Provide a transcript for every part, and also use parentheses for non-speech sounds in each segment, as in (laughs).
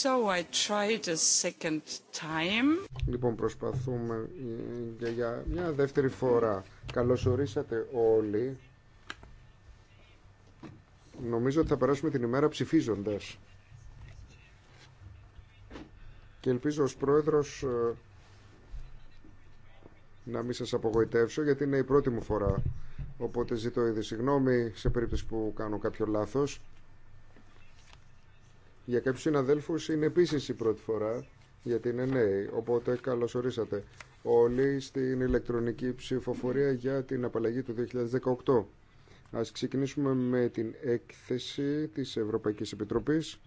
So Λοιπόν, προσπαθούμε ε, για μια δεύτερη φορά. Καλώς ορίσατε όλοι. Νομίζω ότι θα περάσουμε την ημέρα ψηφίζοντας. Και ελπίζω ως πρόεδρος ε, να μην σας απογοητεύσω, γιατί είναι η πρώτη μου φορά. Οπότε ζητώ ήδη συγγνώμη σε περίπτωση που κάνω κάποιο λάθος. Για κάποιους συναδέλφους είναι επίσης η πρώτη φορά γιατί είναι νέοι, οπότε καλώς ορίσατε όλοι στην ηλεκτρονική ψηφοφορία για την απαλλαγή του 2018. Ας ξεκινήσουμε με την έκθεση της Ευρωπαϊκής Επιτροπής.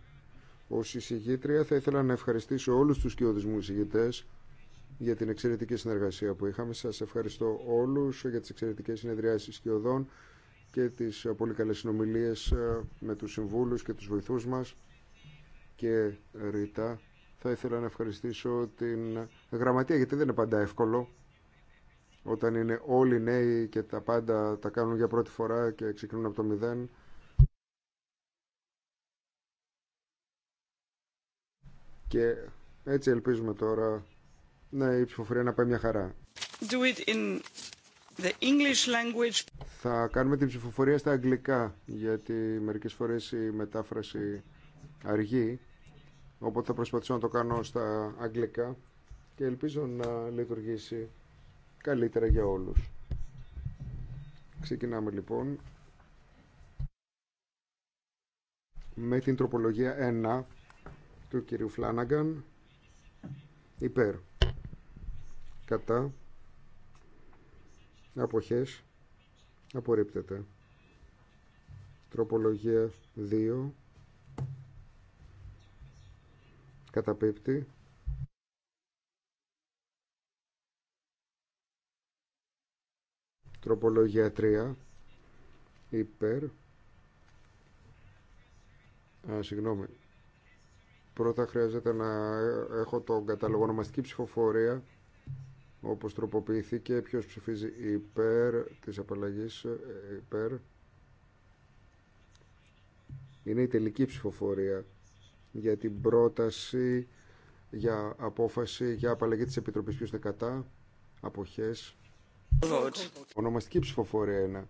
ω εισηγήτρια θα ήθελα να ευχαριστήσω όλους τους μου εισηγητέ για την εξαιρετική συνεργασία που είχαμε. Σας ευχαριστώ όλους για τις εξαιρετικές συνεδριάσεις κοιοδών και τις πολύ καλές συνομιλίες ε, με τους συμβούλους και τους βοηθούς μας και ριτά, Θα ήθελα να ευχαριστήσω την γραμματεία γιατί δεν είναι πάντα εύκολο όταν είναι όλοι νέοι και τα πάντα τα κάνουν για πρώτη φορά και ξεκινούν από το μηδέν. Και έτσι ελπίζουμε τώρα να η ψηφοφορία να πάει μια χαρά. Do it in the English language. Θα κάνουμε την ψηφοφορία στα αγγλικά γιατί μερικές φορές η μετάφραση αργεί. Οπότε θα προσπαθήσω να το κάνω στα αγγλικά και ελπίζω να λειτουργήσει καλύτερα για όλους. Ξεκινάμε λοιπόν με την τροπολογία 1 του κυρίου Φλάναγκαν υπέρ κατά αποχές απορρίπτεται τροπολογία 2 Καταπέπτει. Τροπολογία 3 υπέρ. Α, συγγνώμη. Πρώτα χρειάζεται να έχω τον κατάλογο ονομαστική ψηφοφορία όπως τροποποιήθηκε, ποιος ψηφίζει υπέρ της απαλλαγής, ε, υπέρ. Είναι η τελική ψηφοφορία για την πρόταση για απόφαση για απαλλαγή της Επιτροπής. Ποιος δεκατά, αποχές. Ονομαστική ψηφοφορία είναι.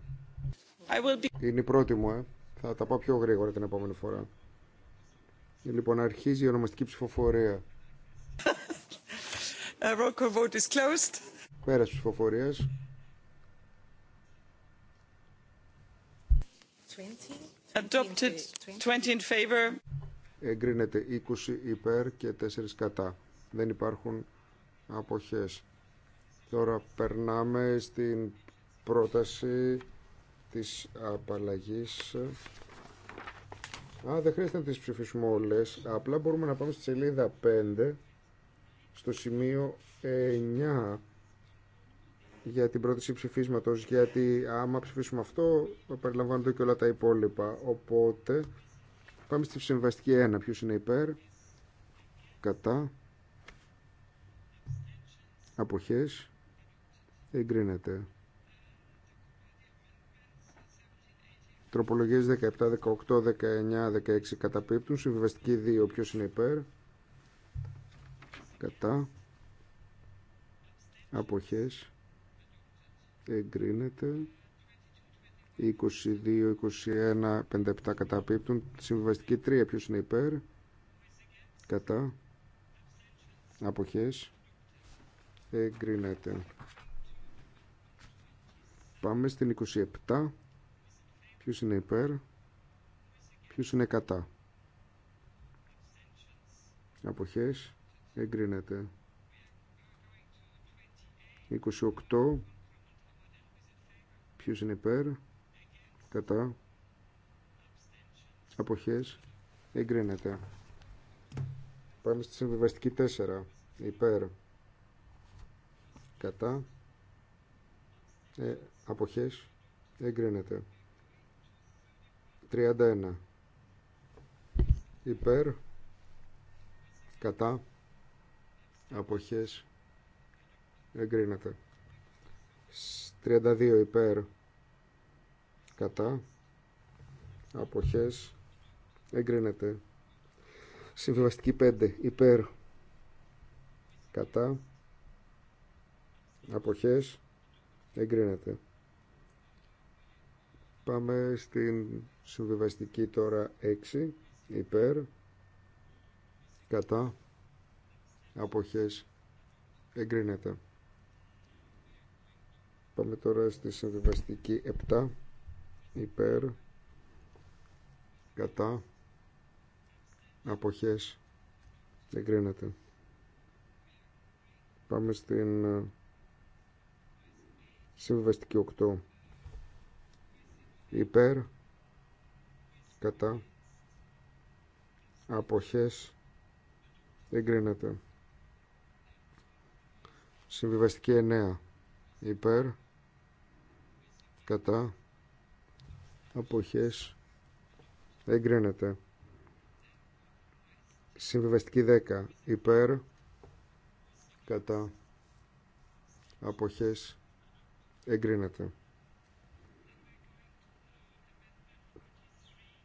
Be... Είναι η πρώτη μου, ε. Θα τα πάω πιο γρήγορα την επόμενη φορά. Λοιπόν, αρχίζει η ονομαστική ψηφοφορία. (laughs) vote is closed. Πέρας ψηφοφορίας. 20. Adopted 20 in favor εγκρίνεται 20 υπέρ και 4 κατά. Δεν υπάρχουν αποχές. Τώρα περνάμε στην πρόταση της απαλλαγής. Α, δεν χρειάζεται να τις ψηφίσουμε όλες. Απλά μπορούμε να πάμε στη σελίδα 5, στο σημείο 9 για την πρόταση ψηφίσματος, γιατί άμα ψηφίσουμε αυτό, περιλαμβάνονται και όλα τα υπόλοιπα. Οπότε, Πάμε στη συμβαστική 1. ποιο είναι υπέρ, κατά, αποχές, εγκρίνεται. Τροπολογίες 17, 18, 19, 16 καταπίπτουν. Συμβιβαστική 2. Ποιος είναι υπέρ. Κατά. Αποχές. Εγκρίνεται. 22, 21, 57 καταπίπτουν. Συμβιβαστική 3, ποιος είναι υπέρ. Κατά. Αποχές. Εγκρίνεται. Πάμε στην 27. Ποιος είναι υπέρ. Ποιος είναι κατά. Αποχές. Εγκρίνεται. 28. Ποιος είναι υπέρ κατά αποχές εγκρίνεται πάμε στη συμβιβαστική 4 υπέρ κατά ε, αποχές εγκρίνεται 31 υπέρ κατά αποχές εγκρίνεται 32 υπέρ κατά αποχές εγκρίνεται συμβιβαστική 5 υπέρ κατά αποχές εγκρίνεται πάμε στην συμβιβαστική τώρα 6 υπέρ κατά αποχές εγκρίνεται πάμε τώρα στη συμβιβαστική 7 υπέρ κατά αποχές εγκρίνεται πάμε στην ε, συμβιβαστική 8 υπέρ κατά αποχές εγκρίνεται συμβιβαστική 9 υπέρ κατά αποχές εγκρίνεται συμβιβαστική 10 υπέρ κατά αποχές εγκρίνεται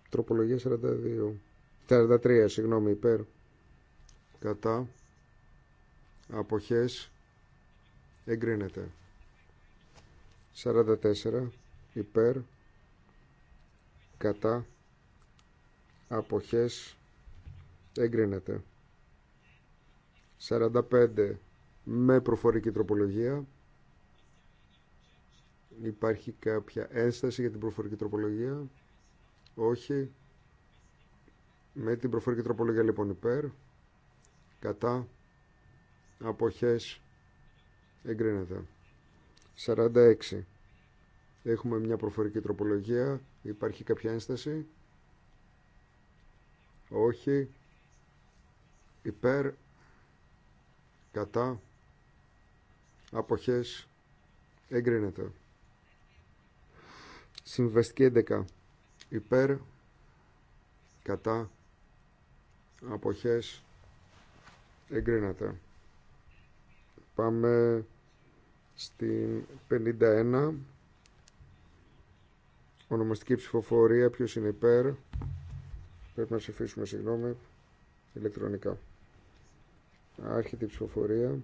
τροπολογία 42 43 συγγνώμη υπέρ κατά αποχές εγκρίνεται 44 υπέρ κατά αποχές εγκρίνεται 45 με προφορική τροπολογία υπάρχει κάποια ένσταση για την προφορική τροπολογία όχι με την προφορική τροπολογία λοιπόν υπέρ κατά αποχές εγκρίνεται 46 Έχουμε μια προφορική τροπολογία. Υπάρχει κάποια ένσταση. Όχι. Υπέρ. Κατά. Αποχές. Εγκρίνεται. Συμβαστική 11. Υπέρ. Κατά. Αποχές. Εγκρίνεται. Πάμε στην 51. Ονομαστική ψηφοφορία, ποιο είναι υπέρ. Πρέπει να ψηφίσουμε, συγγνώμη, ηλεκτρονικά. Άρχεται η ψηφοφορία.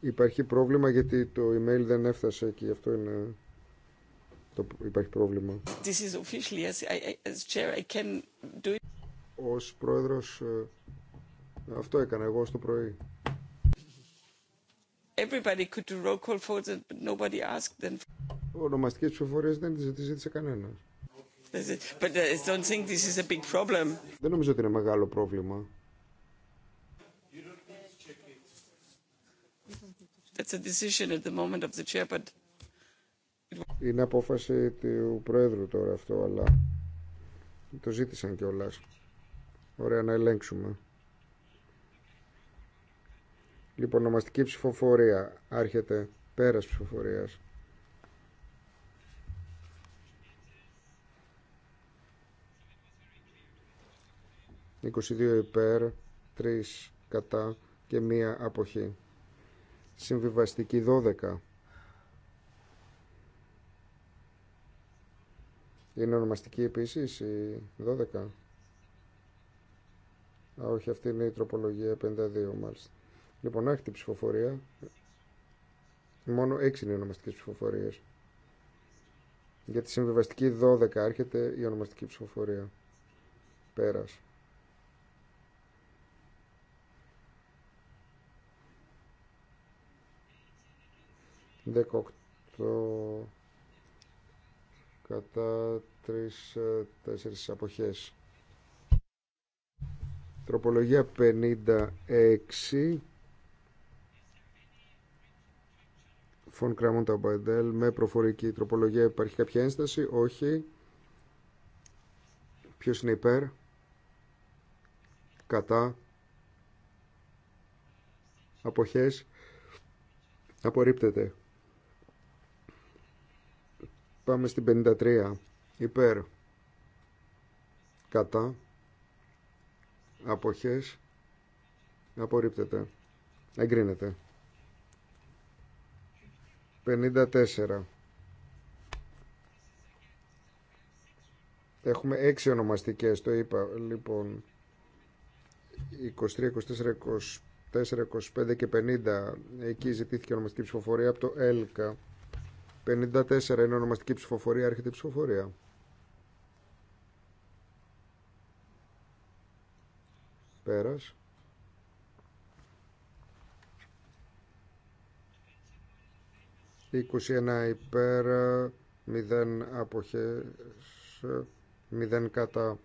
Υπάρχει πρόβλημα γιατί το email δεν έφτασε και γι' αυτό είναι το υπάρχει πρόβλημα. This is as, I, as chair I can do it. Ως πρόεδρος ε, αυτό έκανα εγώ στο πρωί everybody could do roll call for them, but nobody asked them. Ονομαστικές ψηφοφορίες δεν τις ζήτησε κανένας. But I uh, don't think this is a big problem. Δεν νομίζω ότι είναι μεγάλο πρόβλημα. That's a decision at the moment of the chair, but... Είναι απόφαση του Προέδρου τώρα αυτό, αλλά το ζήτησαν κιόλας. Ωραία να ελέγξουμε. Λοιπόν, ονομαστική ψηφοφορία. Άρχεται πέρας ψηφοφορίας. «22 υπέρ, 3 κατά και μία αποχή». Συμβιβαστική 12. Είναι ονομαστική επίσης η 12. Α, όχι, αυτή είναι η τροπολογία 52 μάλιστα. Λοιπόν, άρχεται η ψηφοφορία. Μόνο έξι είναι οι ονομαστικές ψηφοφορίες. Για τη συμβιβαστική 12 άρχεται η ονομαστική ψηφοφορία. Πέρας. 18 κατά τρεις, ε, τέσσερις αποχές. Τροπολογία 56 Φων Κράμον με προφορική τροπολογία. Υπάρχει κάποια ένσταση. Όχι. Ποιο είναι υπέρ. Κατά. Αποχές. Απορρίπτεται. Πάμε στην 53. Υπέρ. Κατά. Αποχές. Απορρίπτεται. Εγκρίνεται. 54. Έχουμε έξι ονομαστικές, το είπα. Λοιπόν, 23, 24, 24, 25 και 50. Εκεί ζητήθηκε ονομαστική ψηφοφορία από το ΕΛΚΑ. 54 είναι ονομαστική ψηφοφορία, έρχεται η ψηφοφορία. Πέρας. 21 υπέρ 0 αποχές 0 κατά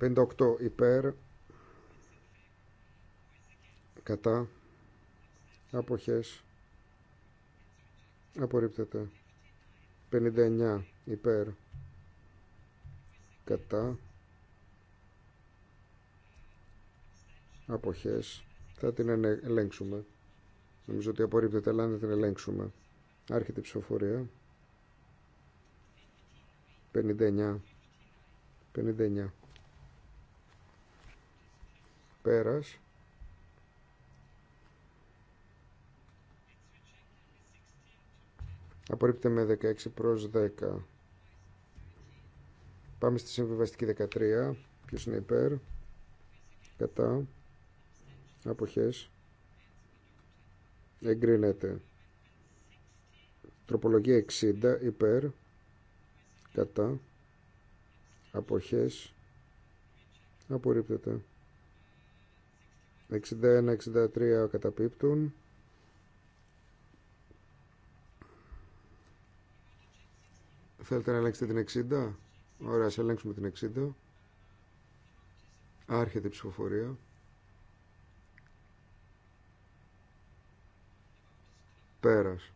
58 υπέρ κατά αποχές απορρίπτεται 59 υπέρ κατά αποχές θα την ελέγξουμε Νομίζω ότι απορρίπτεται, αλλά να την ελέγξουμε. Άρχεται η ψηφοφορία. 59. 59. Πέρας. Απορρίπτεται με 16 προς 10. Πάμε στη συμβιβαστική 13. Ποιος είναι υπέρ. Κατά. Αποχές εγκρίνεται τροπολογία 60 υπέρ κατά αποχές απορρίπτεται 61-63 καταπίπτουν Θέλετε να ελέγξετε την 60 Ωραία, σε ελέγξουμε την 60 Άρχεται η ψηφοφορία Πέρας.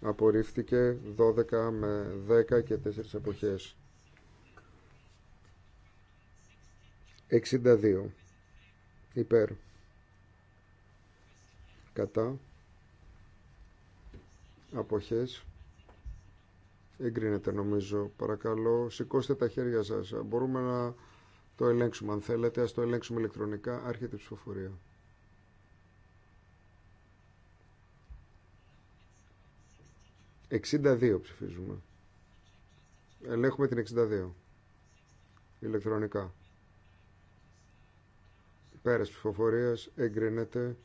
Απορρίφθηκε 12 με 10 και 4 εποχές. 62. Υπέρ. Κατά. Αποχέ. Εγκρίνεται νομίζω. Παρακαλώ σηκώστε τα χέρια σας. Μπορούμε να το ελέγξουμε. Αν θέλετε, ας το ελέγξουμε ηλεκτρονικά. Άρχεται η ψηφοφορία. «62 ψηφίζουμε». Ελέγχουμε την 62. Ηλεκτρονικά. Πέρας ψηφοφορίας εγκρίνεται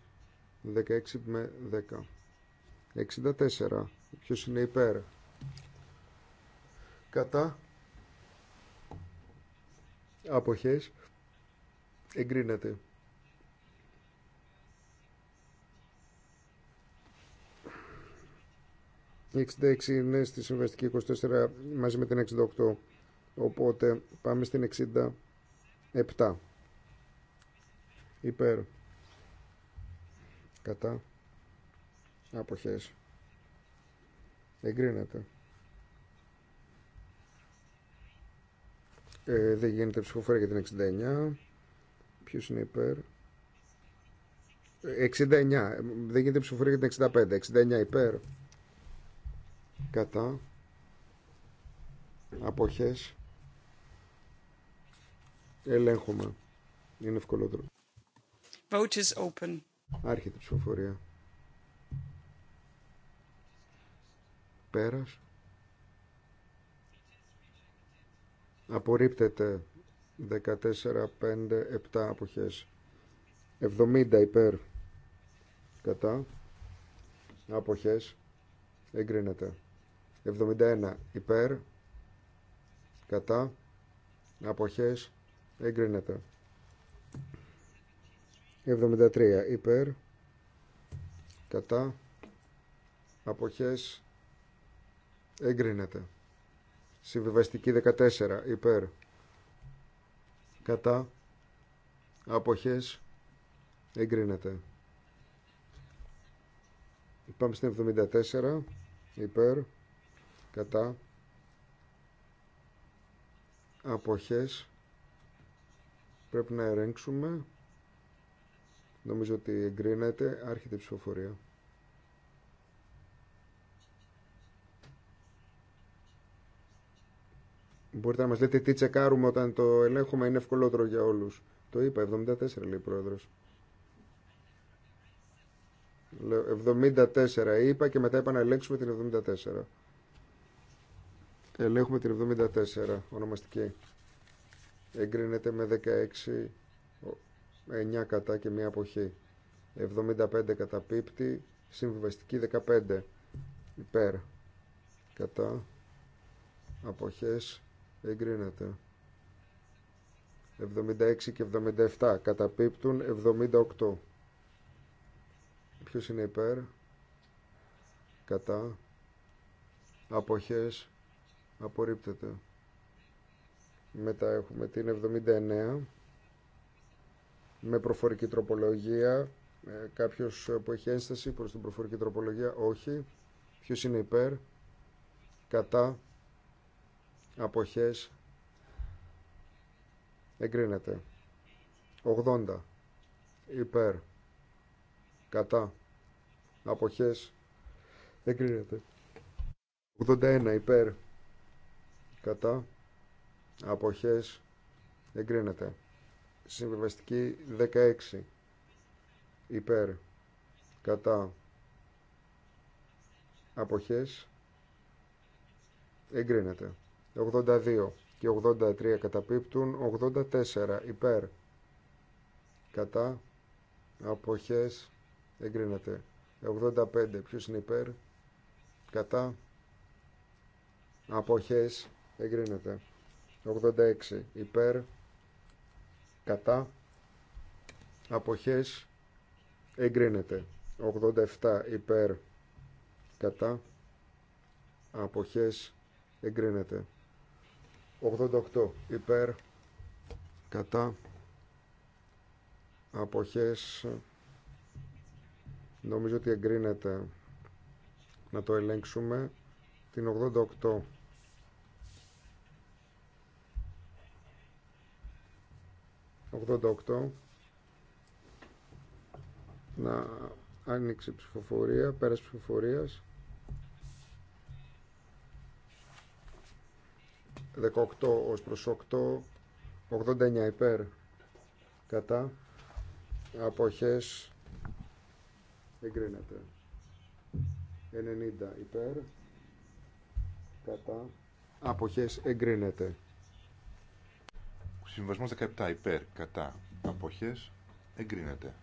16 με 10. 64. Ποιος είναι υπέρ. Κατά αποχές εγκρίνεται. Η 66 είναι στη συμβαστική 24 μαζί με την 68. Οπότε πάμε στην 67. Υπέρ. Κατά. Αποχές. Εγκρίνεται. Ε, δεν γίνεται ψηφοφορία για την 69. Ποιο είναι υπέρ. 69. Δεν γίνεται ψηφοφορία για την 65. 69 υπέρ. Κατά. Αποχές. Ελέγχουμε. Είναι ευκολότερο. Vote is open. Άρχεται ψηφοφορία. Πέρας. απορρίπτεται 14, 5, 7 αποχές 70 υπέρ κατά αποχές εγκρίνεται 71 υπέρ κατά αποχές εγκρίνεται 73 υπέρ κατά αποχές εγκρίνεται Συμβιβαστική 14 υπέρ. Κατά. Αποχές. Εγκρίνεται. Πάμε στην 74 υπέρ. Κατά. Αποχές. Πρέπει να ερέξουμε, Νομίζω ότι εγκρίνεται. Άρχεται η ψηφοφορία. Μπορείτε να μας λέτε τι τσεκάρουμε όταν το ελέγχουμε, είναι ευκολότερο για όλου. Το είπα, 74 λέει ο πρόεδρο. 74 είπα και μετά είπα να ελέγξουμε την 74. Ελέγχουμε την 74, ονομαστική. Εγκρίνεται με 16, 9 κατά και μία αποχή. 75 κατά πίπτη, συμβιβαστική 15 υπέρ κατά αποχές εγκρίνεται 76 και 77 καταπίπτουν 78 ποιος είναι υπέρ κατά αποχές απορρίπτεται μετά έχουμε την 79 με προφορική τροπολογία ε, κάποιος που έχει ένσταση προς την προφορική τροπολογία όχι ποιος είναι υπέρ κατά αποχές εγκρίνεται 80 υπέρ κατά αποχές εγκρίνεται 81 υπέρ κατά αποχές εγκρίνεται συμβιβαστική 16 υπέρ κατά αποχές εγκρίνεται 82 και 83 καταπίπτουν 84 υπέρ κατά αποχές εγκρίνεται 85 ποιος είναι υπέρ κατά αποχές εγκρίνεται 86 υπέρ κατά αποχές εγκρίνεται 87 υπέρ κατά αποχές εγκρίνεται 88 υπέρ κατά αποχές νομίζω ότι εγκρίνεται να το ελέγξουμε την 88 88 να άνοιξει ψηφοφορία, πέρας ψηφοφορίας 18 ως προς 8 89 υπέρ κατά αποχές εγκρίνεται 90 υπέρ κατά αποχές εγκρίνεται Συμβασμός 17 υπέρ κατά αποχές εγκρίνεται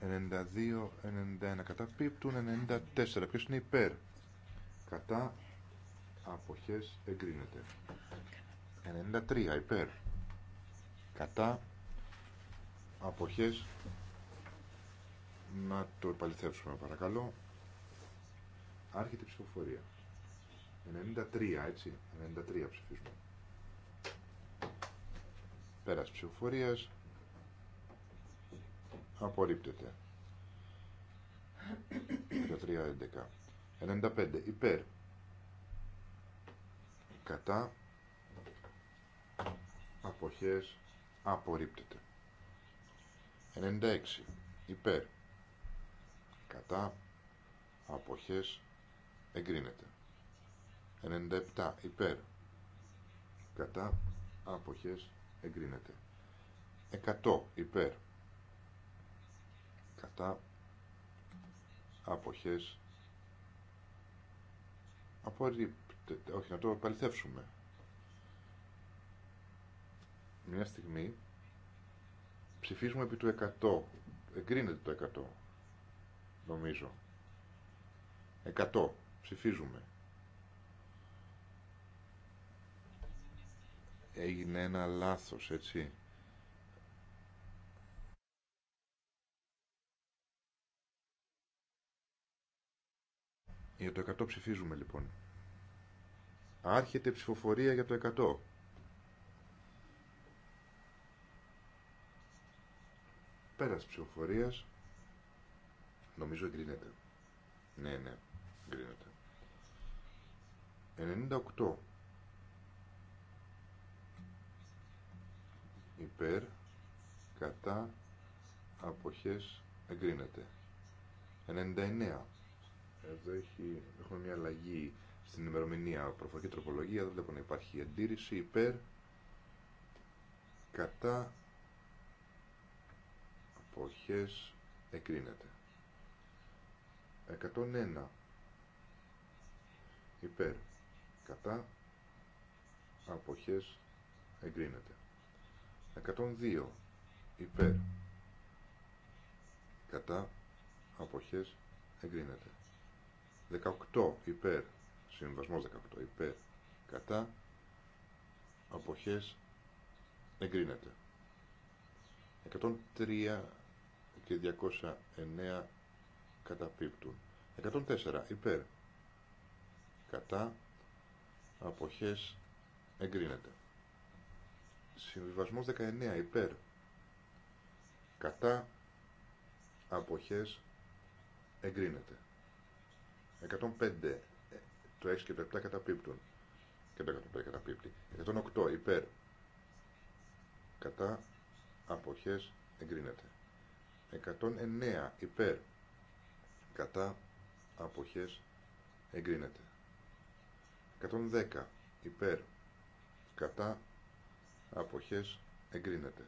92, 91 κατά πίπτουν, 94 ποιος είναι υπέρ κατά αποχές εγκρίνεται 93 υπέρ κατά αποχές να το επαληθεύσουμε παρακαλώ άρχεται η ψηφοφορία 93 έτσι 93 ψηφίσμα. πέρας ψηφοφορίας απορρίπτεται 11. 95 υπέρ κατά αποχές απορρίπτεται 96 υπέρ κατά αποχές εγκρίνεται 97 υπέρ κατά αποχές εγκρίνεται 100 υπέρ κατά αποχές απορρίπτεται όχι να το παληθεύσουμε μια στιγμή ψηφίζουμε επί του 100 εγκρίνεται το 100 νομίζω 100 ψηφίζουμε έγινε ένα λάθος έτσι για το 100 ψηφίζουμε λοιπόν Άρχεται ψηφοφορία για το 100. Πέρας ψηφοφορίας. Νομίζω εγκρίνεται. Ναι, ναι, εγκρίνεται. 98. Υπέρ, κατά, αποχές, εγκρίνεται. 99. Εδώ έχει, έχουμε μια αλλαγή στην ημερομηνία. Προφορική τροπολογία, δεν βλέπω να υπάρχει αντίρρηση. Υπέρ, κατά, αποχές, εκρίνεται. 101. Υπέρ, κατά, αποχές, εγκρίνεται. 102. Υπέρ, κατά, αποχές, εγκρίνεται. 18. Υπέρ, Συμβασμό 18 υπέρ κατά αποχές εγκρίνεται. 103 και 209 καταπίπτουν. 104 υπέρ κατά αποχές εγκρίνεται. Συμβιβασμός 19 υπέρ κατά αποχές εγκρίνεται. 105 το 6 και το 7 καταπίπτουν. Και το 105 καταπίπτει. 108 υπέρ. Κατά αποχές εγκρίνεται. 109 υπέρ. Κατά αποχές εγκρίνεται. 110 υπέρ. Κατά αποχές εγκρίνεται.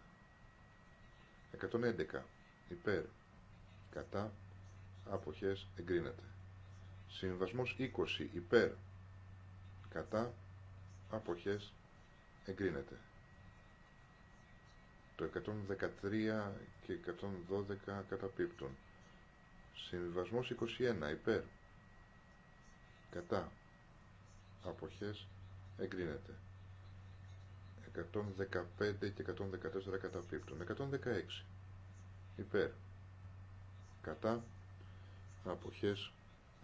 111 υπέρ. Κατά αποχές εγκρίνεται. Συμβασμός 20 υπέρ κατά αποχές εγκρίνεται. Το 113 και 112 καταπίπτουν. Συμβασμός 21 υπέρ κατά αποχές εγκρίνεται. 115 και 114 καταπίπτουν. 116 υπέρ κατά αποχές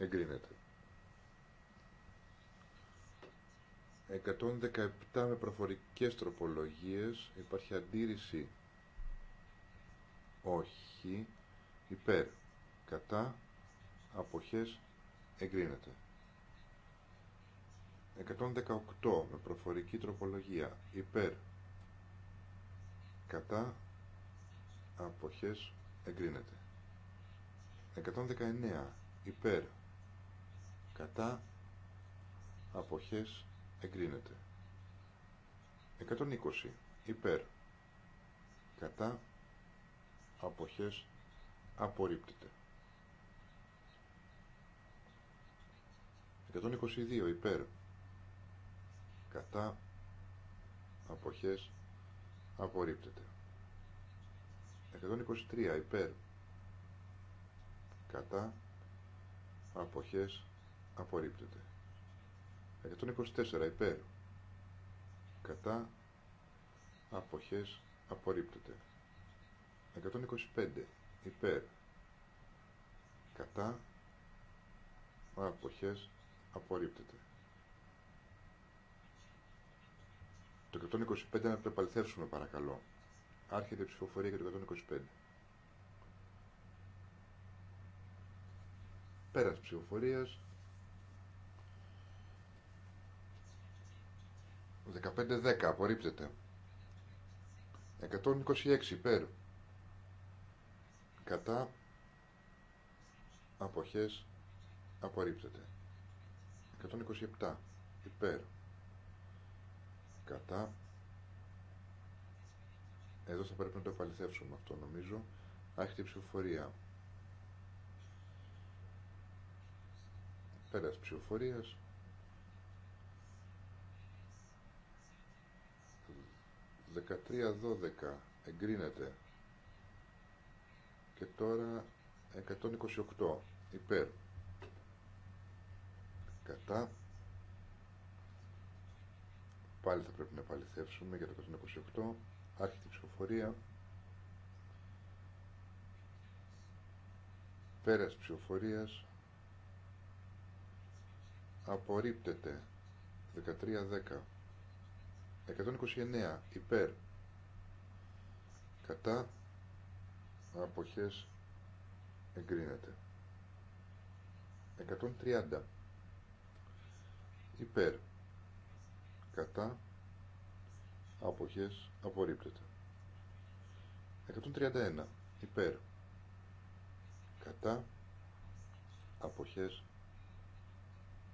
εγκρίνεται. 117 με προφορικές τροπολογίες υπάρχει αντίρρηση όχι υπέρ κατά αποχές εγκρίνεται 118 με προφορική τροπολογία υπέρ κατά αποχές εγκρίνεται 119 υπέρ κατά αποχές εγκρίνεται 120 υπέρ κατά αποχές απορρίπτεται 122 υπέρ κατά αποχές απορρίπτεται 123 υπέρ κατά αποχές απορρίπτεται 124 υπέρ κατά αποχές απορρίπτεται 125 υπέρ κατά αποχές απορρίπτεται το 125 να επαληθεύσουμε παρακαλώ άρχεται η ψηφοφορία για το 125 πέρας ψηφοφορίας 15-10 απορρίπτεται 126 υπέρ κατά αποχές απορρίπτεται 127 υπέρ κατά εδώ θα πρέπει να το επαληθεύσουμε αυτό νομίζω άρχεται ψηφοφορία πέρας ψηφοφορίας 13-12 εγκρίνεται και τώρα 128 υπέρ κατά πάλι θα πρέπει να παληθεύσουμε για το 128 άρχιτη ψηφοφορία πέρας ψηφοφορίας απορρίπτεται 13-10 129 υπέρ κατά αποχές εγκρίνεται 130 υπέρ κατά αποχές απορρίπτεται 131 υπέρ κατά αποχές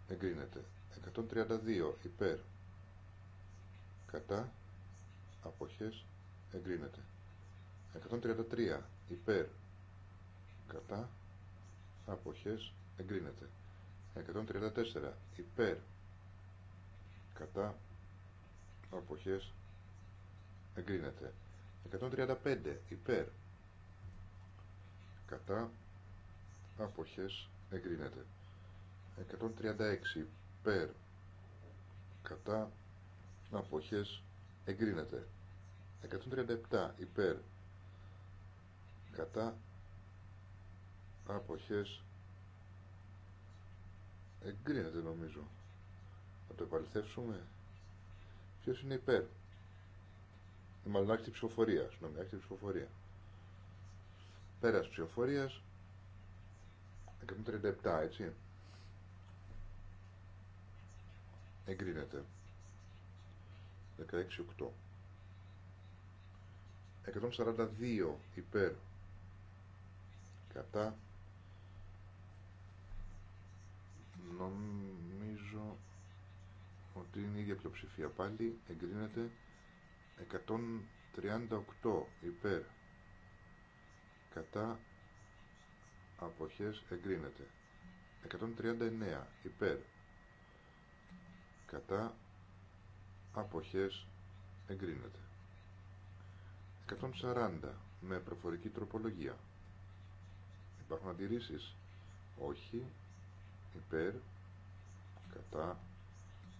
εγκρίνεται 132 υπέρ κατά αποχές εγκρίνεται 133 υπέρ κατά αποχές εγκρίνεται 134 υπέρ κατά αποχές εγκρίνεται 135 υπέρ κατά αποχές εγκρίνεται 136 υπέρ κατά αποχές εγκρίνεται 137 υπέρ κατά αποχές εγκρίνεται νομίζω να το επαληθεύσουμε ποιος είναι υπέρ μάλλον άρχιτη ψηφοφορία συγγνώμη άρχιτη ψηφοφορία πέρας ψηφοφορίας 137 έτσι εγκρίνεται 16.8 142 υπέρ κατά νομίζω ότι είναι η ίδια πλειοψηφία πάλι εγκρίνεται 138 υπέρ κατά αποχές εγκρίνεται 139 υπέρ κατά αποχές εγκρίνεται 140 με προφορική τροπολογία υπάρχουν αντιρρήσεις όχι υπέρ κατά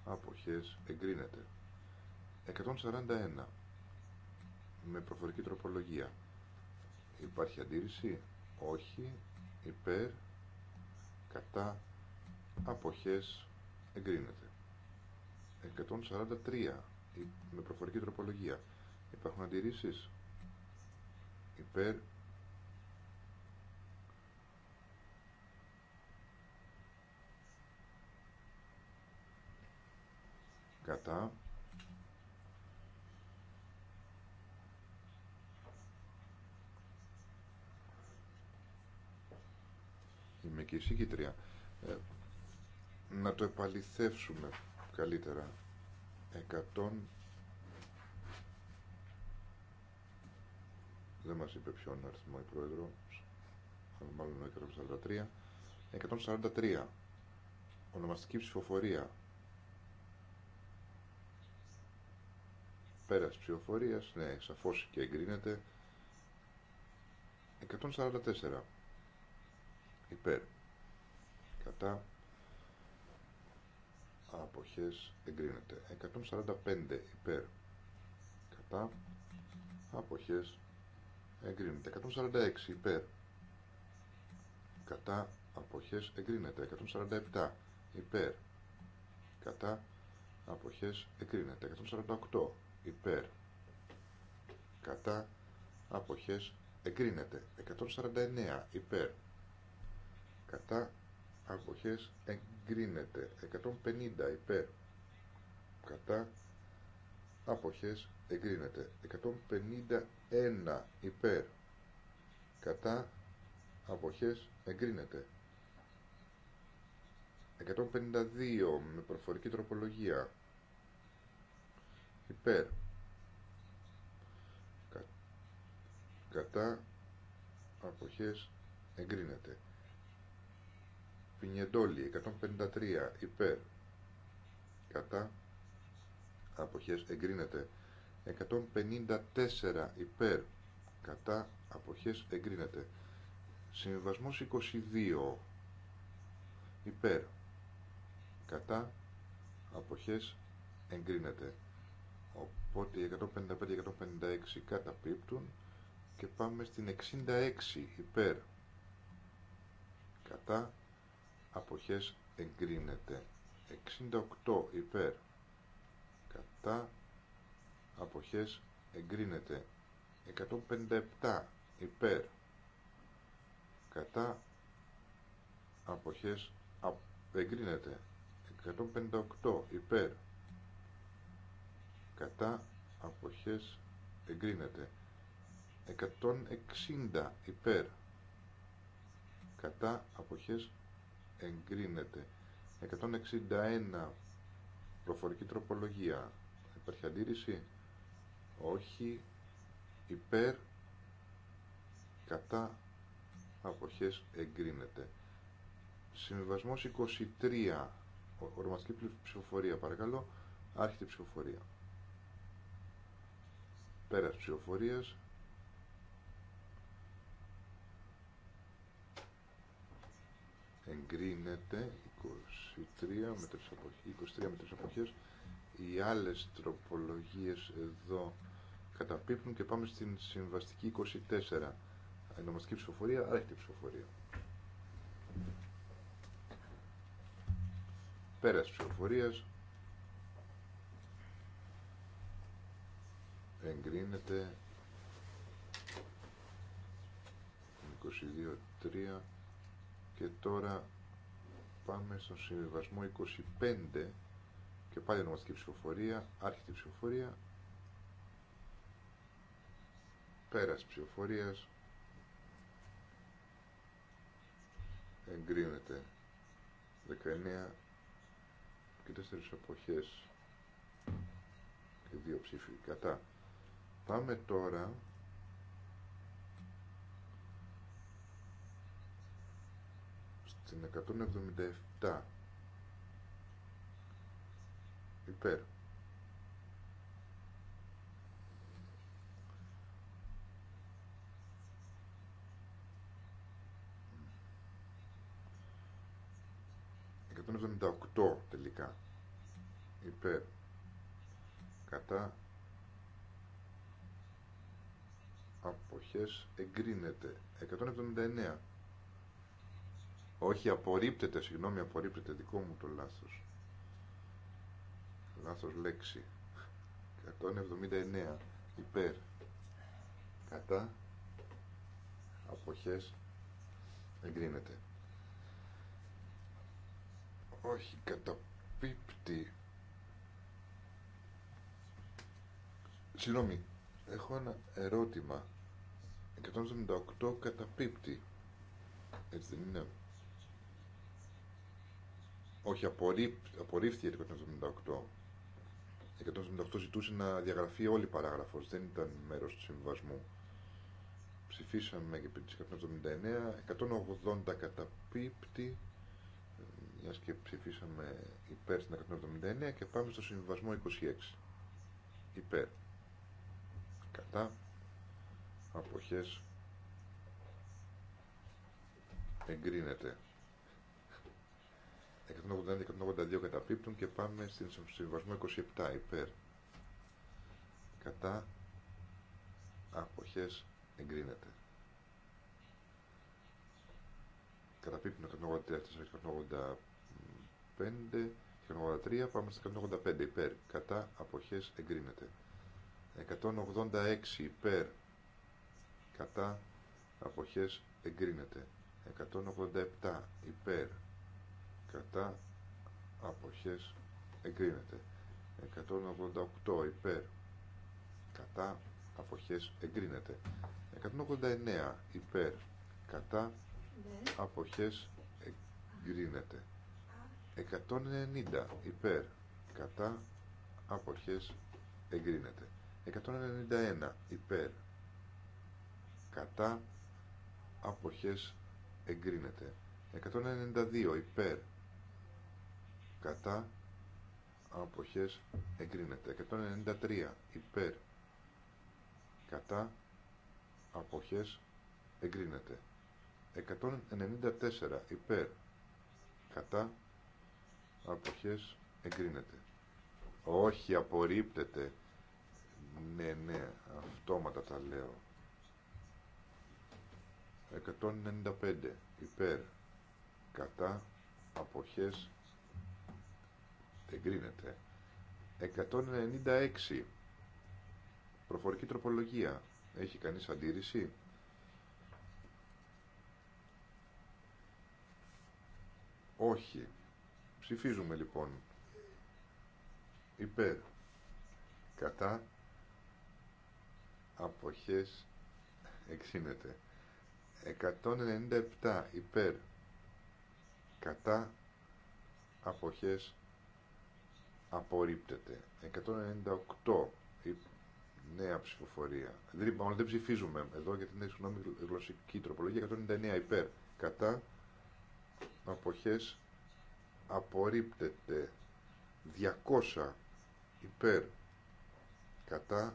αποχές εγκρίνεται 141 με προφορική τροπολογία υπάρχει αντίρρηση όχι υπέρ κατά αποχές εγκρίνεται 143 με προφορική τροπολογία. Υπάρχουν αντιρρήσεις υπέρ κατά είμαι η ε, να το επαληθεύσουμε καλύτερα. 100 δεν μας είπε ποιον αριθμό η Πρόεδρος, μάλλον 143, 143, ονομαστική ψηφοφορία, πέρας ψηφοφορίας, ναι, σαφώς και εγκρίνεται, 144, υπέρ, κατά, αποχές εγκρίνεται 145 υπέρ κατά αποχές εγκρίνεται 146 υπέρ κατά αποχές εγκρίνεται 147 υπέρ κατά αποχές εγκρίνεται 148 υπέρ κατά αποχές εγκρίνεται 149 υπέρ κατά αποχές εγκρίνεται 150 υπέρ κατά αποχές εγκρίνεται 151 υπέρ κατά αποχές εγκρίνεται 152 με προφορική τροπολογία υπέρ κατά αποχές εγκρίνεται Πινιεντόλη 153 υπέρ κατά αποχές εγκρίνεται 154 υπέρ κατά αποχές εγκρίνεται συμβασμός 22 υπέρ κατά αποχές εγκρίνεται οπότε 155-156 καταπίπτουν και πάμε στην 66 υπέρ κατά αποχές εγκρίνεται 68 υπέρ κατά αποχές εγκρίνεται 157 υπέρ κατά αποχές εγκρίνεται 158 υπέρ κατά αποχές εγκρίνεται 160 υπέρ κατά αποχές εγκρίνεται 161 προφορική τροπολογία υπάρχει αντίρρηση όχι υπέρ κατά αποχές εγκρίνεται συμβιβασμός 23 ορματική ψηφοφορία παρακαλώ άρχεται ψηφοφορία πέρας ψηφοφορίας εγκρίνεται 23 με τρεις αποχές, 23 με αποχές οι άλλες τροπολογίες εδώ καταπίπτουν και πάμε στην συμβαστική 24 ενωμαστική ψηφοφορια ψηφοφορία, άρχιτη ψηφοφορία πέρας ψηφοφορίας εγκρίνεται 22-3 και τώρα πάμε στον συμβιβασμό 25 και πάλι ονομαστική ψηφοφορία, άρχιτη ψηφοφορία, πέρας ψηφοφορίας, εγκρίνεται 19 και 4 εποχές και 2 ψήφοι κατά. Πάμε τώρα στην 177 υπέρ ...178 τελικά... ...υπέρ... ...κατά... ...αποχές... ...εγκρίνεται... ...179... Όχι, απορρίπτεται, συγγνώμη, απορρίπτεται, δικό μου το λάθος. Λάθος λέξη. 179, υπέρ. Κατά. Αποχές. Εγκρίνεται. Όχι, καταπίπτει. Συγγνώμη, έχω ένα ερώτημα. 178 καταπίπτει. Έτσι δεν είναι. Όχι, απορρίφθηκε το 178. 178 ζητούσε να διαγραφεί όλη η παράγραφος, δεν ήταν μέρος του συμβασμού. Ψηφίσαμε και πριν 179, 180 καταπίπτει, μια και ψηφίσαμε υπέρ στην 179 και πάμε στο συμβασμό 26. Υπέρ. Κατά. Αποχές. Εγκρίνεται. 181 182 καταπίπτουν και πάμε στην συμβασμό 27 υπέρ κατά αποχές εγκρίνεται καταπίπτουν 184 185 183 πάμε στην 185 υπέρ κατά αποχές εγκρίνεται 186 υπέρ κατά αποχές εγκρίνεται 187 υπέρ κατά αποχές εγκρίνεται 188 υπέρ κατά αποχές εγκρίνεται 189 υπέρ κατά ναι. αποχές εγκρίνεται 190 υπέρ κατά αποχές εγκρίνεται 191 υπέρ κατά αποχές εγκρίνεται 192 υπέρ κατά αποχές εγκρίνεται 193 υπέρ κατά αποχές εγκρίνεται 194 υπέρ κατά αποχές εγκρίνεται όχι απορρίπτεται ναι ναι αυτόματα τα λέω 195 υπέρ κατά αποχές εγκρίνεται 196 προφορική τροπολογία έχει κάνει αντίρρηση όχι ψηφίζουμε λοιπόν υπέρ κατά αποχές εξήνεται 197 υπέρ κατά αποχές απορρίπτεται. 198 η νέα ψηφοφορία. Δεν, είπα, δεν ψηφίζουμε εδώ γιατί είναι συγγνώμη γλωσσική τροπολογία. 199 υπέρ κατά αποχές απορρίπτεται. 200 υπέρ κατά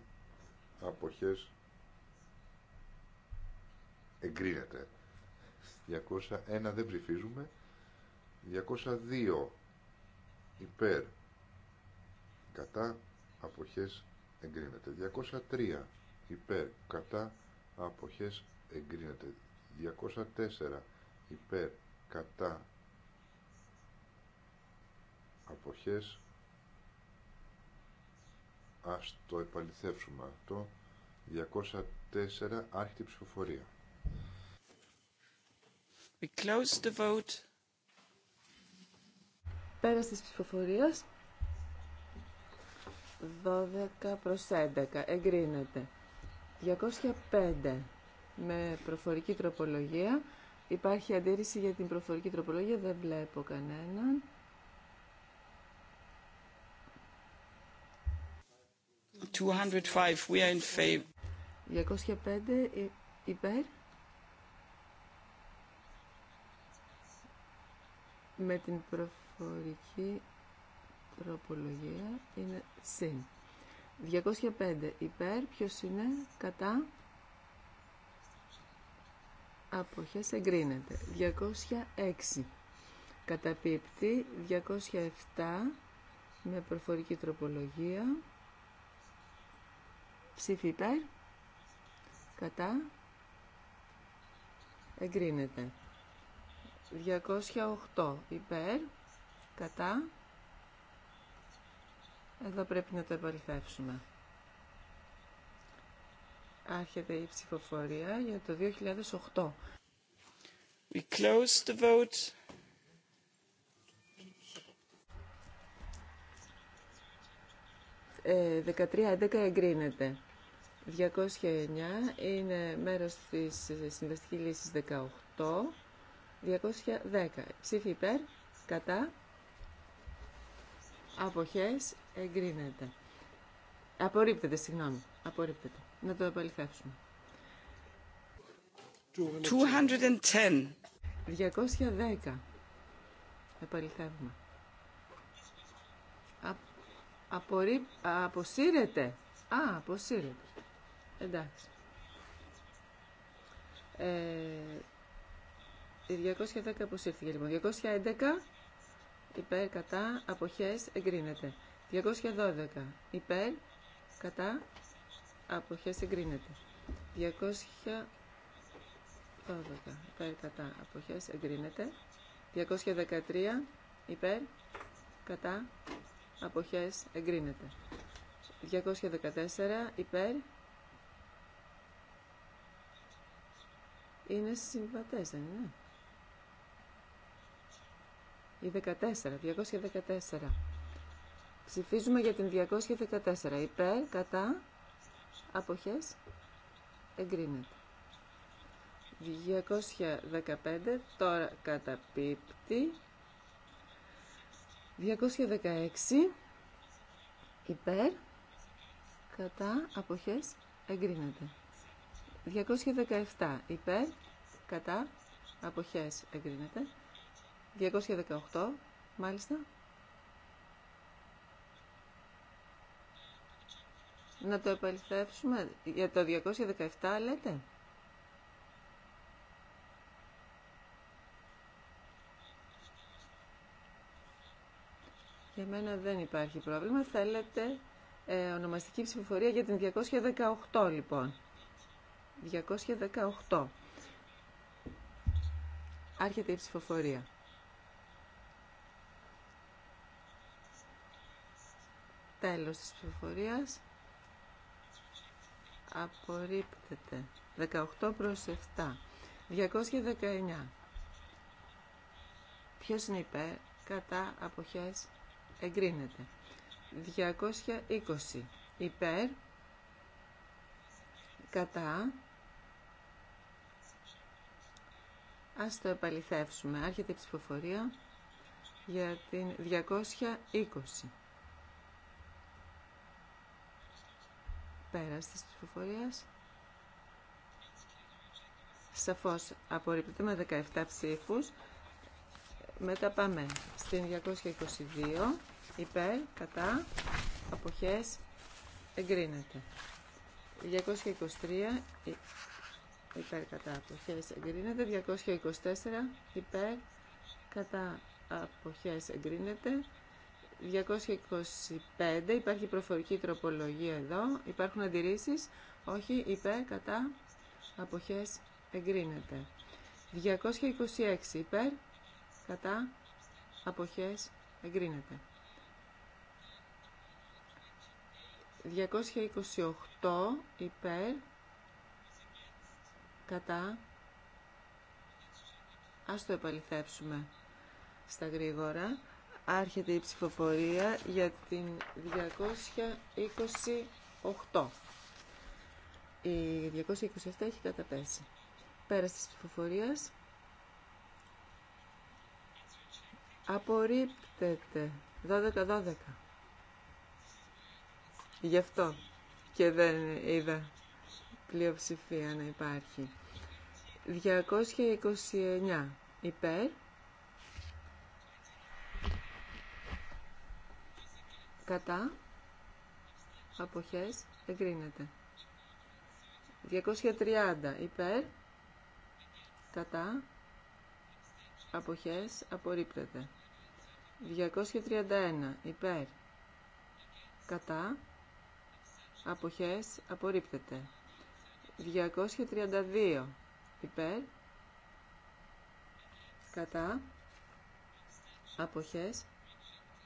αποχές εγκρίνεται. 201 δεν ψηφίζουμε. 202 υπέρ κατά αποχές εγκρίνεται 203 υπέρ κατά αποχές εγκρίνεται 204 υπέρ κατά αποχές ας το επαληθεύσουμε αυτό 204 άρχιτη ψηφοφορία We close the vote. Πέρας της ψηφοφορίας 12 προς 11 εγκρίνεται. 205 με προφορική τροπολογία. Υπάρχει αντίρρηση για την προφορική τροπολογία, δεν βλέπω κανέναν. We are in 205 ε, υπέρ. Με την προφορική τροπολογία είναι συν. 205 υπέρ, ποιος είναι κατά, αποχές εγκρίνεται. 206 καταπίπτει, 207 με προφορική τροπολογία, ψήφι υπέρ, κατά, εγκρίνεται. 208 υπέρ, κατά, εδώ πρέπει να το επαληθεύσουμε. Άρχεται η ψηφοφορία για το 2008. We close the vote. 13-11 ε, εγκρίνεται. 209 είναι μέρος της συμβαστικής λύσης 18. 210. Ψήφι υπέρ, κατά, αποχές εγκρίνεται. Απορρίπτεται, συγγνώμη. Απορρίπτεται. Να το επαληθεύσουμε. 210. 210. Επαληθεύουμε. Α, αποσύρεται. Α, αποσύρεται. Εντάξει. Ε, 210 αποσύρθηκε λοιπόν. 211 υπέρ, κατά, αποχές, εγκρίνεται. 212, υπέρ, κατά, αποχές, εγκρίνεται. 212, υπέρ, κατά, αποχές, εγκρίνεται. 213, υπέρ, κατά, αποχές, εγκρίνεται. 214, υπέρ, είναι συμβατές, δεν είναι. Η 14, 214. Ψηφίζουμε για την 214. Υπέρ, κατά, αποχές, εγκρίνεται. 215, τώρα καταπίπτει. 216, υπέρ, κατά, αποχές, εγκρίνεται. 217, υπέρ, κατά, αποχές, εγκρίνεται. 218, μάλιστα. Να το επαληθεύσουμε για το 217 λέτε. Για μένα δεν υπάρχει πρόβλημα. Θέλετε ε, ονομαστική ψηφοφορία για την 218 λοιπόν. 218. Άρχεται η ψηφοφορία. Τέλος της ψηφοφορίας. Απορρίπτεται. 18 προς 7. 219. Ποιος είναι υπέρ, κατά, αποχές, εγκρίνεται. 220. Υπέρ, κατά, Ας το επαληθεύσουμε. Άρχεται η ψηφοφορία για την 220. Πέρας της ψηφοφορίας. Σαφώς απορρίπτεται με 17 ψήφους. Μετά πάμε στην 222. Υπέρ, κατά, αποχές, εγκρίνεται. 223 υπέρ κατά αποχές εγκρίνεται. 224 υπέρ κατά αποχές εγκρίνεται. 225, υπάρχει προφορική τροπολογία εδώ. Υπάρχουν αντιρρήσεις. Όχι, υπέρ, κατά, αποχές, εγκρίνεται. 226, υπέρ, κατά, αποχές, εγκρίνεται. 228, υπέρ, κατά, ας το επαληθεύσουμε στα γρήγορα. Άρχεται η ψηφοφορία για την 228. Η 227 έχει καταπέσει. Πέρας της ψηφοφορίας. Απορρίπτεται. 12-12. Γι' αυτό και δεν είδα πλειοψηφία να υπάρχει. 229 υπέρ κατά αποχές εγκρίνεται 230 υπέρ κατά αποχές απορρίπτεται 231 υπέρ κατά αποχές απορρίπτεται 232 υπέρ κατά αποχές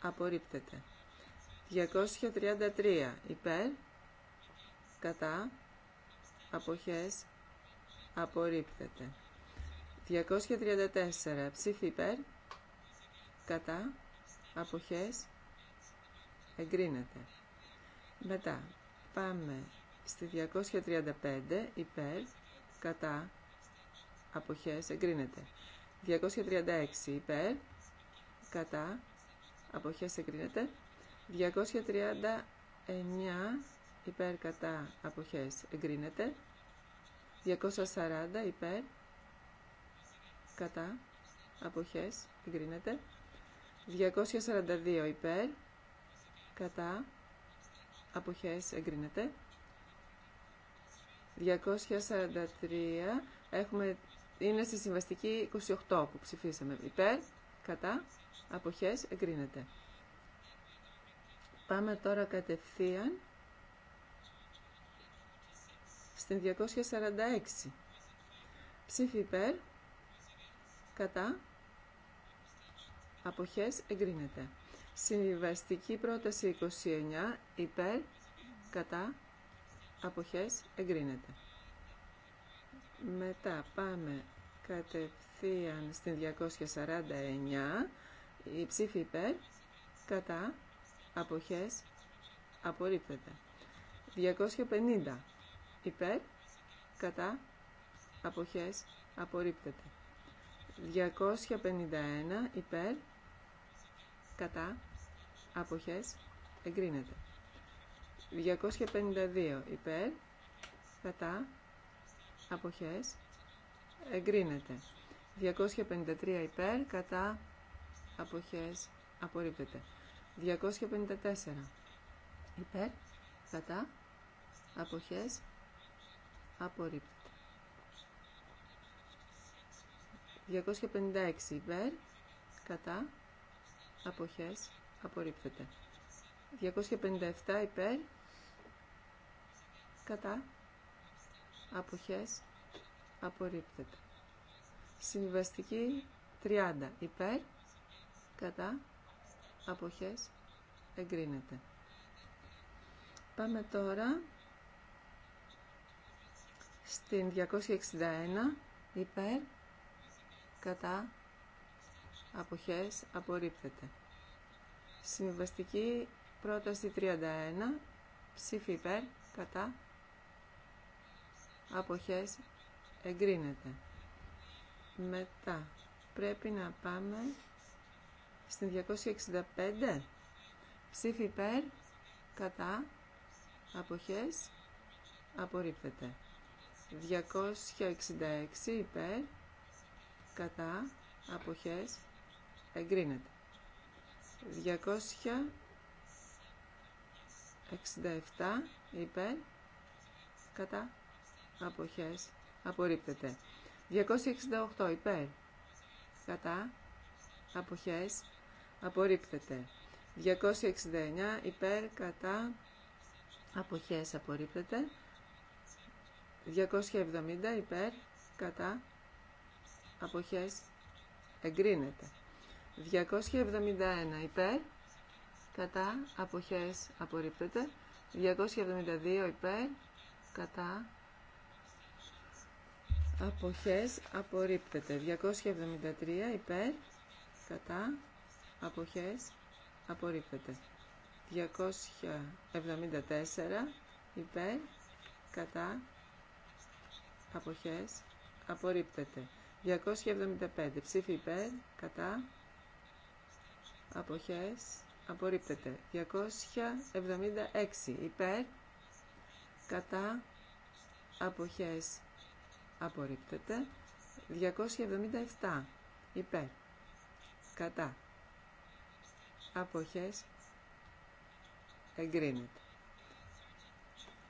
απορρίπτεται 233 υπέρ κατά αποχές απορρίπτεται 234 ψήφι υπέρ κατά αποχές εγκρίνεται μετά πάμε στη 235 υπέρ κατά αποχές εγκρίνεται 236 υπέρ κατά αποχές εγκρίνεται 239 υπέρ κατά αποχές εγκρίνεται. 240 υπέρ κατά αποχές εγκρίνεται. 242 υπέρ κατά αποχές εγκρίνεται. 243 έχουμε, είναι στη συμβαστική 28 που ψηφίσαμε υπέρ κατά αποχές εγκρίνεται. Πάμε τώρα κατευθείαν στην 246. Ψήφι υπέρ, κατά, αποχές εγκρίνεται. Συμβιβαστική πρόταση 29, υπέρ, κατά, αποχές εγκρίνεται. Μετά πάμε κατευθείαν στην 249, η ψήφι υπέρ, κατά, αποχές απορρίπτεται. 250 υπέρ, κατά, αποχές απορρίπτεται. 251 υπέρ, κατά, αποχές εγκρίνεται. 252 υπέρ, κατά, αποχές εγκρίνεται. 253 υπέρ, κατά, αποχές απορρίπτεται. 254. Υπέρ, κατά, αποχές, απορρίπτεται. 256. Υπέρ, κατά, αποχές, απορρίπτεται. 257. Υπέρ, κατά, αποχές, απορρίπτεται. Συμβαστική 30. Υπέρ, κατά, αποχές εγκρίνεται. Πάμε τώρα στην 261 υπέρ κατά αποχές απορρίπτεται. Συμβαστική πρόταση 31 ψήφι υπέρ κατά αποχές εγκρίνεται. Μετά πρέπει να πάμε στην 265 ψήφι υπέρ, κατά, αποχές, απορρίπτεται. 266 υπέρ, κατά, αποχές, εγκρίνεται. 267 υπέρ, κατά, αποχές, απορρίπτεται. 268 υπέρ, κατά, αποχές, απορρίπτεται. 269 υπέρ κατά αποχές απορρίπτεται. 270 υπέρ κατά αποχές εγκρίνεται. 271 υπέρ κατά αποχές απορρίπτεται. 272 υπέρ κατά αποχές απορρίπτεται. 273 υπέρ κατά αποχές απορρίπτεται 274 υπέρ κατά αποχές απορρίπτεται 275 ψήφι υπέρ κατά αποχές απορρίπτεται 276 υπέρ κατά αποχές απορρίπτεται 277 υπέρ κατά αποχές εγκρίνεται.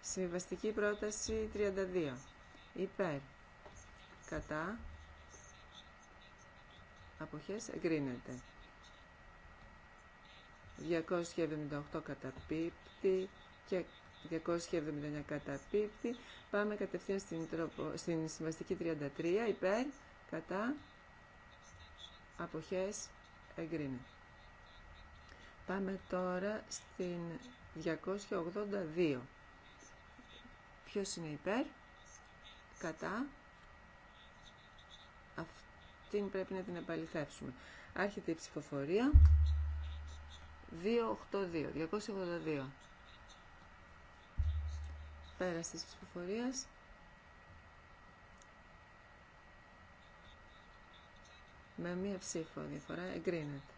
Συμβαστική πρόταση 32. Υπέρ. Κατά. Αποχές εγκρίνεται. 278 καταπίπτει και 279 καταπίπτει. Πάμε κατευθείαν στην, στην συμβαστική 33. Υπέρ. Κατά. Αποχές εγκρίνεται. Πάμε τώρα στην 282. Ποιος είναι υπέρ, κατά, αυτήν πρέπει να την επαληθεύσουμε. Άρχεται η ψηφοφορία. 282, 282. Πέρας της ψηφοφορίας. Με μία ψήφο διαφορά εγκρίνεται.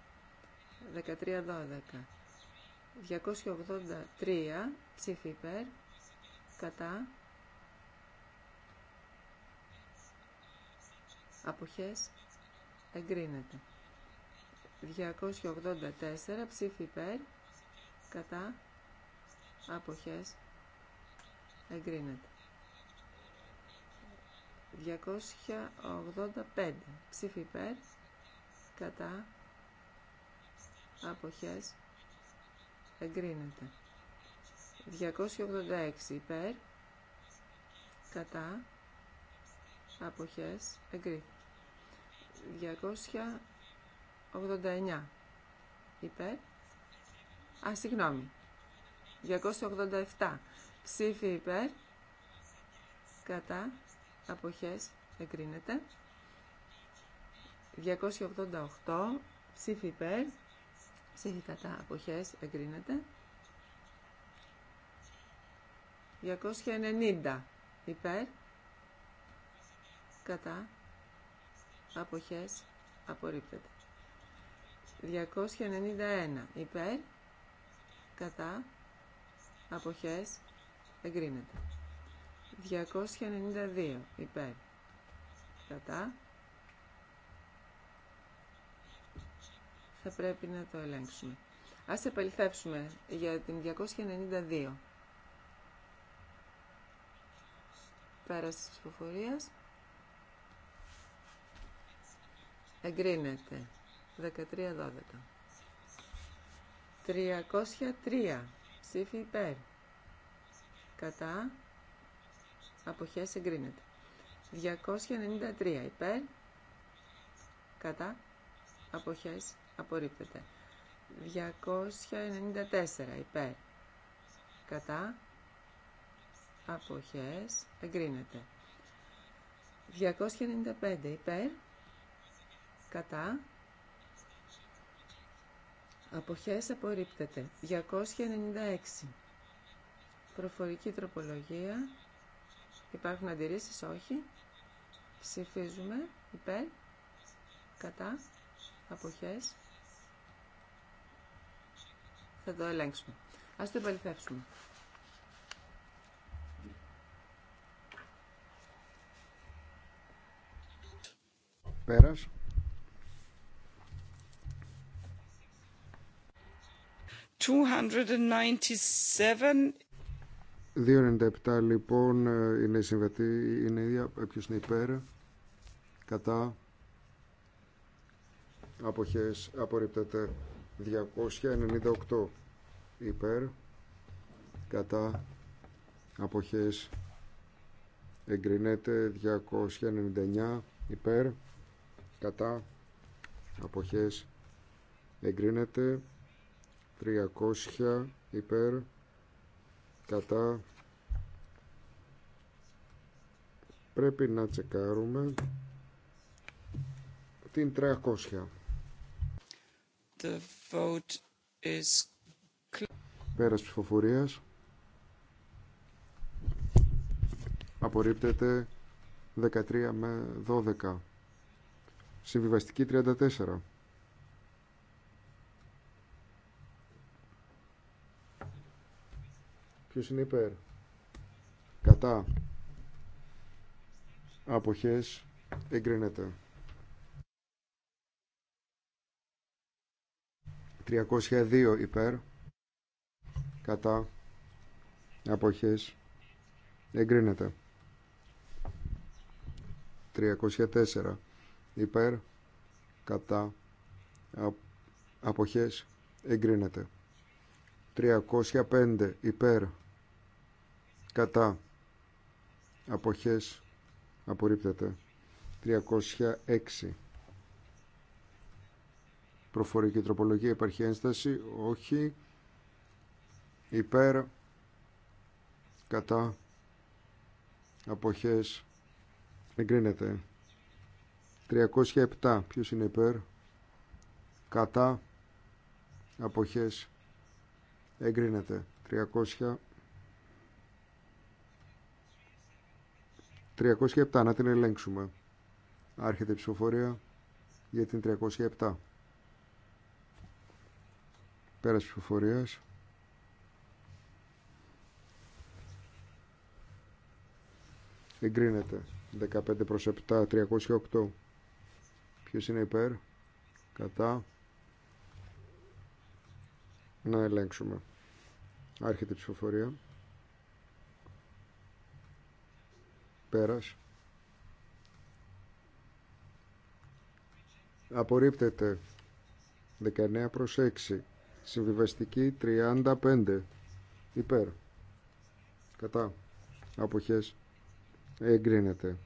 13 283 ψήφι υπέρ, κατά, αποχές, εγκρίνεται. 284 ψήφι υπέρ, κατά, αποχές, εγκρίνεται. 285 ψήφι υπέρ, κατά, αποχές εγκρίνεται 286 υπέρ κατά αποχές εγκρί. 289 υπέρ α συγγνώμη 287 ψήφι υπέρ κατά αποχές εγκρίνεται 288 ψήφι υπέρ ψήφι κατά αποχές εγκρίνεται. 290 υπέρ κατά αποχές απορρίπτεται. 291 υπέρ κατά αποχές εγκρίνεται. 292 υπέρ κατά θα πρέπει να το ελέγξουμε. Ας επαληθεύσουμε για την 292. Πέραση της ψηφοφορίας. Εγκρίνεται. 13-12. 303. Ψήφι υπέρ. Κατά. Αποχές εγκρίνεται. 293 υπέρ. Κατά. Αποχές απορρίπτεται. 294 υπέρ κατά αποχές εγκρίνεται. 295 υπέρ κατά αποχές απορρίπτεται. 296 προφορική τροπολογία υπάρχουν αντιρρήσεις όχι ψηφίζουμε υπέρ κατά αποχές θα το ελέγξουμε. Ας το επαληθεύσουμε. Πέρας. 297. 297 λοιπόν ε, είναι συμβατή, είναι ίδια, ε, ποιος είναι υπέρ, κατά, αποχές, απορρίπτεται 298 υπέρ κατά αποχές εγκρινέται 299 υπέρ κατά αποχές εγκρίνεται 300 υπέρ κατά πρέπει να τσεκάρουμε την 300 The vote Πέρας ψηφοφορίας. Απορρίπτεται 13 με 12. Συμβιβαστική 34. Ποιος είναι υπέρ. Κατά. Αποχές εγκρίνεται. 302 υπέρ κατά αποχές εγκρίνεται 304 υπέρ κατά αποχές εγκρίνεται 305 υπέρ κατά αποχές απορρίπτεται 306 προφορική τροπολογία υπάρχει ένσταση όχι υπέρ κατά αποχές εγκρίνεται 307 ποιος είναι υπέρ κατά αποχές εγκρίνεται 300 307 να την ελέγξουμε άρχεται η ψηφοφορία για την 307 πέρας ψηφοφορίας Εγκρίνεται. 15 προς 7, 308. Ποιος είναι υπέρ. Κατά. Να ελέγξουμε. Άρχεται η ψηφοφορία. Πέρας. Απορρίπτεται. 19 προς 6. Συμβιβαστική 35. Υπέρ. Κατά. Αποχές εγκρίνεται.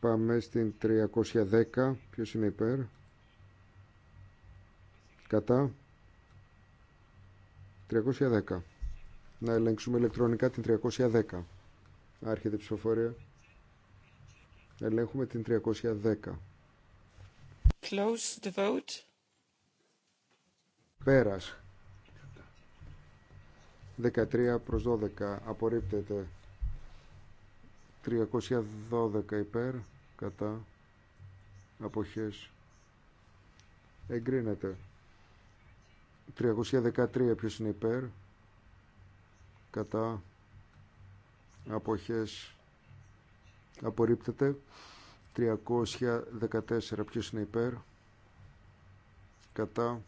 Πάμε στην 310. Ποιος είναι υπέρ. Κατά. 310. Να ελέγξουμε ηλεκτρονικά την 310. Άρχεται η ψηφοφορία. Ελέγχουμε την 310. Close the vote. Πέρας. 13 προς 12. Απορρίπτεται. 312 υπέρ κατά αποχές εγκρίνεται 313 ποιος είναι υπέρ κατά αποχές απορρίπτεται 314 ποιος είναι υπέρ κατά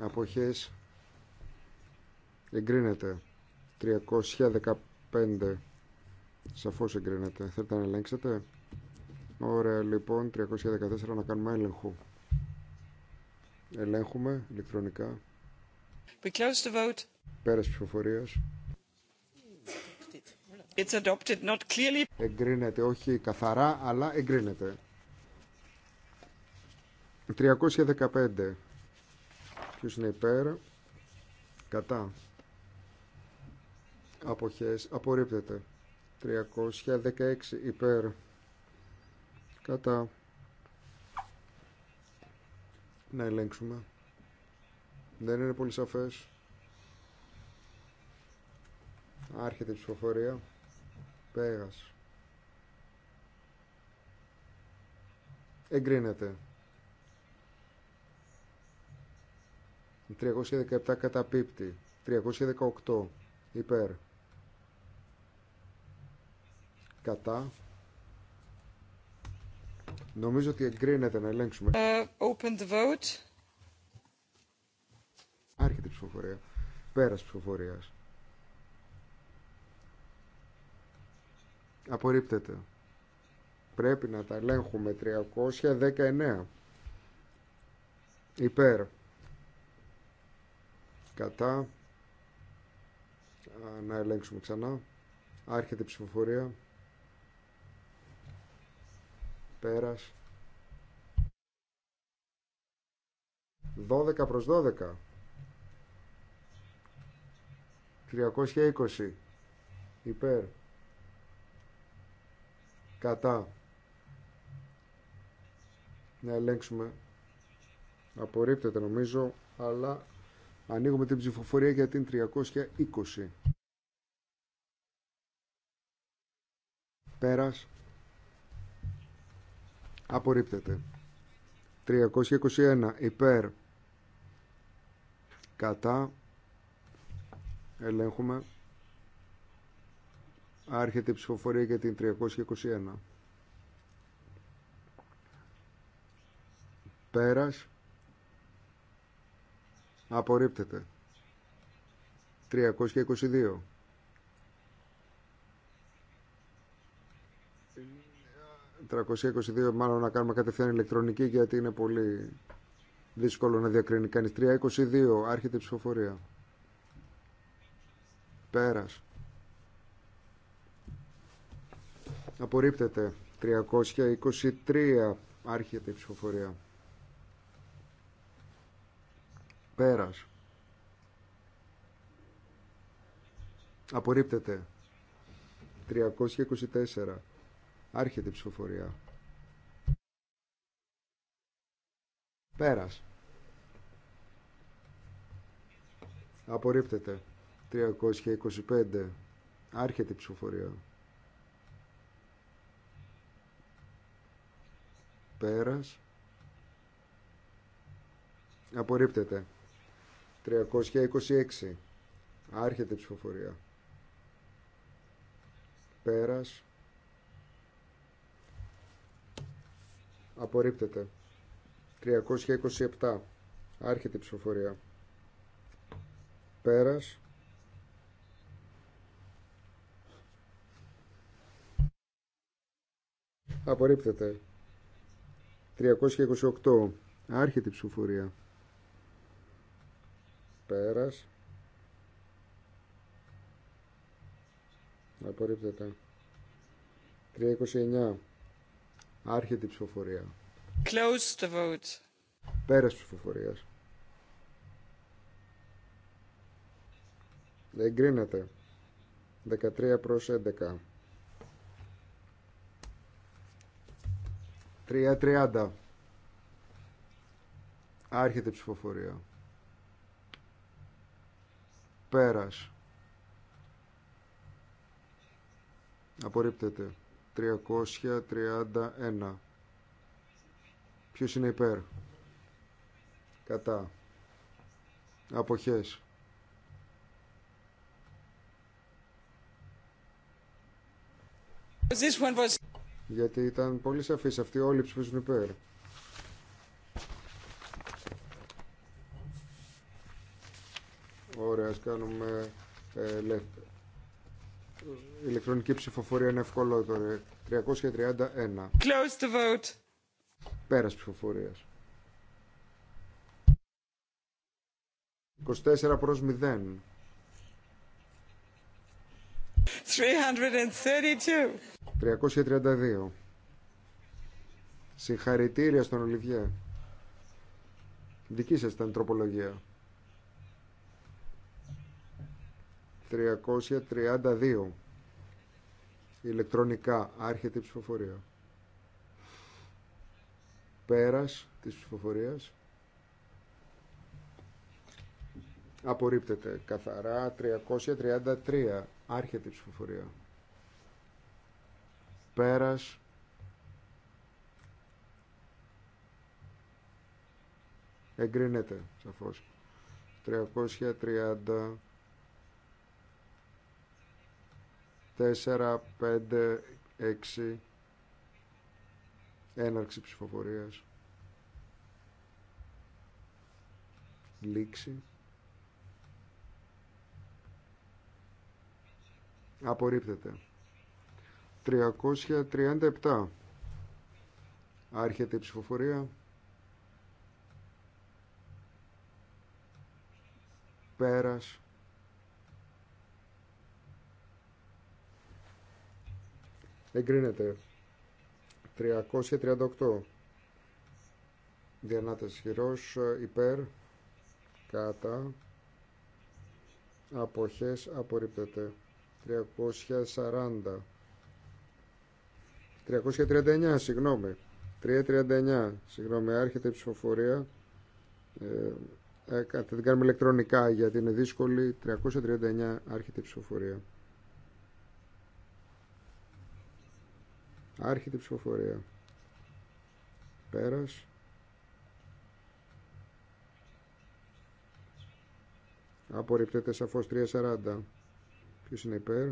αποχές εγκρίνεται 315 Σαφώς εγκρίνεται. Θέλετε να ελέγξετε. Ωραία, λοιπόν, 314 να κάνουμε έλεγχο. Ελέγχουμε ηλεκτρονικά. We close the vote. Πέρας ψηφοφορίας. It's adopted, not clearly. Εγκρίνεται, όχι καθαρά, αλλά εγκρίνεται. 315. Ποιος είναι υπέρ. Κατά. Αποχές. Απορρίπτεται. 316 υπέρ κατά να ελέγξουμε δεν είναι πολύ σαφές άρχεται η ψηφοφορία πέγας εγκρίνεται 317 καταπίπτει 318 υπέρ Κατά. Νομίζω ότι εγκρίνεται να ελέγξουμε. Ε, open the vote. Άρχεται η ψηφοφορία. Πέρας ψηφοφορίας. Απορρίπτεται. Πρέπει να τα ελέγχουμε 319. Υπέρ. Κατά. Να ελέγξουμε ξανά. Άρχεται η ψηφοφορία. Πέρας. 12 προς 12. 320 υπέρ κατά να ελέγξουμε απορρίπτεται νομίζω αλλά ανοίγουμε την ψηφοφορία για την 320 πέρας Απορρίπτεται. 321 υπέρ. Κατά. Ελέγχουμε. Άρχεται η ψηφοφορία για την 321. Πέρας. Απορρίπτεται. 322 322 μάλλον να κάνουμε κατευθείαν ηλεκτρονική γιατί είναι πολύ δύσκολο να διακρίνει κανείς. 322 άρχεται η ψηφοφορία. Πέρας. Απορρίπτεται. 323 άρχεται η ψηφοφορία. Πέρας. Απορρίπτεται. 324 Άρχεται η ψηφοφορία. Πέρας. Απορρίπτεται. 325. Άρχεται η ψηφοφορία. Πέρας. Απορρίπτεται. 326. Άρχεται η ψηφοφορία. Πέρας. Απορρίπτεται. 327. Άρχεται η ψηφοφορία. Πέρας. Απορρίπτεται. 328. Άρχεται η ψηφοφορία. Πέρας. Απορρίπτεται. 329. Άρχεται η ψηφοφορία. Close the vote. Πέρας ψηφοφορίας. Εγκρίνεται. 13 προ 11. 3-30. Άρχεται η ψηφοφορία. Πέρας. Απορρίπτεται. 331. Ποιος είναι υπέρ. Κατά. Αποχές. Γιατί ήταν πολύ σαφής αυτή όλοι ψηφίζουν υπέρ. Ωραία, ας κάνουμε ε, left ηλεκτρονική ψηφοφορία είναι ευκολότερη. 331. Close the vote. Πέρας ψηφοφορίας. 24 προς 0. 332. 332. Συγχαρητήρια στον Ολιβιέ. Δική σας ήταν τροπολογία. 332 ηλεκτρονικά άρχεται η ψηφοφορία πέρας της ψηφοφορίας απορρίπτεται καθαρά 333 άρχεται η ψηφοφορία πέρας εγκρίνεται σαφώς 330 4, 5, 6 έναρξη ψηφοφορίας λήξη απορρίπτεται 337 άρχεται η ψηφοφορία πέρας εγκρίνεται 338 διανάτες χειρός υπέρ κατά αποχές απορρίπτεται 340 339 συγγνώμη 339 συγγνώμη άρχεται η ψηφοφορία ε, ε θα την κάνουμε ηλεκτρονικά γιατί είναι δύσκολη 339 άρχεται η ψηφοφορία Άρχη ψηφοφορία. Πέρας. Απορριπτέται σαφώς 3.40. Ποιος είναι υπέρ.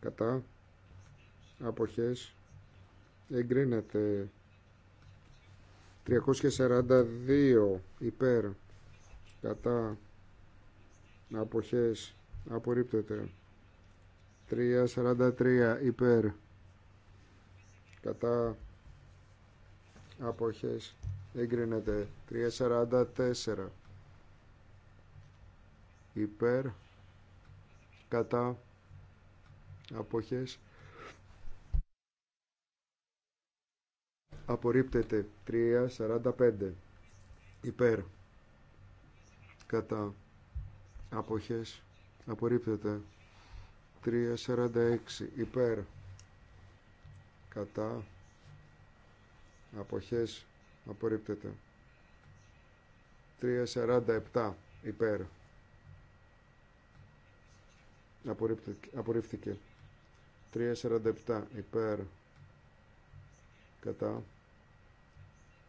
Κατά. Αποχές. Εγκρίνεται. 342 υπέρ. Κατά. Αποχές. Απορρίπτεται. 343 υπέρ κατά αποχές εγκρίνεται 344 υπέρ κατά αποχές απορρίπτεται 3.45 υπέρ κατά αποχές απορρίπτεται 3.46 υπέρ κατά αποχές απορρίπτεται 3.47 υπέρ απορρίφθηκε 3.47 υπέρ κατά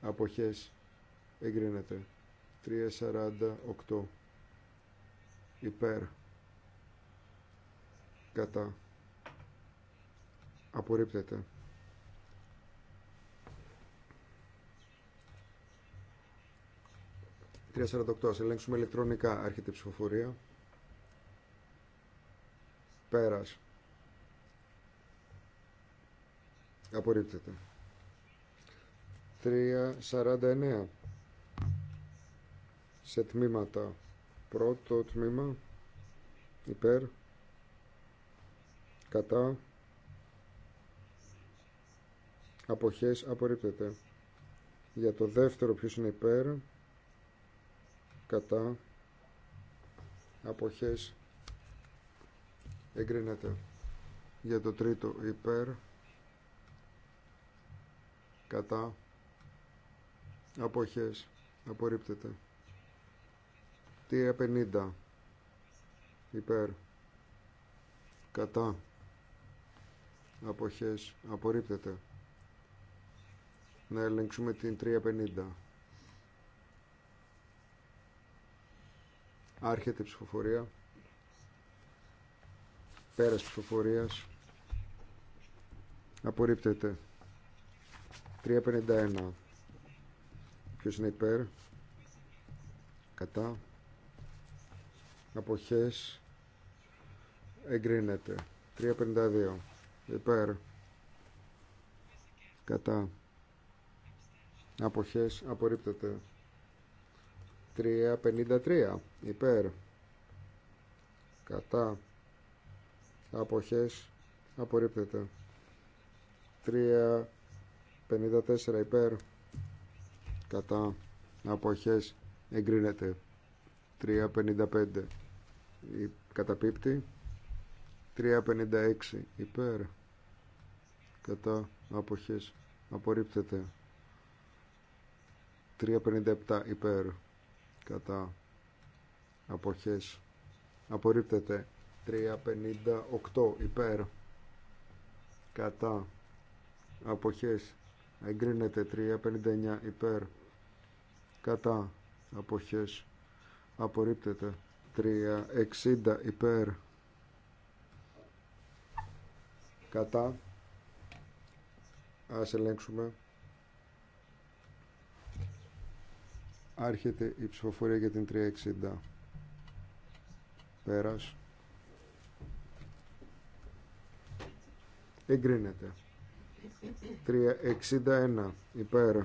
αποχές εγκρίνεται 3.48 υπέρ κατά απορρίπτεται 348. Ας ελέγξουμε ηλεκτρονικά. Άρχεται η ψηφοφορία. Πέρας. Απορρίπτεται. 349. Σε τμήματα. Πρώτο τμήμα. Υπέρ. Κατά. Αποχές απορρίπτεται. Για το δεύτερο ποιος είναι υπέρ κατά αποχές εγκρίνεται για το τρίτο υπέρ κατά αποχές απορρίπτεται τι υπέρ κατά αποχές απορρίπτεται να ελέγξουμε την 350 Άρχεται η ψηφοφορία. Πέρας ψηφοφορίας. Απορρίπτεται. 351. Ποιος είναι υπέρ. Κατά. Αποχές. Εγκρίνεται. 352. Υπέρ. Κατά. Αποχές. Απορρίπτεται. 353 υπέρ κατά αποχές απορρίπτεται 3.54 υπέρ κατά αποχές εγκρίνεται 3.55 καταπίπτει 3.56 υπέρ κατά αποχές απορρίπτεται 3.57 υπέρ κατά αποχές απορρίπτεται 358 υπέρ κατά αποχές εγκρίνεται 359 υπέρ κατά αποχές απορρίπτεται 360 υπέρ κατά ας ελέγξουμε άρχεται η ψηφοφορία για την 360 Πέρας. Εγκρίνεται. 361 υπέρ.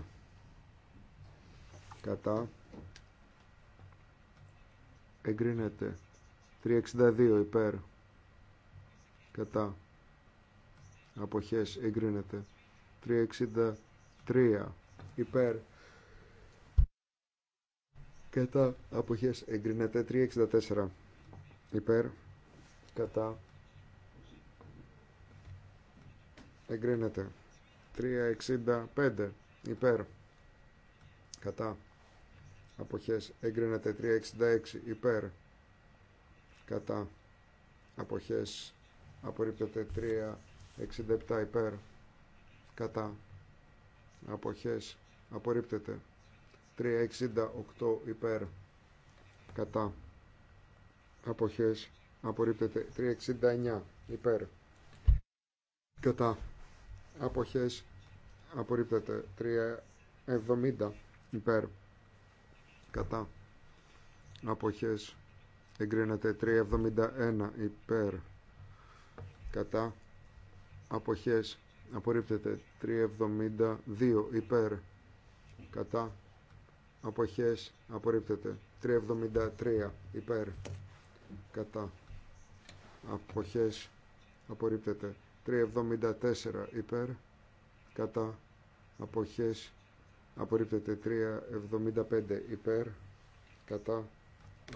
Κατά. Εγκρίνεται. 362 υπέρ. Κατά. Αποχές εγκρίνεται. 363 υπέρ. Κατά. Αποχές εγκρίνεται. 364 υπέρ κατά εγκρίνεται 365 υπέρ κατά αποχές εγκρίνεται 366 υπέρ κατά αποχές απορρίπτεται 367 υπέρ κατά αποχές απορρίπτεται 368 υπέρ κατά αποχές απορρίπτεται 369 υπέρ κατά αποχές απορρίπτεται 370 υπέρ κατά αποχές εγκρίνεται 371 υπέρ κατά αποχές απορρίπτεται 372 υπέρ κατά αποχές απορρίπτεται 373 υπέρ κατά αποχές απορρίπτεται 374 υπέρ κατά αποχές απορρίπτεται 375 υπέρ κατά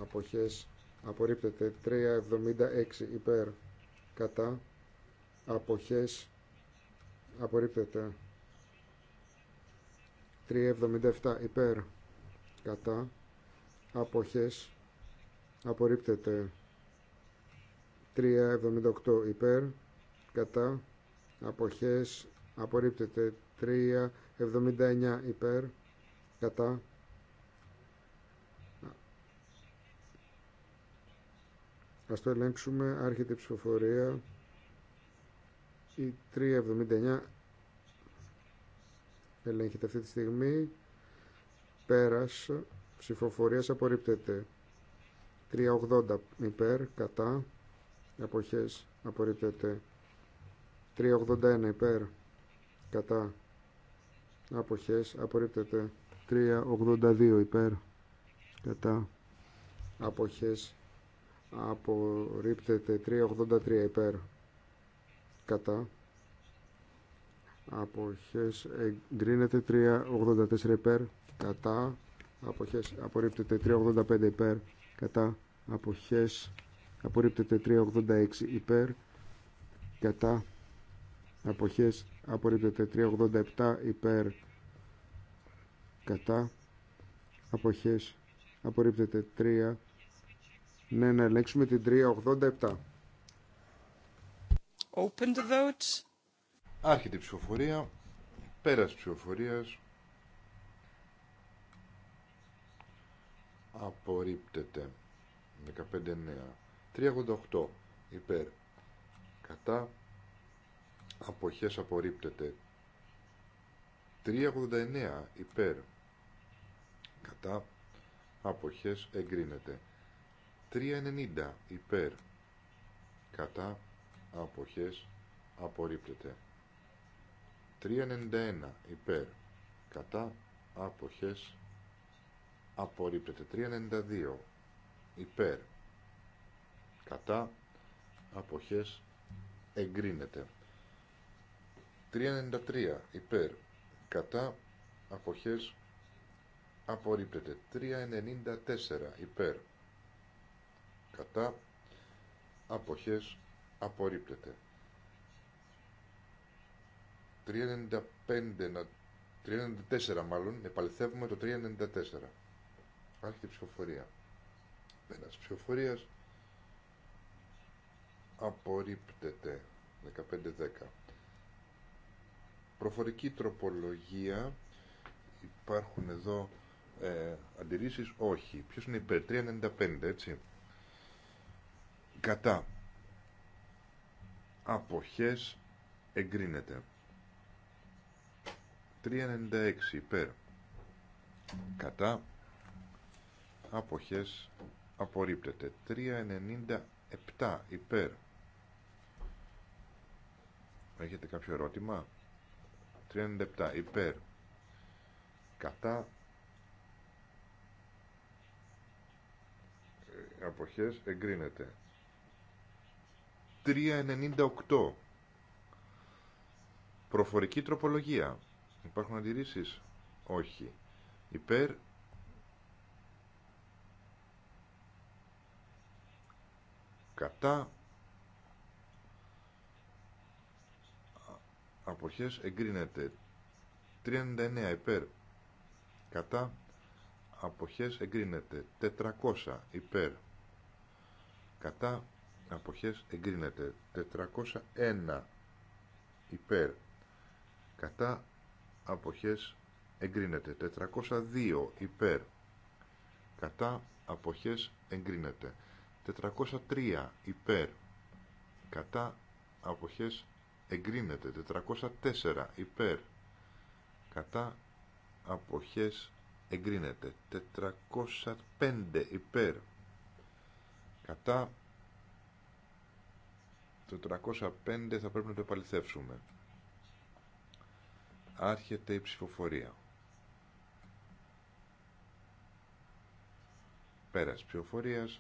αποχές απορρίπτεται 376 υπέρ κατά αποχές απορρίπτεται 377 υπέρ κατά αποχές απορρίπτεται 3.78 υπέρ κατά αποχές απορρίπτεται 3.79 υπέρ κατά Ας το ελέγξουμε, άρχεται η ψηφοφορία η 3.79 ελέγχεται αυτή τη στιγμή πέρας ψηφοφορίας απορρίπτεται 380 υπέρ, κατά, αποχές, απορρίπτεται. 381 υπέρ, κατά, αποχές, απορρίπτεται. 382 υπέρ, κατά, αποχές, απορρίπτεται. 383 υπέρ, κατά, αποχές, εγκρίνεται. 384 υπέρ, κατά, αποχές, απορρίπτεται. 385 υπέρ, κατά αποχές απορρίπτεται 386 υπέρ κατά αποχές απορρίπτεται 387 υπέρ κατά αποχές απορρίπτεται 3 ναι να ελέγξουμε την 387 Open the Άρχεται η ψηφοφορία, πέρας ψηφοφορίας, απορρίπτεται. 15 388 υπέρ. Κατά. Αποχές απορρίπτεται. 389 υπέρ. Κατά. Αποχές εγκρίνεται. 390 υπέρ. Κατά. Αποχές απορρίπτεται. 391 υπέρ. Κατά. Αποχές απορρίπτεται. 392 υπέρ κατά αποχές εγκρίνεται 393 υπέρ κατά αποχές απορρίπτεται 394 υπέρ κατά αποχές απορρίπτεται 395 394 μάλλον επαληθεύουμε το 394 άρχεται η ψηφοφορία Πέρα ψηφοφορία. Απορρίπτεται. 15-10. Προφορική τροπολογία. Υπάρχουν εδώ ε, αντιρρήσεις. Όχι. Ποιος είναι υπέρ. 395 έτσι. Κατά. Αποχές εγκρίνεται. 396 υπέρ. Κατά. Αποχές απορρίπτεται 397 υπέρ έχετε κάποιο ερώτημα 397 υπέρ κατά ε, αποχές εγκρίνεται 398 προφορική τροπολογία υπάρχουν αντιρρήσεις όχι υπέρ κατά αποχές εγκρίνεται 39 υπέρ κατά αποχές εγκρίνεται 400 υπέρ κατά αποχές εγκρίνεται 401 υπέρ κατά αποχές εγκρίνεται 402 υπέρ κατά αποχές εγκρίνεται 403 υπέρ κατά αποχές εγκρίνεται 404 υπέρ κατά αποχές εγκρίνεται 405 υπέρ κατά 405 θα πρέπει να το επαληθεύσουμε άρχεται η ψηφοφορία πέρας ψηφοφορίας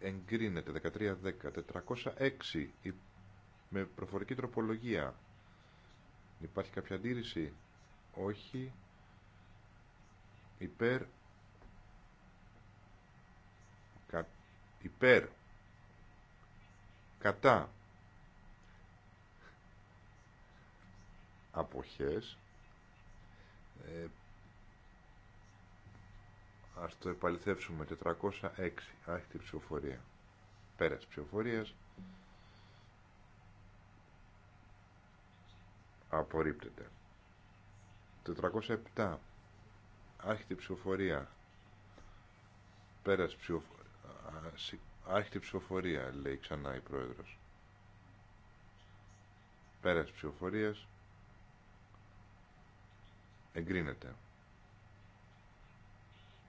εγκρίνεται 406 με προφορική τροπολογία υπάρχει κάποια αντίρρηση όχι υπέρ κα, υπέρ κατά αποχές ε, Ας το επαληθεύσουμε. 406. Άχτη ψηφοφορία. Πέρα της ψηφοφορίας. Απορρίπτεται. 407. Άρχιτη ψηφοφορία. Πέρας ψηφοφορία. Άχτη ψηφοφορία, λέει ξανά η πρόεδρος. Πέρας ψηφοφορίας. Εγκρίνεται.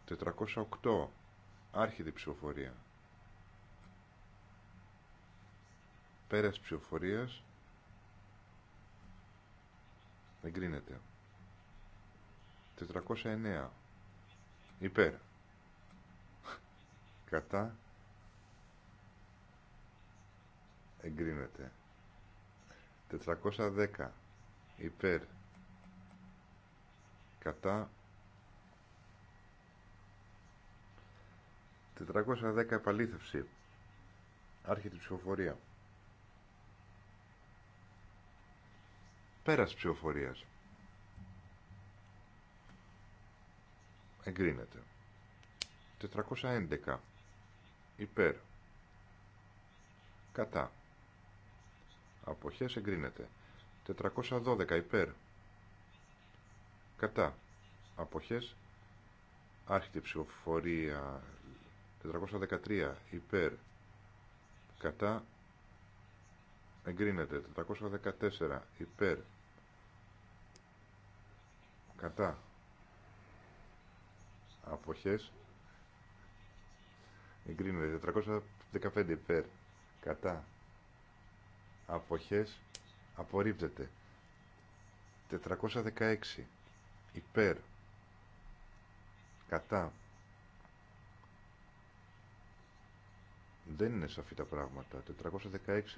408 άρχιδη ψηφοφορία πέρας ψηφοφορίας εγκρίνεται 409 υπέρ κατά εγκρίνεται 410 υπέρ κατά 410 επαλήθευση. Άρχεται η ψηφοφορία. Πέρας ψηφοφορίας. Εγκρίνεται. 411. Υπέρ. Κατά. Αποχές εγκρίνεται. 412. Υπέρ. Κατά. Αποχές. Άρχεται η ψηφοφορία 413 υπέρ κατά εγκρίνεται 414 υπέρ κατά αποχές εγκρίνεται 415 υπέρ κατά αποχές απορρίπτεται 416 υπέρ κατά Δεν είναι σαφή τα πράγματα. 416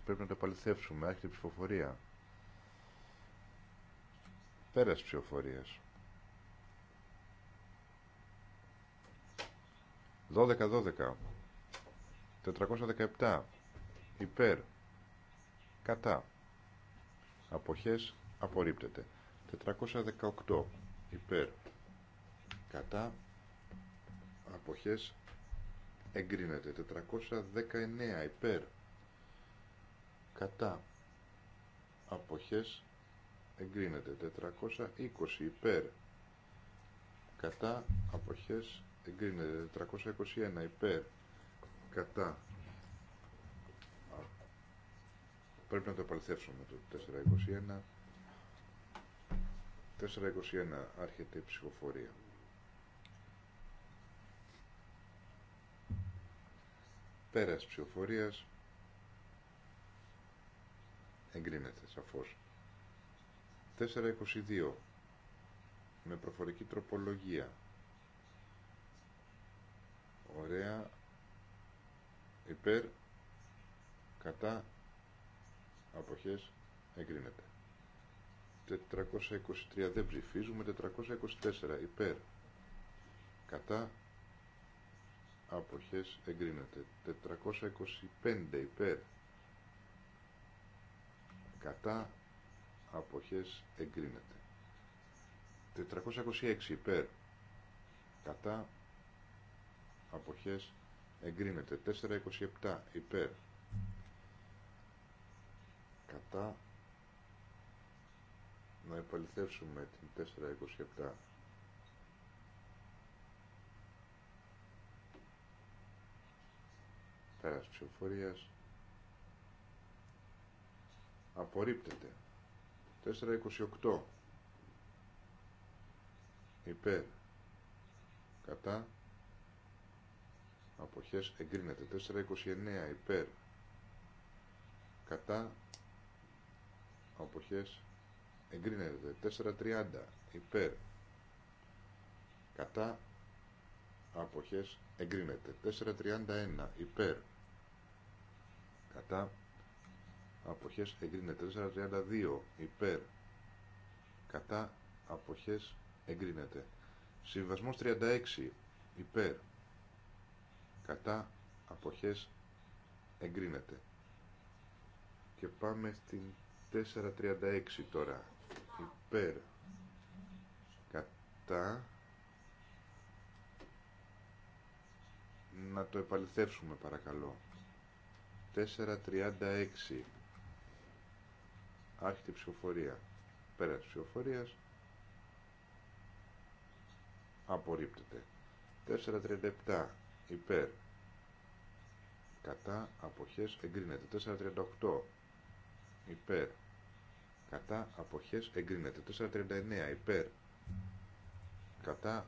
πρέπει να το παληθεύσουμε. αρχεται Άρχεται ψηφοφορία. Πέρας ψηφοφορίας. 12-12. 417. Υπέρ. Κατά. Αποχές απορρίπτεται. 418. Υπέρ. Κατά. Αποχές εγκρίνεται 419 υπέρ κατά αποχές εγκρίνεται 420 υπέρ κατά αποχές εγκρίνεται 421 υπέρ κατά πρέπει να το επαληθεύσουμε το 421 421 άρχεται η ψηφοφορία Πέρας ψηφοφορίας εγκρίνεται σαφώς. 4.22 με προφορική τροπολογία. Ωραία. Υπέρ, κατά, αποχές, εγκρίνεται. 423 δεν ψηφίζουμε, 424 υπέρ, κατά, αποχές εγκρίνεται 425 υπέρ κατά αποχές εγκρίνεται 426 υπέρ κατά αποχές εγκρίνεται 427 υπέρ κατά να επαληθεύσουμε την 427 Πέρας ψηφοφορίας. Απορρίπτεται. 428. Υπέρ. Κατά. Αποχές εγκρίνεται. 429. Υπέρ. Κατά. Αποχές εγκρίνεται. 430. Υπέρ. Κατά. Αποχές εγκρίνεται. 431. Υπέρ κατά αποχές εγκρίνεται 432 υπέρ κατά αποχές εγκρίνεται συμβασμός 36 υπέρ κατά αποχές εγκρίνεται και πάμε στην 436 τώρα υπέρ κατά να το επαληθεύσουμε παρακαλώ 4.36 άρχιτη ψηφοφορία πέρας ψηφοφορίας απορρίπτεται 4.37 υπέρ κατά αποχές εγκρίνεται 4.38 υπέρ κατά αποχές εγκρίνεται 4.39 υπέρ κατά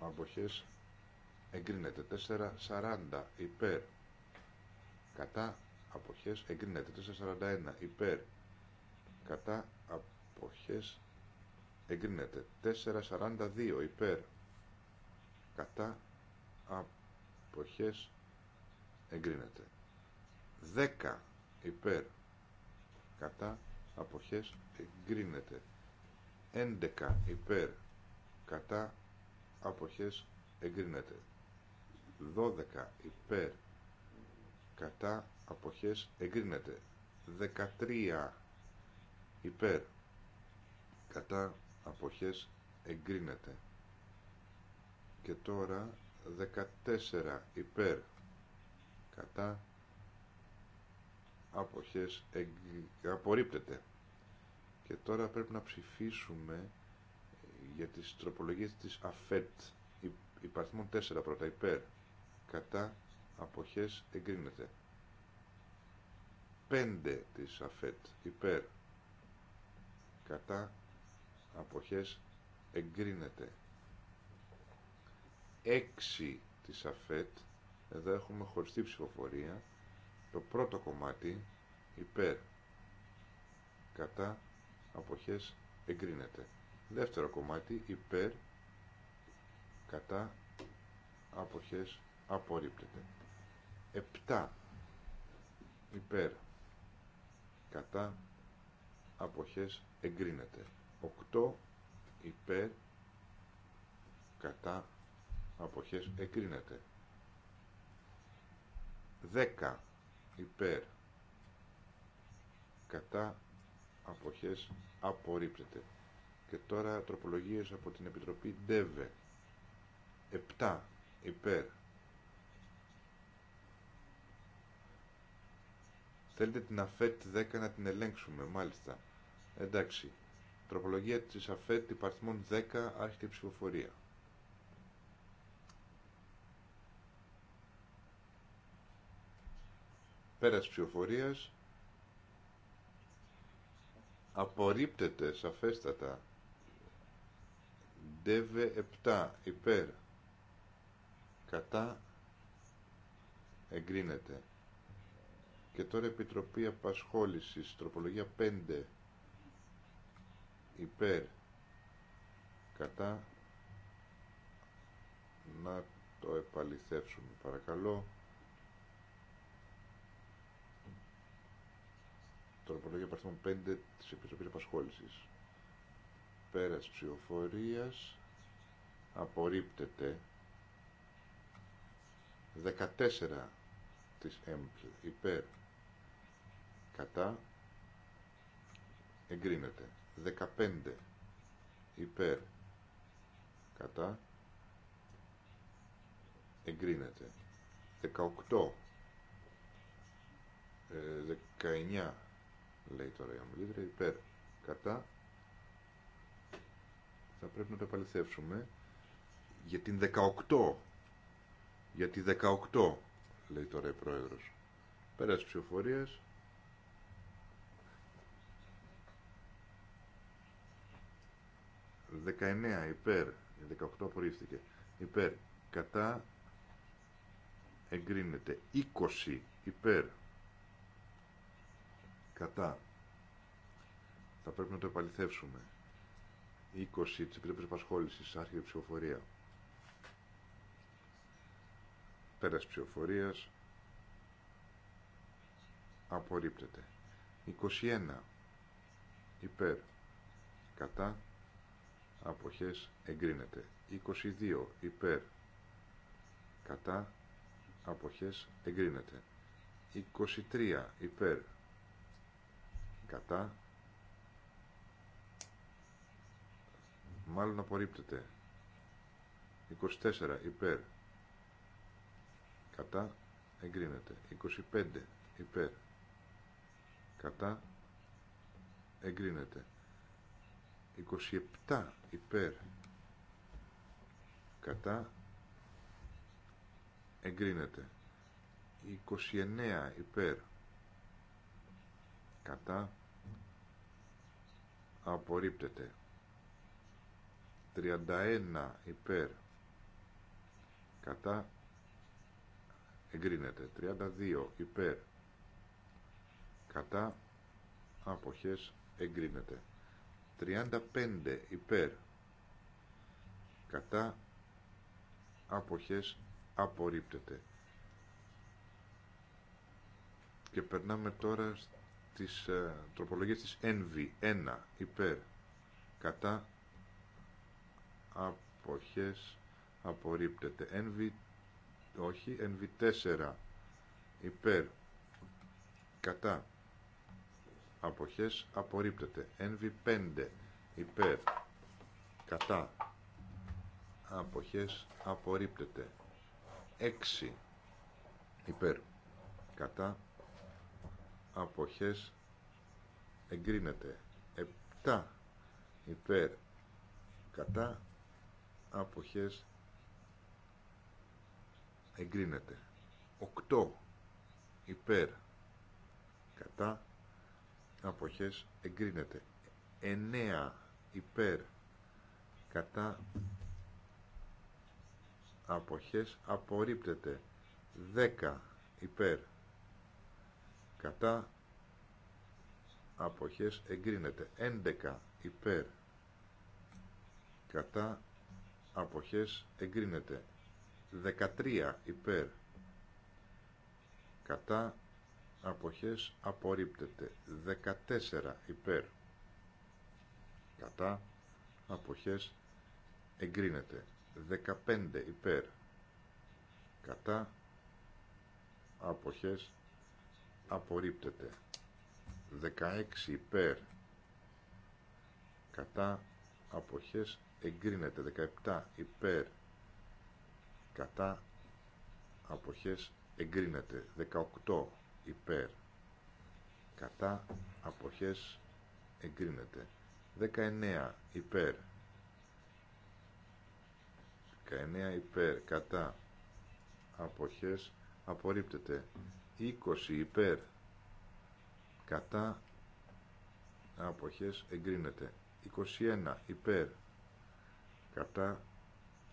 αποχές εγκρίνεται 4.40 υπέρ κατά αποχές εγκρίνεται 441 υπέρ κατά αποχές εγκρίνεται 442 υπέρ κατά αποχές εγκρίνεται 10 υπέρ κατά αποχές εγκρίνεται 11 υπέρ κατά αποχές εγκρίνεται 12 υπέρ κατά αποχές εγκρίνεται 13 υπέρ κατά αποχές εγκρίνεται και τώρα 14 υπέρ κατά αποχές απορρίπτεται και τώρα πρέπει να ψηφίσουμε για τις τροπολογίες της ΑΦΕΤ υπαρθμών 4 πρώτα υπέρ κατά αποχές εγκρίνεται 5 της ΑΦΕΤ υπέρ κατά αποχές εγκρίνεται 6 της ΑΦΕΤ εδώ έχουμε χωριστή ψηφοφορία το πρώτο κομμάτι υπέρ κατά αποχές εγκρίνεται δεύτερο κομμάτι υπέρ κατά αποχές απορρίπτεται 7 υπέρ κατά αποχές εγκρίνεται 8 υπέρ κατά αποχές εγκρίνεται 10 υπέρ κατά αποχές απορρίπτεται και τώρα τροπολογίες από την Επιτροπή ΔΕΒΕ 7 υπέρ Θέλετε την ΑΦΕΤ 10 να την ελέγξουμε, μάλιστα. Εντάξει. Τροπολογία τη ΑΦΕΤ υπαρθμών 10, άρχεται η ψηφοφορία. Πέρας ψηφοφορίας απορρίπτεται σαφέστατα. ΔΕΒΕ 7 υπέρ. Κατά εγκρίνεται. Και τώρα Επιτροπή Απασχόλησης, τροπολογία 5, υπέρ, κατά, να το επαληθεύσουμε παρακαλώ. Τροπολογία παρθων 5 της Επιτροπής Απασχόλησης. Πέρας ψηφοφορίας απορρίπτεται 14 της ΕΜΠΛ υπέρ κατά εγκρίνεται 15 υπέρ κατά εγκρίνεται 18 19 ε, λέει τώρα η ομιλήτρια υπέρ κατά θα πρέπει να το επαληθεύσουμε για την 18 για την 18 λέει τώρα η πρόεδρος πέρας ψηφοφορίας 19 υπέρ, 18 ε, απορρίφθηκε, υπέρ, κατά, εγκρίνεται, 20 υπέρ, κατά, θα πρέπει να το επαληθεύσουμε, 20 της Επιτροπής Επασχόλησης, άρχιε ψηφοφορία, πέρας ψηφοφορίας, απορρίπτεται, 21 υπέρ, κατά, αποχές εγκρίνεται 22 υπέρ κατά αποχές εγκρίνεται 23 υπέρ κατά μάλλον απορρίπτεται 24 υπέρ κατά εγκρίνεται 25 υπέρ κατά εγκρίνεται 27 υπέρ κατά εγκρίνεται 29 υπέρ κατά απορρίπτεται 31 υπέρ κατά εγκρίνεται 32 υπέρ κατά αποχές εγκρίνεται 35 υπέρ κατά αποχές απορρίπτεται και περνάμε τώρα στις ε, τροπολογίες της NV 1 υπέρ κατά αποχές απορρίπτεται NV όχι NV 4 υπέρ κατά αποχές απορρίπτεται NV5 υπέρ κατά αποχές απορρίπτεται 6 υπέρ κατά αποχές εγκρίνεται 7 υπέρ κατά αποχές εγκρίνεται 8 υπέρ κατά αποχές εγκρίνεται 9 υπέρ κατά αποχές απορρίπτεται 10 υπέρ κατά αποχές εγκρίνεται 11 υπέρ κατά αποχές εγκρίνεται 13 υπέρ κατά αποχές απορρίπτεται 14 υπέρ κατά αποχές εγκρίνεται 15 υπέρ κατά αποχές απορρίπτεται 16 υπέρ κατά αποχές εγκρίνεται 17 υπέρ κατά αποχές εγκρίνεται 18 υπέρ κατά αποχές εγκρίνεται 19 υπέρ 19 υπέρ κατά αποχές απορρίπτεται 20 υπέρ κατά αποχές εγκρίνεται 21 υπέρ κατά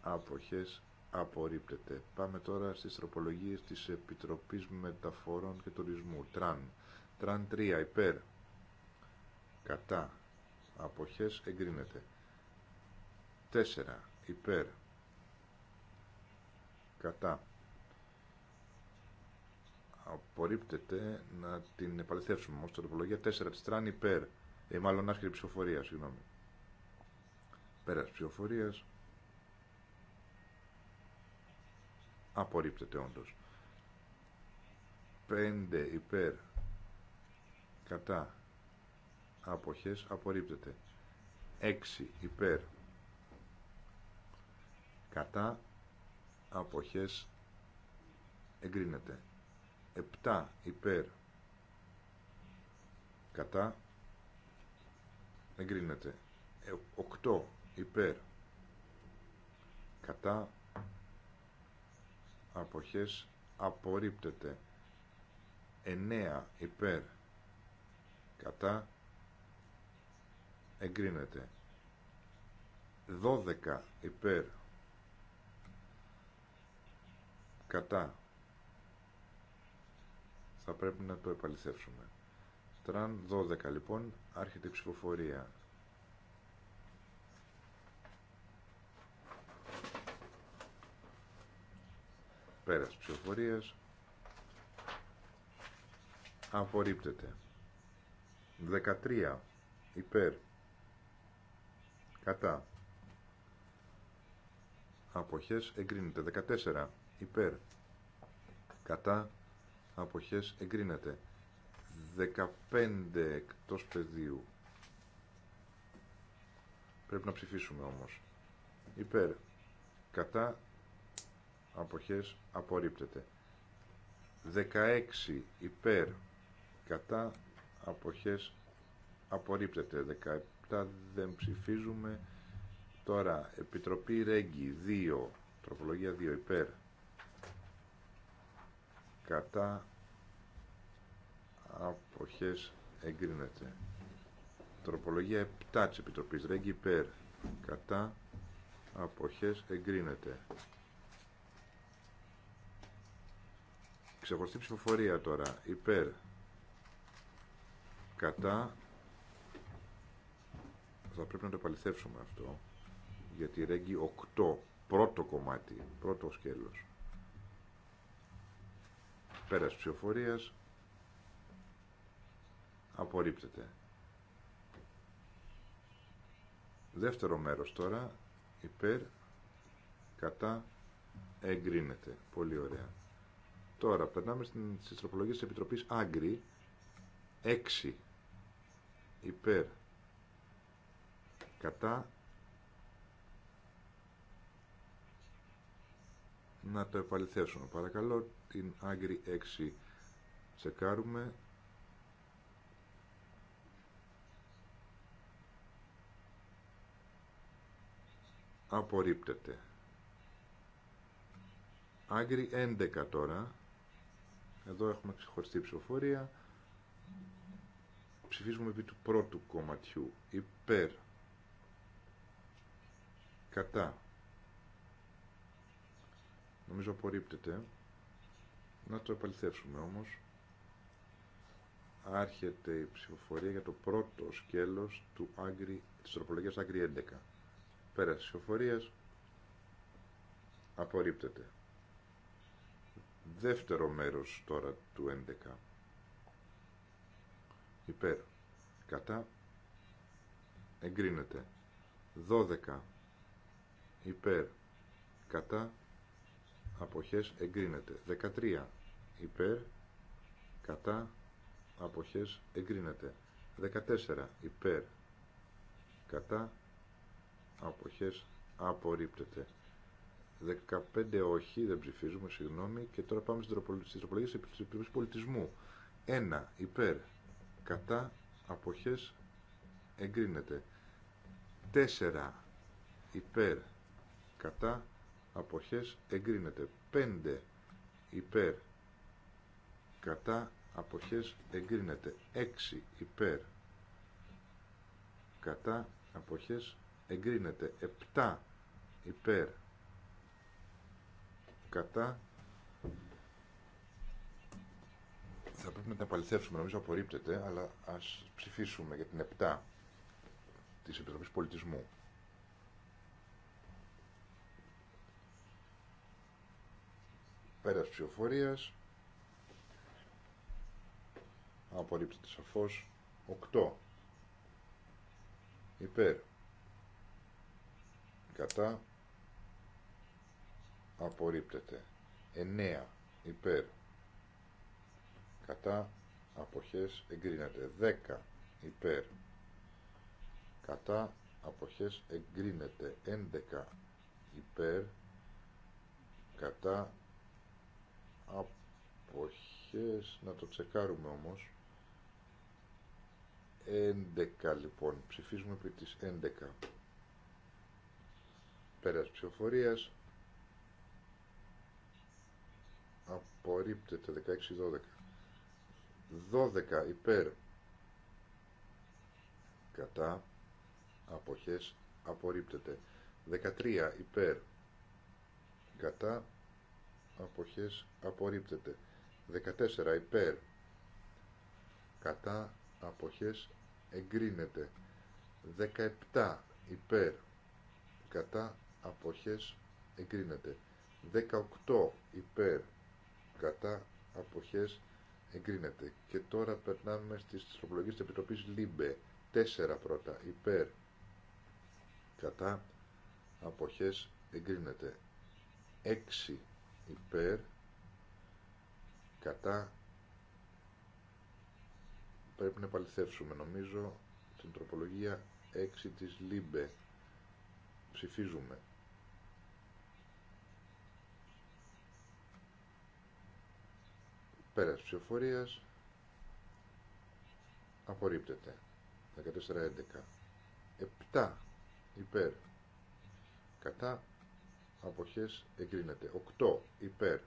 αποχές απορρίπτεται. Πάμε τώρα στις τροπολογίες της Επιτροπής Μεταφορών και Τουρισμού. Τραν. Τραν 3 υπέρ. Κατά. Αποχές εγκρίνεται. 4 υπέρ. Κατά. Απορρίπτεται να την επαληθεύσουμε όμως τροπολογία 4 της Τραν υπέρ. Ε, μάλλον άσχερη ψηφοφορία, συγγνώμη. Πέρας ψηφοφορίας Απορρίπτεται όντως. 5 υπέρ κατά αποχές απορρίπτεται. 6 υπέρ κατά αποχές εγκρίνεται. 7 υπέρ κατά εγκρίνεται. 8 ε, υπέρ κατά αποχές απορρίπτεται 9 υπέρ κατά εγκρίνεται 12 υπέρ κατά θα πρέπει να το επαληθεύσουμε τραν 12 λοιπόν άρχεται η ψηφοφορία Πέρας ψηφοφορίας. Απορρίπτεται. 13 υπέρ. Κατά. Αποχές εγκρίνεται. 14 υπέρ. Κατά. Αποχές εγκρίνεται. 15 εκτός πεδίου. Πρέπει να ψηφίσουμε όμως. Υπέρ. Κατά αποχές απορρίπτεται 16 υπέρ κατά αποχές απορρίπτεται 17 δεν ψηφίζουμε τώρα Επιτροπή Ρέγγι 2 τροπολογία 2 υπέρ κατά αποχές εγκρίνεται τροπολογία 7 της Επιτροπής Ρέγγι υπέρ κατά αποχές εγκρίνεται Ξεχωριστή ψηφοφορία τώρα. Υπέρ. Κατά. Θα πρέπει να το επαληθεύσουμε αυτό. Γιατί ρέγγι 8. Πρώτο κομμάτι. Πρώτο σκέλος. Πέρας ψηφοφορίας. Απορρίπτεται. Δεύτερο μέρος τώρα. Υπέρ. Κατά. Εγκρίνεται. Πολύ ωραία. Τώρα, περνάμε στην τροπολογίες της Επιτροπής Άγκρη. 6 υπέρ κατά να το επαληθεύσουμε. Παρακαλώ την Άγκρη 6 τσεκάρουμε. Απορρίπτεται. Άγκρη 11 τώρα. Εδώ έχουμε ξεχωριστή ψηφοφορία. Ψηφίζουμε επί του πρώτου κομματιού. Υπέρ. Κατά. Νομίζω απορρίπτεται. Να το επαληθεύσουμε όμως. Άρχεται η ψηφοφορία για το πρώτο σκέλος του άγκρι, της τροπολογίας άγκρι 11. Πέρας ψηφοφορίας απορρίπτεται δεύτερο μέρος τώρα του 11 υπέρ κατά εγκρίνεται 12 υπέρ κατά αποχές εγκρίνεται 13 υπέρ κατά αποχές εγκρίνεται 14 υπέρ κατά αποχές απορρίπτεται 15 όχι, δεν ψηφίζουμε, συγγνώμη. Και τώρα πάμε στις τροπολογίε τη Πολιτισμού. 1 υπέρ, κατά, αποχές, εγκρίνεται. 4 υπέρ, κατά, αποχές, εγκρίνεται. 5 υπέρ, κατά, αποχές, εγκρίνεται. 6 υπέρ, κατά, αποχές, εγκρίνεται. 7 υπέρ, κατά θα πρέπει να τα επαληθεύσουμε, νομίζω απορρίπτεται, αλλά ας ψηφίσουμε για την 7 της Επιτροπής Πολιτισμού. Πέρας ψηφοφορίας, απορρίπτεται σαφώς, 8 υπέρ, κατά, απορρίπτεται 9 υπέρ κατά αποχές εγκρίνεται 10 υπέρ κατά αποχές εγκρίνεται 11 υπέρ κατά αποχές να το τσεκάρουμε όμως 11 λοιπόν ψηφίζουμε επί της 11 πέρας ψηφοφορίας απορρίπτεται 16-12 12 υπέρ κατά αποχές απορρίπτεται 13 υπέρ κατά αποχές απορρίπτεται 14 υπέρ κατά αποχές εγκρίνεται 17 υπέρ κατά αποχές εγκρίνεται 18 υπέρ κατά αποχές εγκρίνεται. Και τώρα περνάμε στις τροπολογίες της Επιτροπής ΛΥΜΠΕ. Τέσσερα πρώτα υπέρ κατά αποχές εγκρίνεται. Έξι υπέρ κατά πρέπει να επαληθεύσουμε νομίζω την τροπολογία 6 της ΛΥΜΠΕ ψηφίζουμε Πέρας ψηφοφορίας απορρίπτεται. 14-11. 7 υπέρ. Κατά αποχές εγκρίνεται. 8 υπέρ.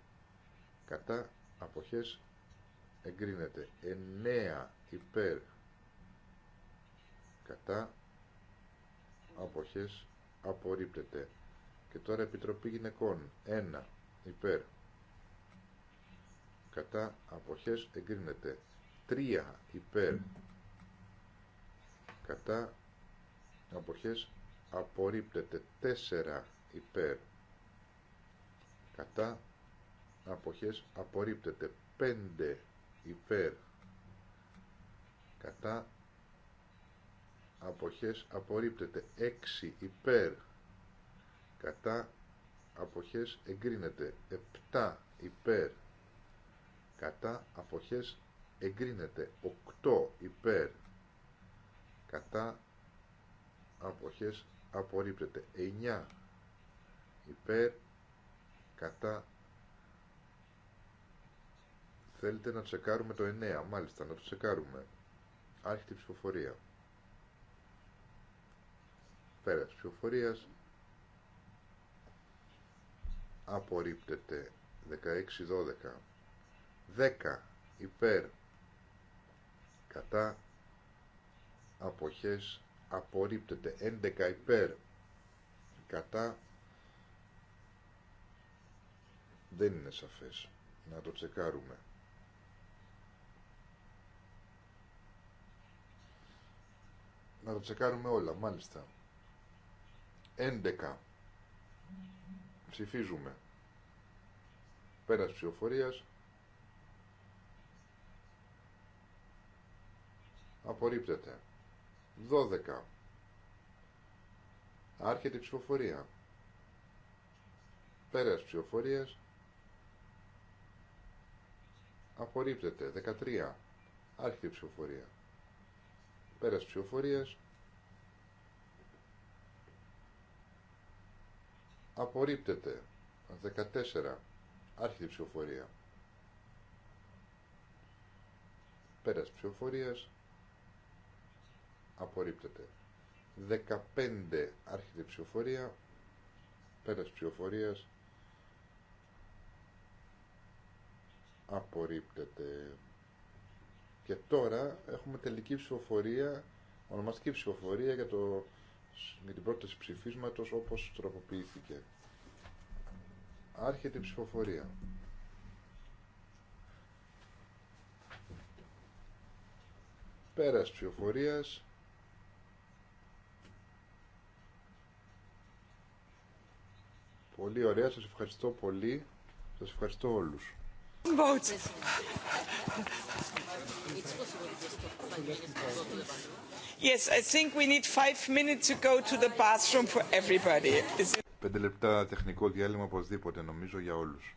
Κατά αποχές εγκρίνεται. 9 υπέρ. Κατά αποχές απορρίπτεται. Και τώρα Επιτροπή Γυναικών. 1 υπέρ κατά αποχές εγκρίνεται 3 υπέρ κατά αποχές απορρίπτεται 4 υπέρ κατά αποχές απορρίπτεται 5 υπέρ κατά αποχές απορρίπτεται 6 υπέρ κατά αποχές εγκρίνεται 7 υπέρ κατά αποχές εγκρίνεται 8 υπέρ κατά αποχές απορρίπτεται 9 υπέρ κατά θέλετε να τσεκάρουμε το 9 μάλιστα να το τσεκάρουμε άρχιτη ψηφοφορία πέρας ψηφοφορίας απορρίπτεται 16-12 10 υπέρ κατά αποχές απορρίπτεται 11 υπέρ κατά δεν είναι σαφές να το τσεκάρουμε να το τσεκάρουμε όλα μάλιστα 11 ψηφίζουμε πέρας ψηφοφορίας απορρίπτεται 12 άρχεται η ψηφοφορία πέρας ψηφοφορίας απορρίπτεται 13 άρχεται η ψηφοφορία πέρας ψηφοφορίας απορρίπτεται 14 άρχεται η ψηφοφορία πέρας ψηφοφορίας απορρίπτεται 15 άρχεται ψηφοφορία πέρας ψηφοφορίας απορρίπτεται και τώρα έχουμε τελική ψηφοφορία ονομαστική ψηφοφορία για, το, για την πρόταση ψηφίσματος όπως τροποποιήθηκε άρχεται ψηφοφορία πέρας ψηφοφορίας Πολύ ωραία, σας ευχαριστώ πολύ. Σας ευχαριστώ όλους. Yes, I think we need five minutes to go to the bathroom for everybody. Πέντε λεπτά τεχνικό διάλειμμα οπωσδήποτε νομίζω για όλους.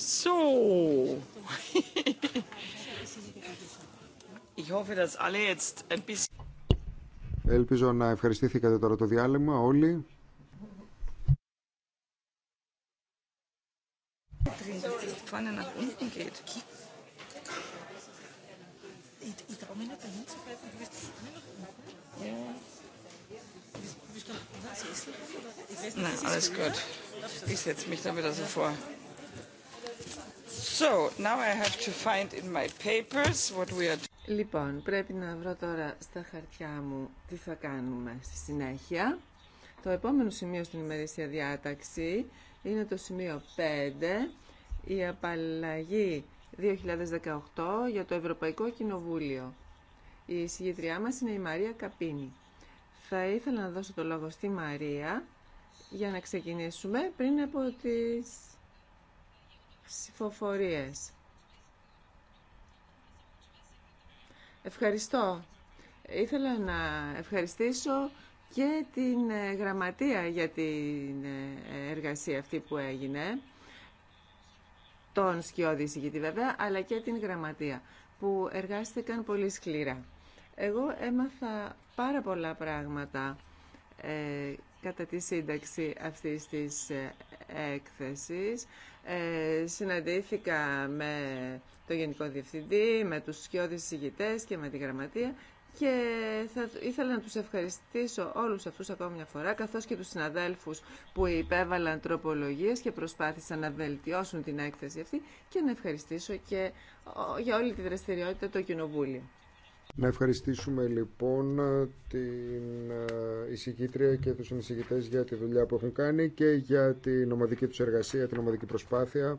(laughs) Ελπίζω να ευχαριστήθηκατε τώρα το διάλειμμα όλοι. alles gut. Ich setze mich wieder Λοιπόν, πρέπει να βρω τώρα στα χαρτιά μου τι θα κάνουμε στη συνέχεια. Το επόμενο σημείο στην ημερήσια διάταξη είναι το σημείο 5, η απαλλαγή 2018 για το Ευρωπαϊκό Κοινοβούλιο. Η συγγετριά μας είναι η Μαρία Καπίνη. Θα ήθελα να δώσω το λόγο στη Μαρία για να ξεκινήσουμε πριν από τις ψηφοφορίες. Ευχαριστώ. Ήθελα να ευχαριστήσω και την ε, γραμματεία για την ε, εργασία αυτή που έγινε, τον σκιώδη τη βέβαια, αλλά και την γραμματεία που εργάστηκαν πολύ σκληρά. Εγώ έμαθα πάρα πολλά πράγματα ε, κατά τη σύνταξη αυτής της ε, έκθεσης. Ε, συναντήθηκα με τον Γενικό Διευθυντή, με τους σκιώδεις συγητές και με τη Γραμματεία και θα ήθελα να τους ευχαριστήσω όλους αυτούς ακόμα μια φορά, καθώς και τους συναδέλφους που υπέβαλαν τροπολογίες και προσπάθησαν να βελτιώσουν την έκθεση αυτή και να ευχαριστήσω και για όλη τη δραστηριότητα το Κοινοβούλιο. Να ευχαριστήσουμε λοιπόν την ε, εισηγήτρια και τους εισηγητές για τη δουλειά που έχουν κάνει και για την ομαδική τους εργασία, την ομαδική προσπάθεια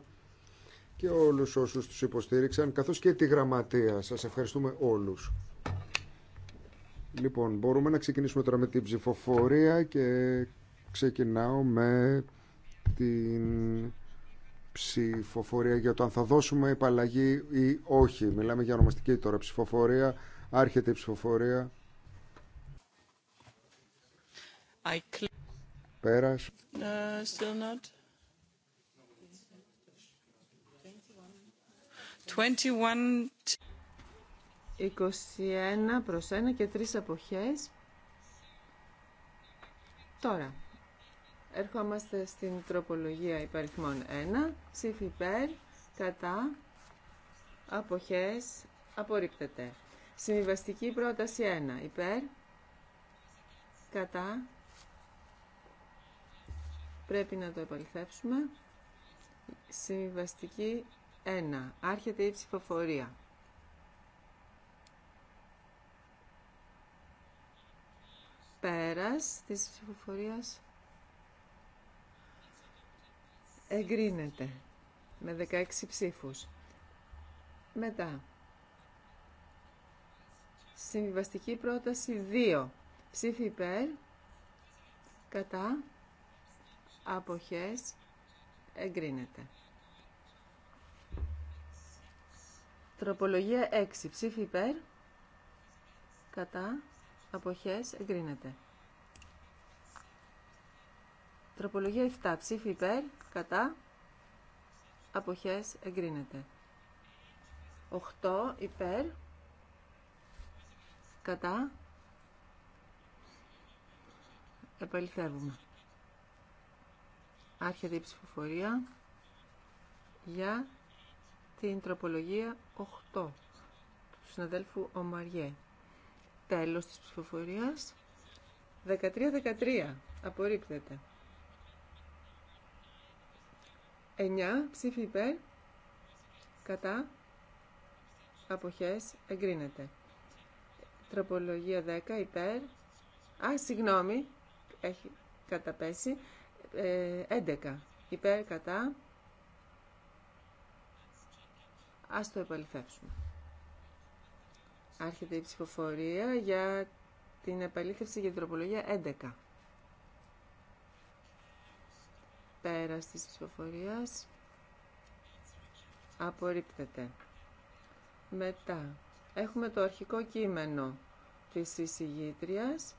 και όλους όσους τους υποστήριξαν, καθώς και τη γραμματεία. Σας ευχαριστούμε όλους. Λοιπόν, μπορούμε να ξεκινήσουμε τώρα με την ψηφοφορία και ξεκινάω με την ψηφοφορία για το αν θα δώσουμε επαλλαγή ή όχι. Μιλάμε για ονομαστική τώρα ψηφοφορία Άρχεται η ψηφοφορία. I... Πέρας. Uh, 21... 21 προς 1 και 3 αποχές. Τώρα, ερχόμαστε στην τροπολογία υπαριθμών 1. Ψήφι υπέρ, κατά, αποχές, απορρίπτεται. Συμβιβαστική πρόταση 1. Υπέρ. Κατά. Πρέπει να το επαληθεύσουμε. Συμβιβαστική 1. Άρχεται η ψηφοφορία. Πέρας της ψηφοφορίας εγκρίνεται με 16 ψήφους. Μετά. Συμβιβαστική πρόταση 2. Ψήφι υπέρ, κατά, αποχές, εγκρίνεται. Τροπολογία 6. Ψήφι υπέρ, κατά, αποχές, εγκρίνεται. Τροπολογία 7. Ψήφι υπέρ, κατά, αποχές, εγκρίνεται. 8. Υπέρ, κατά επαληθεύουμε άρχεται η ψηφοφορία για την τροπολογία 8 του συναδέλφου Ομαριέ τέλος της ψηφοφορίας 13-13 απορρίπτεται 9 ψήφι υπέρ κατά αποχές εγκρίνεται Τροπολογία 10 υπέρ. Α, συγγνώμη. Έχει καταπέσει. Ε, 11 υπέρ κατά. Ας το επαληθεύσουμε. Άρχεται η ψηφοφορία για την επαλήθευση για τροπολογία 11. Πέρας της ψηφοφορίας απορρίπτεται. Μετά Έχουμε το αρχικό κείμενο της εισηγήτριας.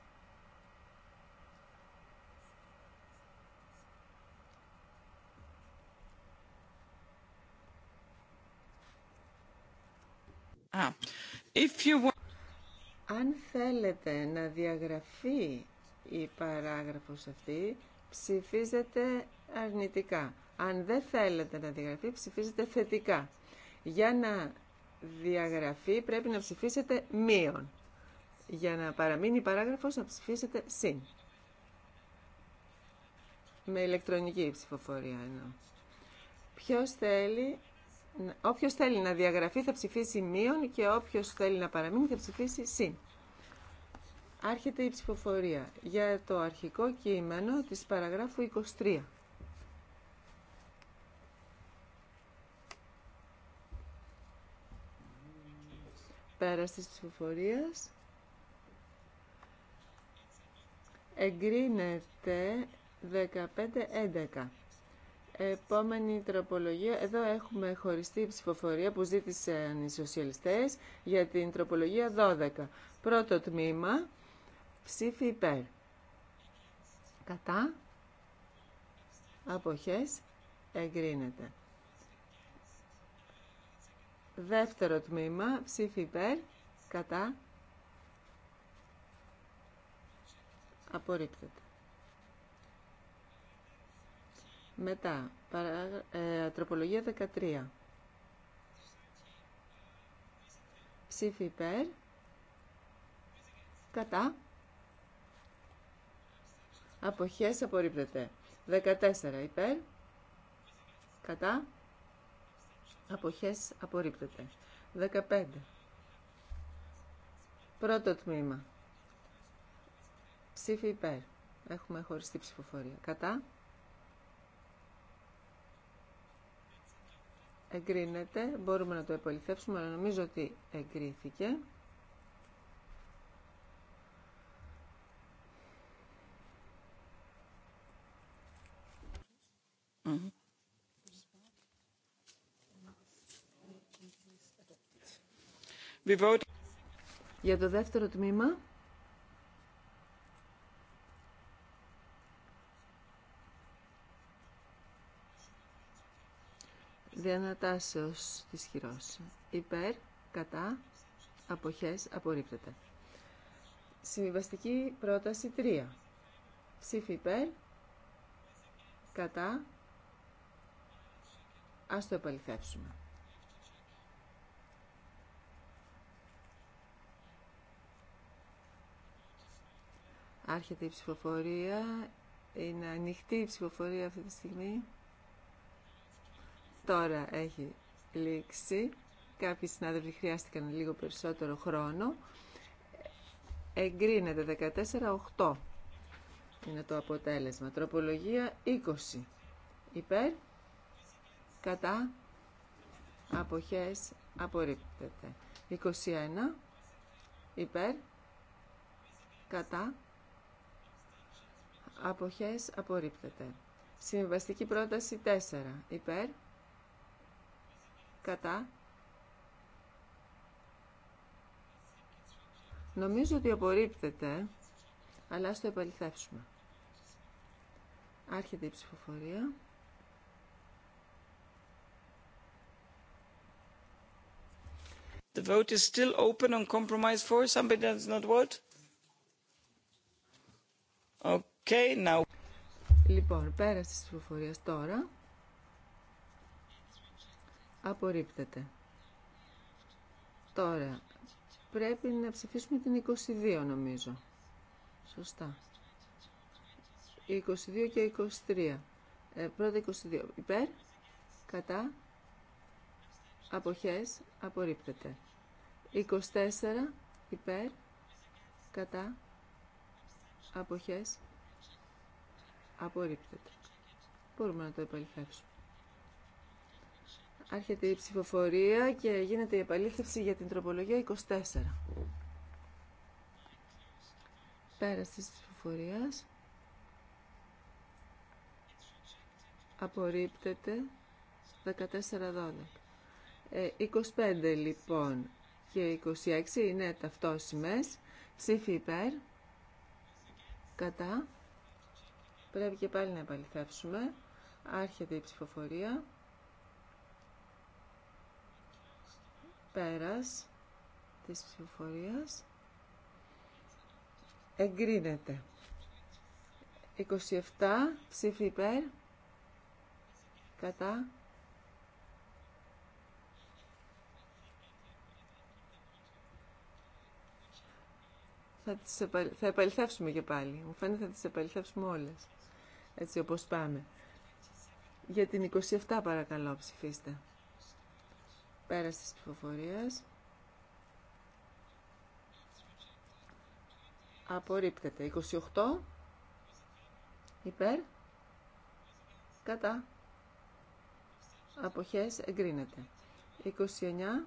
Ah, if Αν θέλετε να διαγραφεί η παράγραφος αυτή, ψηφίζετε αρνητικά. Αν δεν θέλετε να διαγραφεί, ψηφίζετε θετικά. Για να διαγραφή πρέπει να ψηφίσετε μείον. Για να παραμείνει η παράγραφος να ψηφίσετε συν. Με ηλεκτρονική ψηφοφορία εννοώ. Ποιος θέλει, όποιος θέλει να διαγραφεί θα ψηφίσει μείον και όποιος θέλει να παραμείνει θα ψηφίσει συν. Άρχεται η ψηφοφορία για το αρχικό κείμενο της παραγράφου 23. πέρας της ψηφοφορίας. Εγκρίνεται 15-11. Επόμενη τροπολογία. Εδώ έχουμε χωριστή ψηφοφορία που ζήτησαν οι σοσιαλιστές για την τροπολογία 12. Πρώτο τμήμα. Ψήφι υπέρ. Κατά. Αποχές. Εγκρίνεται. Δεύτερο τμήμα, ψήφι υπέρ, κατά, απορρίπτεται. Μετά, παρα, ε, τροπολογία 13. Ψήφι υπέρ, κατά, αποχές απορρίπτεται. 14 υπέρ, κατά, Αποχές απορρίπτεται. 15. Πρώτο τμήμα. Ψήφι υπέρ. Έχουμε χωριστή ψηφοφορία. Κατά. Εγκρίνεται. Μπορούμε να το επαληθεύσουμε, αλλά νομίζω ότι εγκρίθηκε. Mm Για το δεύτερο τμήμα. Διανατάσεως της χειρός. Υπέρ, κατά, αποχές, απορρίπτεται. Συμβιβαστική πρόταση 3. Ψήφι υπέρ, κατά, ας το επαληθεύσουμε. Άρχεται η ψηφοφορία. Είναι ανοιχτή η ψηφοφορία αυτή τη στιγμή. Τώρα έχει λήξει. Κάποιοι συνάδελφοι χρειάστηκαν λίγο περισσότερο χρόνο. Εγκρίνεται 14-8. Είναι το αποτέλεσμα. Τροπολογία 20. Υπέρ. Κατά. Αποχές. Απορρίπτεται. 21. Υπέρ. Κατά αποχές απορρίπτεται. Συμβαστική πρόταση 4. Υπέρ. Κατά. Νομίζω ότι απορρίπτεται, αλλά ας το επαληθεύσουμε. Άρχεται η ψηφοφορία. The vote is still open on compromise for, Somebody that's not vote? Okay. Okay, now. Λοιπόν, πέρασε τη ψηφοφορία τώρα. Απορρίπτεται. Τώρα, πρέπει να ψηφίσουμε την 22 νομίζω. Σωστά. 22 και 23. Ε, πρώτα 22. Υπέρ, κατά, αποχές, απορρίπτεται. 24. Υπέρ, κατά, αποχές, Απορρίπτεται. Μπορούμε να το επαληθεύσουμε. Άρχεται η ψηφοφορία και γίνεται η επαλήθευση για την τροπολογία 24. Πέρας της ψηφοφορίας. Απορρίπτεται 14-12. 25 ε, λοιπόν και 26 είναι ταυτόσιμες. Ψήφι υπέρ. Κατά. Πρέπει και πάλι να επαληθεύσουμε. Άρχεται η ψηφοφορία. Πέρας της ψηφοφορίας. Εγκρίνεται. 27 ψήφι υπέρ. Κατά. Θα, τις επαληθεύσουμε και πάλι. Μου φαίνεται θα τις επαληθεύσουμε όλες έτσι όπως πάμε. Για την 27 παρακαλώ ψηφίστε. Πέρας της ψηφοφορίας. Απορρίπτεται. 28. Υπέρ. Κατά. Αποχές εγκρίνεται. 29.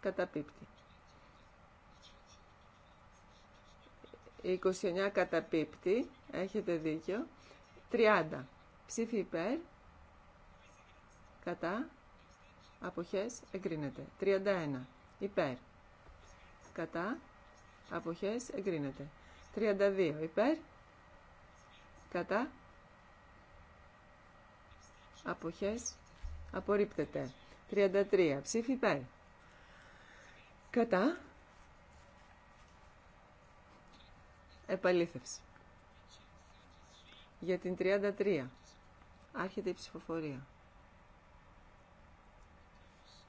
Καταπίπτει. Η 29 καταπίπτει. Έχετε δίκιο. 30. Ψήφι υπέρ. Κατά. Αποχές. Εγκρίνεται. 31. Υπέρ. Κατά. Αποχές. Εγκρίνεται. 32. Υπέρ. Κατά. Αποχές. Απορρίπτεται. 33. Ψήφι υπέρ. Κατά. Επαλήθευση. Για την 33. Άρχεται η ψηφοφορία.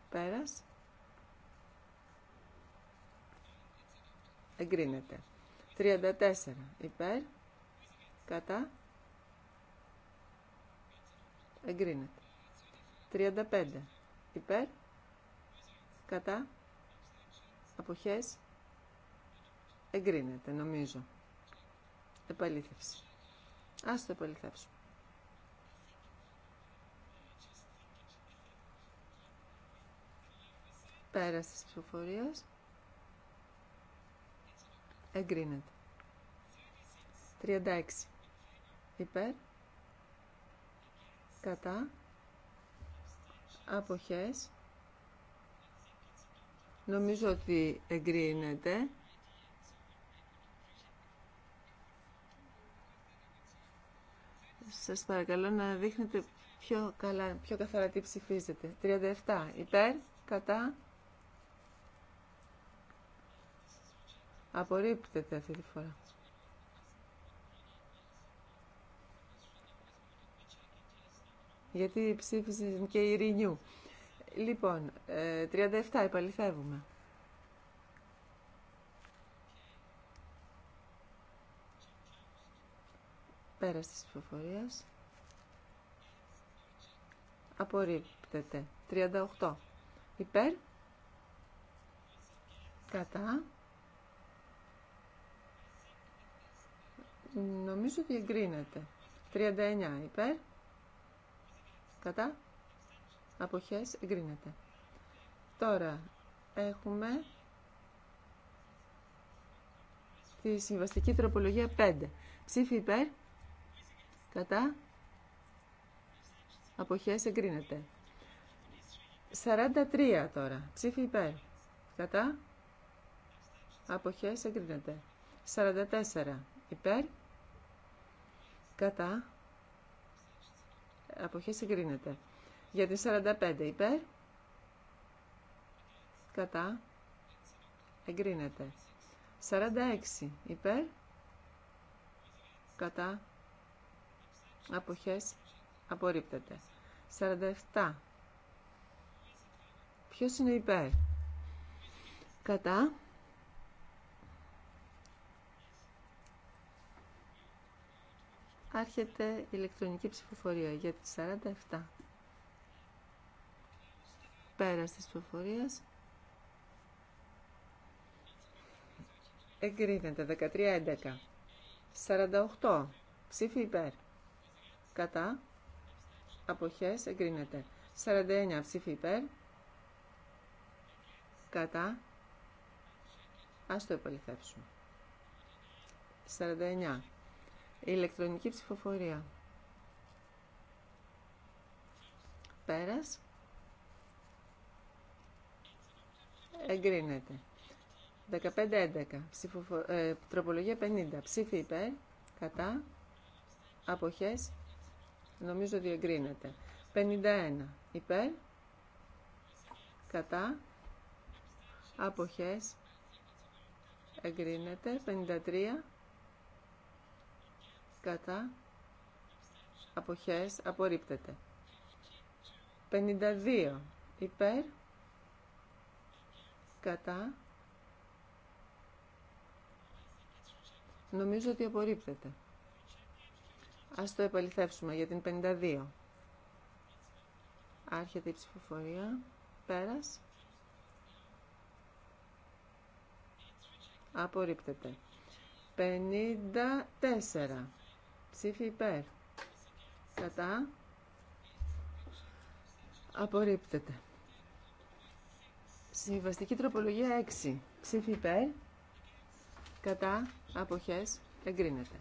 Πέρας. Εγκρίνεται. 34. Υπέρ. Κατά. Εγκρίνεται. 35. Υπέρ. Κατά. Αποχές. Εγκρίνεται νομίζω. Επαλήθευση. Ας το επαληθεύσουμε. Πέρας της ψηφοφορίας. Εγκρίνεται. 36. Υπέρ. Κατά. Αποχές. Νομίζω ότι εγκρίνεται. Σας παρακαλώ να δείχνετε πιο καλά, πιο καθαρά τι ψηφίζετε. 37. Υπέρ, κατά. Απορρίπτεται αυτή τη φορά. Γιατί ψήφισε και η Ρινιού. Λοιπόν, 37 ε, επαληθεύουμε. Πέρας της ψηφοφορίας. Απορρίπτεται. 38. Υπέρ. Κατά. Νομίζω ότι εγκρίνεται. 39. Υπέρ. Κατά. Αποχές. Εγκρίνεται. Τώρα έχουμε τη συμβαστική τροπολογία 5. Ψήφι υπέρ. Κατά. Αποχές εγκρίνεται. 43 τώρα. Ψήφι υπέρ. Κατά. Αποχές εγκρίνεται. 44 υπέρ. Κατά. Αποχές εγκρίνεται. Για την 45 υπέρ. Κατά. Εγκρίνεται. 46 υπέρ. Κατά αποχές απορρίπτεται. 47. Ποιος είναι υπέρ. Κατά. Άρχεται ηλεκτρονική ψηφοφορία για τις 47. Πέρας της ψηφοφορίας. Εγκρίνεται 13-11. 48. Ψήφι υπέρ κατά, αποχές, εγκρίνεται. 49 ψήφι υπέρ, κατά, ας το επαληθεύσουμε. 49. ηλεκτρονική ψηφοφορία. Πέρας. Εγκρίνεται. 15-11. Ε, τροπολογία 50. Ψήφι υπέρ. Κατά. Αποχές. Νομίζω ότι εγκρίνεται. 51. Υπέρ. Κατά. Αποχές. Εγκρίνεται. 53. Κατά. Αποχές. Απορρίπτεται. 52. Υπέρ. Κατά. Νομίζω ότι απορρίπτεται. Ας το επαληθεύσουμε για την 52. Άρχεται η ψηφοφορία. Πέρας. Απορρίπτεται. 54. Ψήφι υπέρ. Κατά. Απορρίπτεται. Συμβαστική τροπολογία 6. Ψήφι υπέρ. Κατά. Αποχές. Εγκρίνεται.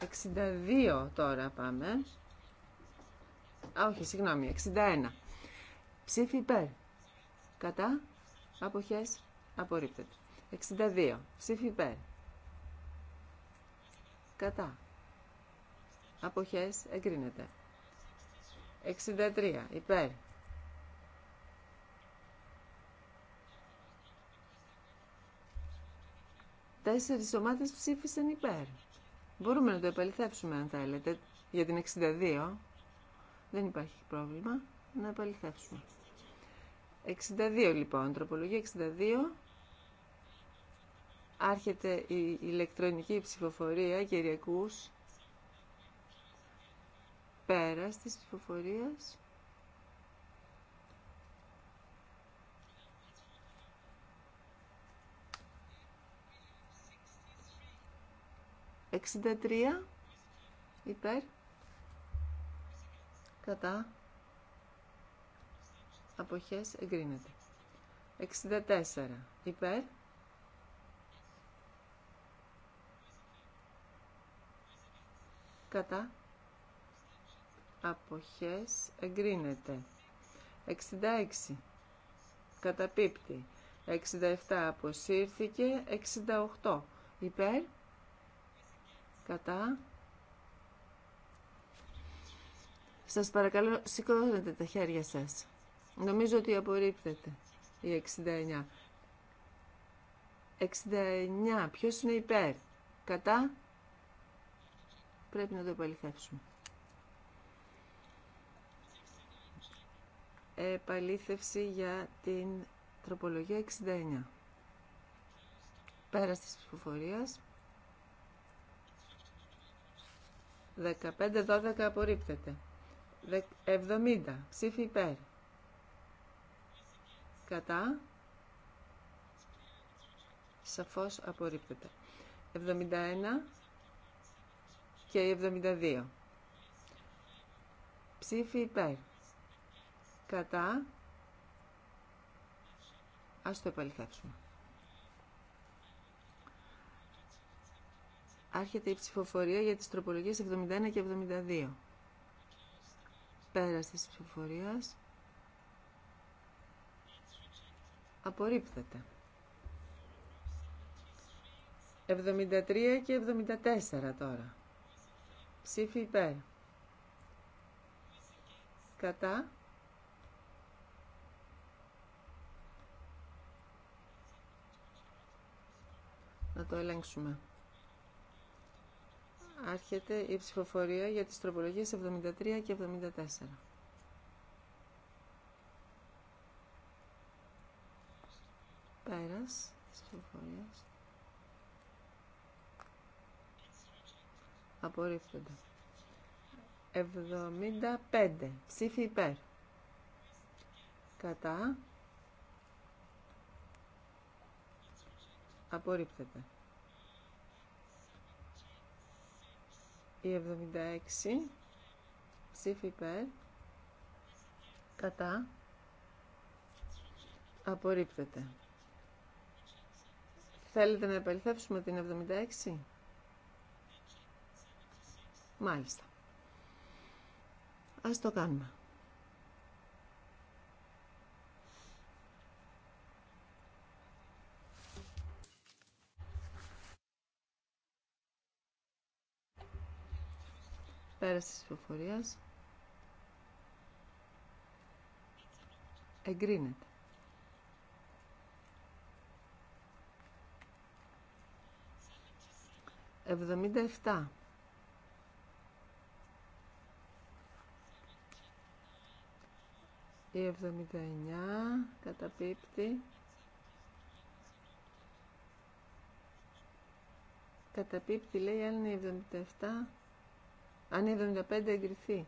62 τώρα πάμε. Α, όχι, συγγνώμη, 61. Ψήφι υπέρ. Κατά. Αποχές. Απορρίπτεται. 62. Ψήφι υπέρ. Κατά. Αποχές. Εγκρίνεται. 63. Υπέρ. Τέσσερις ομάδες ψήφισαν υπέρ. Μπορούμε να το επαληθεύσουμε αν θέλετε. Για την 62 δεν υπάρχει πρόβλημα να επαληθεύσουμε. 62 λοιπόν, τροπολογία 62. Άρχεται η ηλεκτρονική ψηφοφορία, κυριακούς, πέρας της ψηφοφορίας. 63 υπέρ κατά αποχές εγκρίνεται 64 υπέρ κατά αποχές εγκρίνεται 66 καταπίπτει 67 αποσύρθηκε 68 υπέρ Κατά. Σας παρακαλώ, σηκώνετε τα χέρια σας. Νομίζω ότι απορρίπτεται η 69. 69. Ποιος είναι υπέρ. Κατά. Πρέπει να το επαληθεύσουμε. Επαλήθευση για την τροπολογία 69. Πέρας της ψηφοφορίας. 15-12 απορρίπτεται. 70 ψήφι υπέρ. Κατά. Σαφώς απορρίπτεται. 71 και 72. Ψήφι υπέρ. Κατά. Ας το επαληθεύσουμε. Άρχεται η ψηφοφορία για τις τροπολογίες 71 και 72. Πέρας της ψηφοφορίας. Απορρίπτεται. 73 και 74 τώρα. Ψήφι υπέρ. Κατά. Να το ελέγξουμε. Άρχεται η ψηφοφορία για τις τροπολογίες 73 και 74. Πέρας της ψηφοφορίας. 75. Ψήφι υπέρ. Κατά. Απορρίπτεται. Η 76 ψήφι υπέρ κατά απορρίπτεται. Θέλετε να επαληθεύσουμε την 76? Μάλιστα. Ας το κάνουμε. Πέρας της ψηφοφορίας. Εγκρίνεται. Εβδομήντα εφτά. Η εβδομήντα εννιά, καταπίπτει. Καταπίπτει λέει αν εβδομήντα εφτά. Αν η 75 εγκριθεί.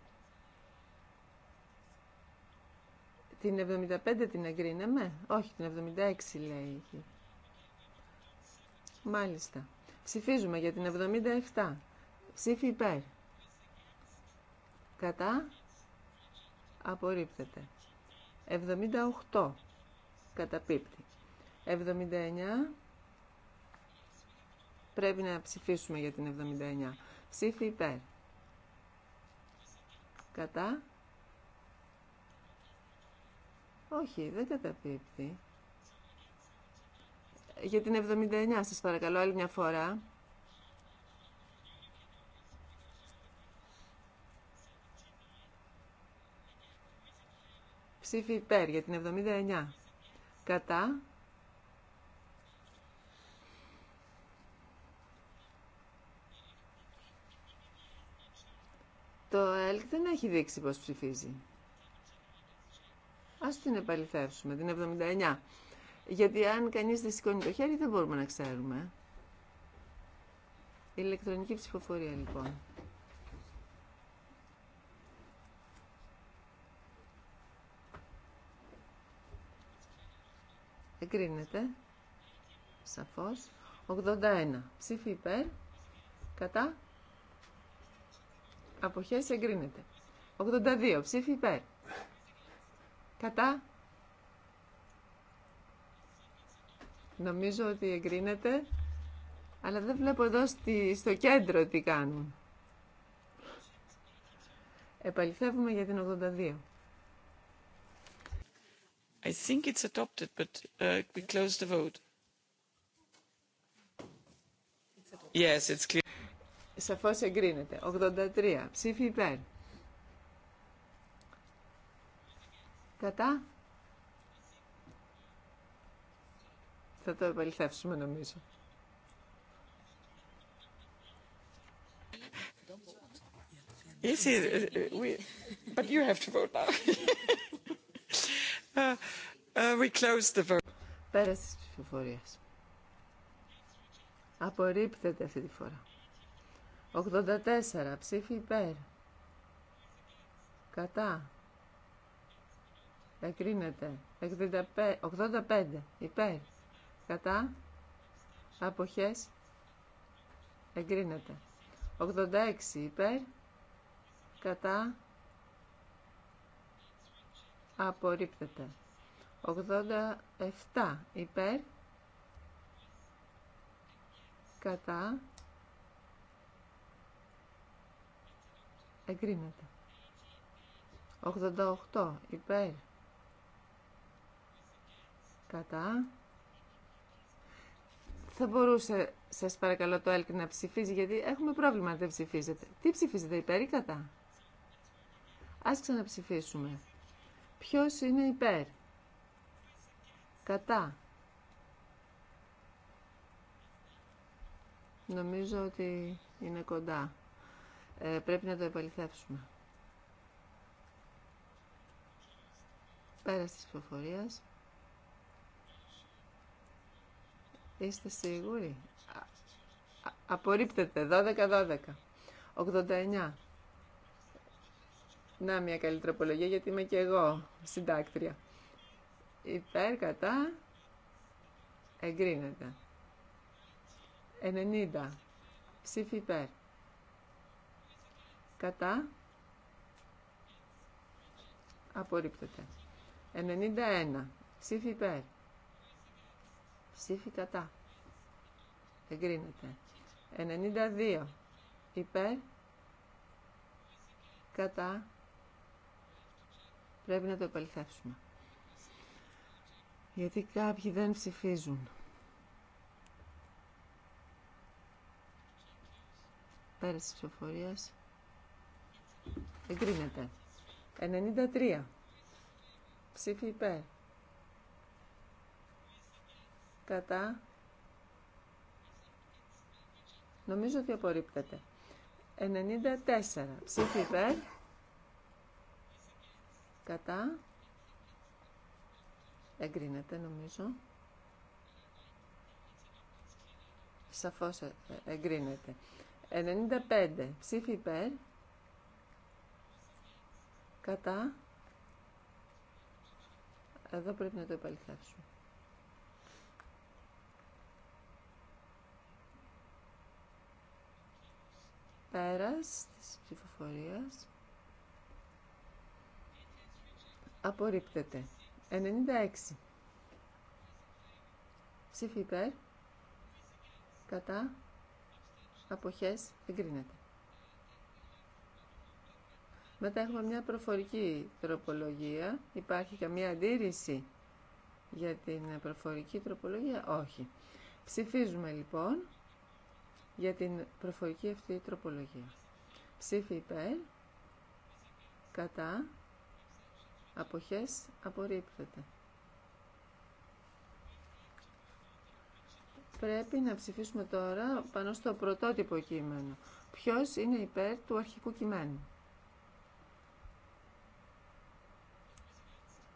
Την 75 την εγκρίναμε. Όχι, την 76 λέει εκεί. Μάλιστα. Ψηφίζουμε για την 77. Ψήφι υπέρ. Κατά. Απορρίπτεται. 78. Καταπίπτει. 79. Πρέπει να ψηφίσουμε για την 79. Ψήφι υπέρ. Κατά. Όχι, δεν καταπίπτει. Για την 79 σας παρακαλώ, άλλη μια φορά. Ψήφι υπέρ για την 79. Κατά. Το ΕΛΚ δεν έχει δείξει πώς ψηφίζει. Ας την επαληθεύσουμε, την 79. Γιατί αν κανείς δεν σηκώνει το χέρι δεν μπορούμε να ξέρουμε. Ηλεκτρονική ψηφοφορία λοιπόν. Εγκρίνεται. Σαφώς. 81. Ψήφι υπέρ. Κατά. Αποχές εγκρίνεται. 82. Ψήφι υπέρ. Κατά. Νομίζω ότι εγκρίνεται. Αλλά δεν βλέπω εδώ στο κέντρο τι κάνουν. Επαληθεύουμε για την 82. I think it's adopted, but uh, we the vote. Yes, it's σαφώς εγκρίνεται. 83. Ψήφι υπέρ. Κατά. Θα το επαληθεύσουμε νομίζω. Yes, uh, we, but you have to vote now. (laughs) Uh, uh, we close the vote. Πέρασε τη ψηφοφορία. Απορρίπτεται αυτή τη φορά. 84 ψήφι υπέρ. Κατά. Εκρίνεται. 85, υπέρ. Κατά. Αποχές. Εγκρίνεται. 86 υπέρ. Κατά. Απορρίπτεται. 87 υπέρ. Κατά. εγκρίνεται 88 υπέρ κατά θα μπορούσε σας παρακαλώ το έλκυ να ψηφίζει γιατί έχουμε πρόβλημα αν δεν ψηφίζετε τι ψηφίζετε υπέρ ή κατά ας ξαναψηφίσουμε ποιος είναι υπέρ κατά νομίζω ότι είναι κοντά ε, πρέπει να το επαληθεύσουμε. Πέρα της ψηφοφορίας. Είστε σίγουροι. Απορρίπτεται. 12-12. 89. Να μια καλή τροπολογία γιατί είμαι και εγώ συντάκτρια. Υπέρ κατά εγκρίνεται. 90. Ψήφι υπέρ κατά απορρίπτεται 91 ψήφι υπέρ ψήφι κατά εγκρίνεται 92 υπέρ κατά πρέπει να το επαληθεύσουμε γιατί κάποιοι δεν ψηφίζουν Πέραση τη ψηφοφορίας Εγκρίνεται. 93. Ψήφι υπέρ. Κατά. Νομίζω ότι απορρίπτεται. 94. Ψήφι υπέρ. Κατά. Εγκρίνεται νομίζω. Σαφώς ε, ε, εγκρίνεται. 95. Ψήφι υπέρ κατά εδώ πρέπει να το επαληθεύσουμε πέρας της ψηφοφορίας απορρίπτεται 96 ψήφι υπέρ κατά αποχές εγκρίνεται μετά έχουμε μια προφορική τροπολογία. Υπάρχει καμία αντίρρηση για την προφορική τροπολογία. Όχι. Ψηφίζουμε λοιπόν για την προφορική αυτή τροπολογία. Ψήφι υπέρ, κατά, αποχές, απορρίπτεται. Πρέπει να ψηφίσουμε τώρα πάνω στο πρωτότυπο κείμενο. Ποιος είναι υπέρ του αρχικού κειμένου.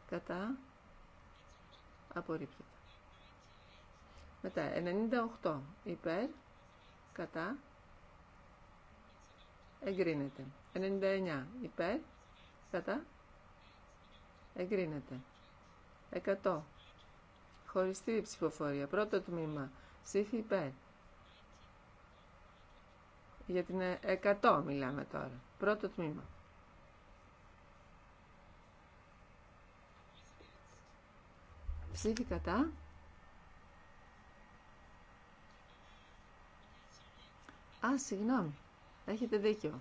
κατά απορρίπτεται. Μετά 98 υπέρ κατά εγκρίνεται. 99 υπέρ κατά εγκρίνεται. 100 χωριστή ψηφοφορία. Πρώτο τμήμα ψήφι υπέρ. Για την 100 μιλάμε τώρα. Πρώτο τμήμα. Ψήφι κατά. Α, συγγνώμη. Έχετε δίκιο.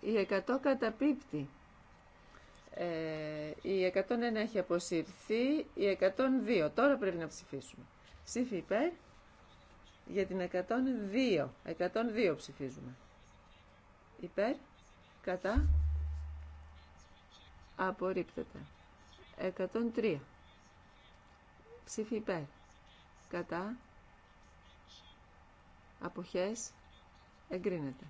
Η 100 καταπίπτει. Ε, η 101 έχει αποσυρθεί. Η 102. Τώρα πρέπει να ψηφίσουμε. Ψήφι υπέρ. Για την 102. 102 ψηφίζουμε. Υπέρ. Κατά. Απορρίπτεται. 103. Ψήφι υπέρ. Κατά. Αποχές. Εγκρίνεται.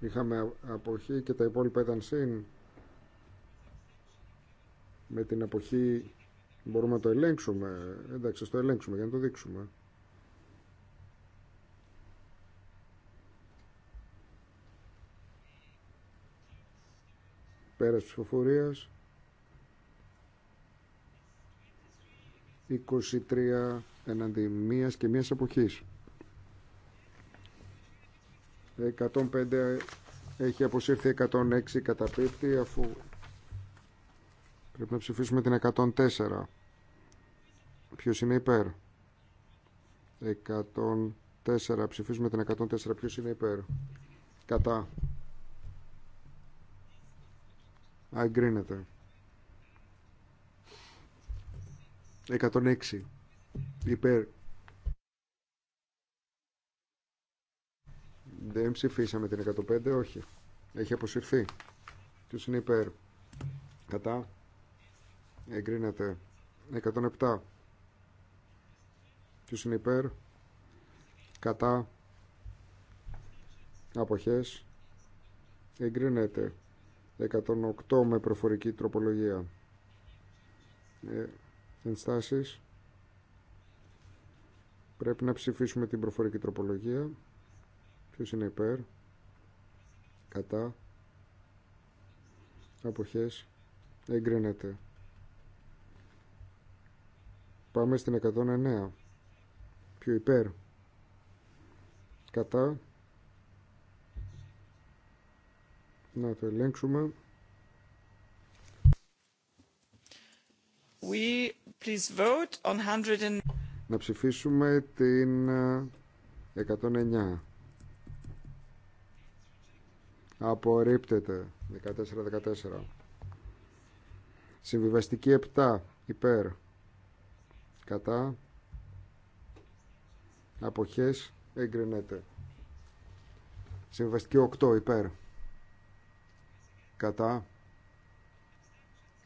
Είχαμε αποχή και τα υπόλοιπα ήταν συν. Με την αποχή μπορούμε να το ελέγξουμε. Εντάξει, το ελέγξουμε για να το δείξουμε. Πέρας ψηφοφορίας. 23 εναντί μίας και μίας εποχής. 105 έχει αποσύρθει 106 καταπίπτει αφού πρέπει να ψηφίσουμε την 104. Ποιος είναι υπέρ. 104 ψηφίσουμε την 104. Ποιος είναι υπέρ. Κατά. Αγκρίνεται. 106. Υπέρ. Δεν ψηφίσαμε την 105, όχι. Έχει αποσυρθεί. Ποιος είναι υπέρ. Κατά. Εγκρίνεται. 107. Ποιος είναι υπέρ. Κατά. Αποχές. Εγκρίνεται. 108 με προφορική τροπολογία. Ε, ενστάσεις. Πρέπει να ψηφίσουμε την προφορική τροπολογία. Ποιος είναι υπέρ. Κατά. Αποχές. Εγκρίνεται. Πάμε στην 109. Πιο υπέρ. Κατά. Να το ελέγξουμε. We please vote on Να ψηφίσουμε την 109. Ε, Απορρίπτεται. 14-14. Συμβιβαστική 7. Υπέρ. Κατά. Αποχές. Εγκρινέται. Συμβιβαστική 8. Υπέρ κατά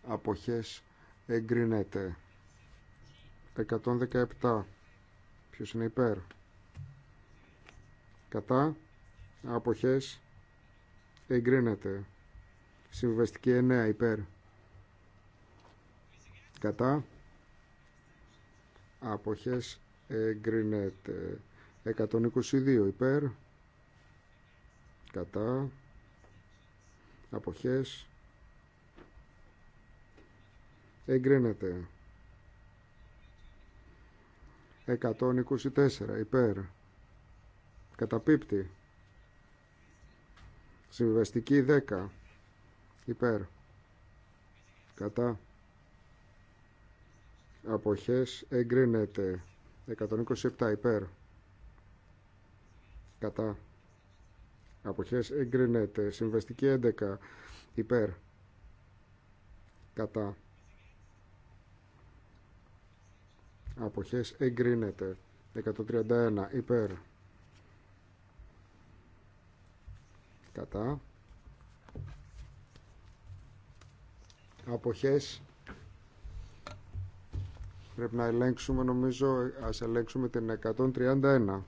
αποχές εγκρίνεται 117 ποιος είναι υπέρ κατά αποχές εγκρίνεται Συμβαστική 9 υπέρ κατά αποχές εγκρίνεται 122 υπέρ κατά αποχές εγκρίνεται 124 υπέρ καταπίπτει συμβιβαστική 10 υπέρ κατά αποχές εγκρίνεται 127 υπέρ κατά αποχές εγκρίνεται συμβαστική 11 υπέρ κατά αποχές εγκρίνεται 131 υπέρ κατά αποχές πρέπει να ελέγξουμε νομίζω ας ελέγξουμε την 131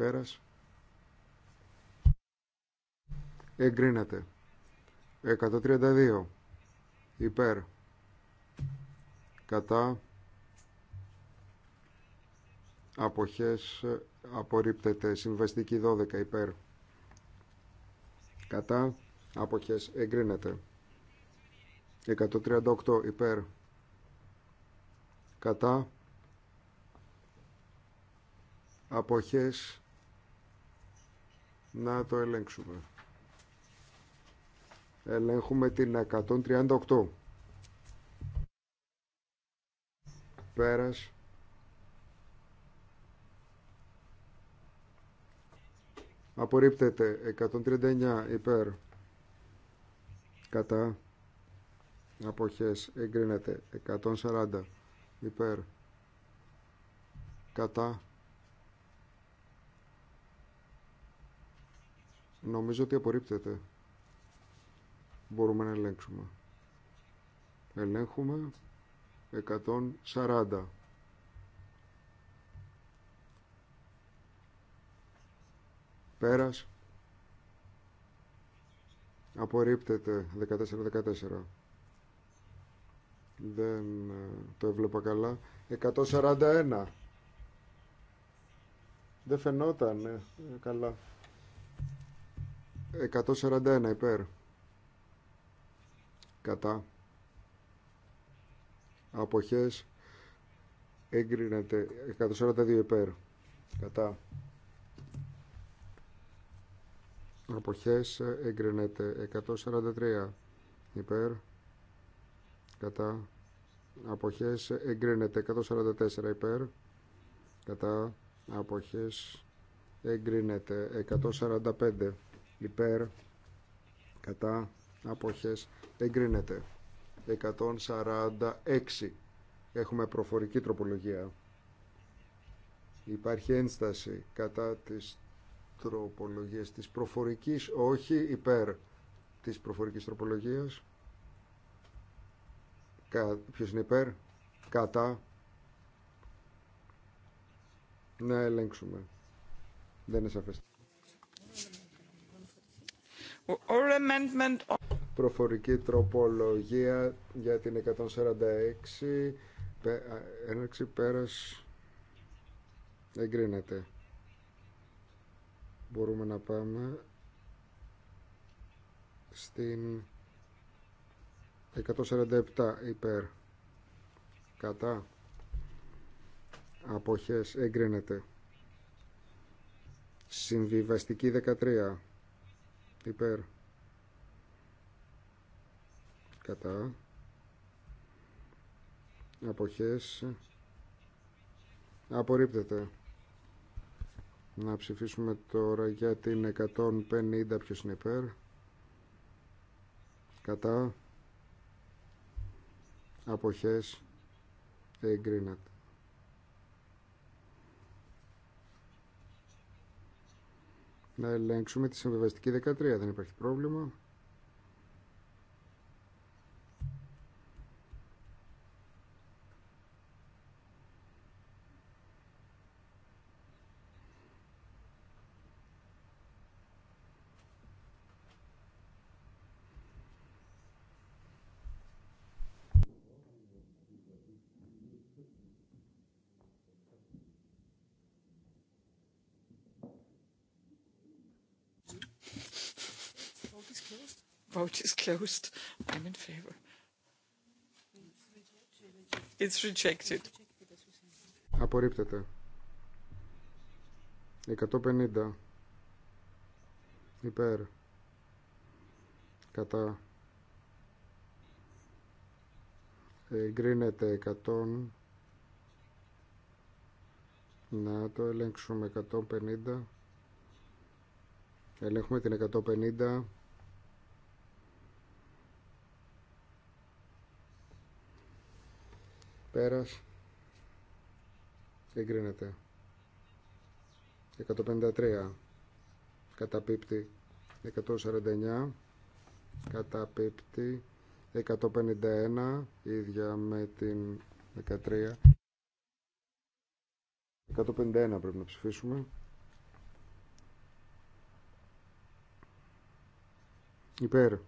Πέρας. Εγκρίνεται. 132. Υπέρ. Κατά. Αποχές ε, απορρίπτεται. Συμβαστική 12 υπέρ. Κατά. Αποχές εγκρίνεται. 138 υπέρ. Κατά. Αποχές να το ελέγξουμε. Ελέγχουμε την 138. Πέρας. Απορρίπτεται 139 υπέρ κατά αποχές εγκρίνεται 140 υπέρ κατά Νομίζω ότι απορρίπτεται. Μπορούμε να ελέγξουμε. Ελέγχουμε 140. Πέρας. Απορρίπτεται 14-14. Δεν ε, το έβλεπα καλά. 141. Δεν φαινόταν ε, καλά. 141 υπέρ κατά αποχές εγκρίνεται 142 υπέρ κατά αποχές εγκρίνεται 143 υπέρ κατά αποχές εγκρίνεται 144 υπέρ κατά αποχές εγκρίνεται 145 υπέρ κατά αποχές εγκρίνεται 146 έχουμε προφορική τροπολογία υπάρχει ένσταση κατά της τροπολογίας της προφορικής όχι υπέρ της προφορικής τροπολογίας Κα, ποιος είναι υπέρ κατά να ελέγξουμε δεν είναι σαφές Προφορική τροπολογία για την 146 έναρξη πέρας εγκρίνεται. Μπορούμε να πάμε στην 147 υπέρ κατά αποχές εγκρίνεται. Συμβιβαστική 13 υπέρ κατά αποχές απορρίπτεται να ψηφίσουμε τώρα για την 150 ποιος είναι υπέρ κατά αποχές εγκρίνεται Να ελέγξουμε τη συμβιβαστική 13. Δεν υπάρχει πρόβλημα. closed. I'm in favor. It's rejected. Απορρίπτεται. 150. Υπέρ. Κατά. Εγκρίνεται 100. Να το ελέγξουμε 150. Ελέγχουμε την 150. Πέρας. Εγκρίνεται. 153. Καταπίπτει. 149. Καταπίπτει. 151. Ίδια με την 13. 151 πρέπει να ψηφίσουμε. Υπέρ.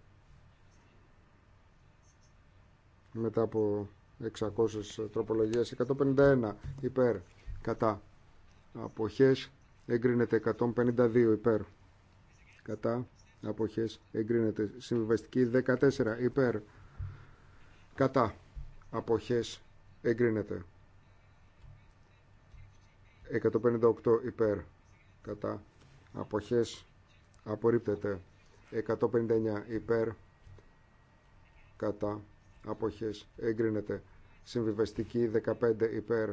Μετά από 600 τροπολογίας 151 υπέρ κατά αποχές εγκρίνεται 152 υπέρ κατά αποχές εγκρίνεται συμβιβαστική 14 υπέρ κατά αποχές εγκρίνεται 158 υπέρ κατά αποχές απορρίπτεται 159 υπέρ κατά αποχές εγκρίνεται Συμβιβαστική 15 υπέρ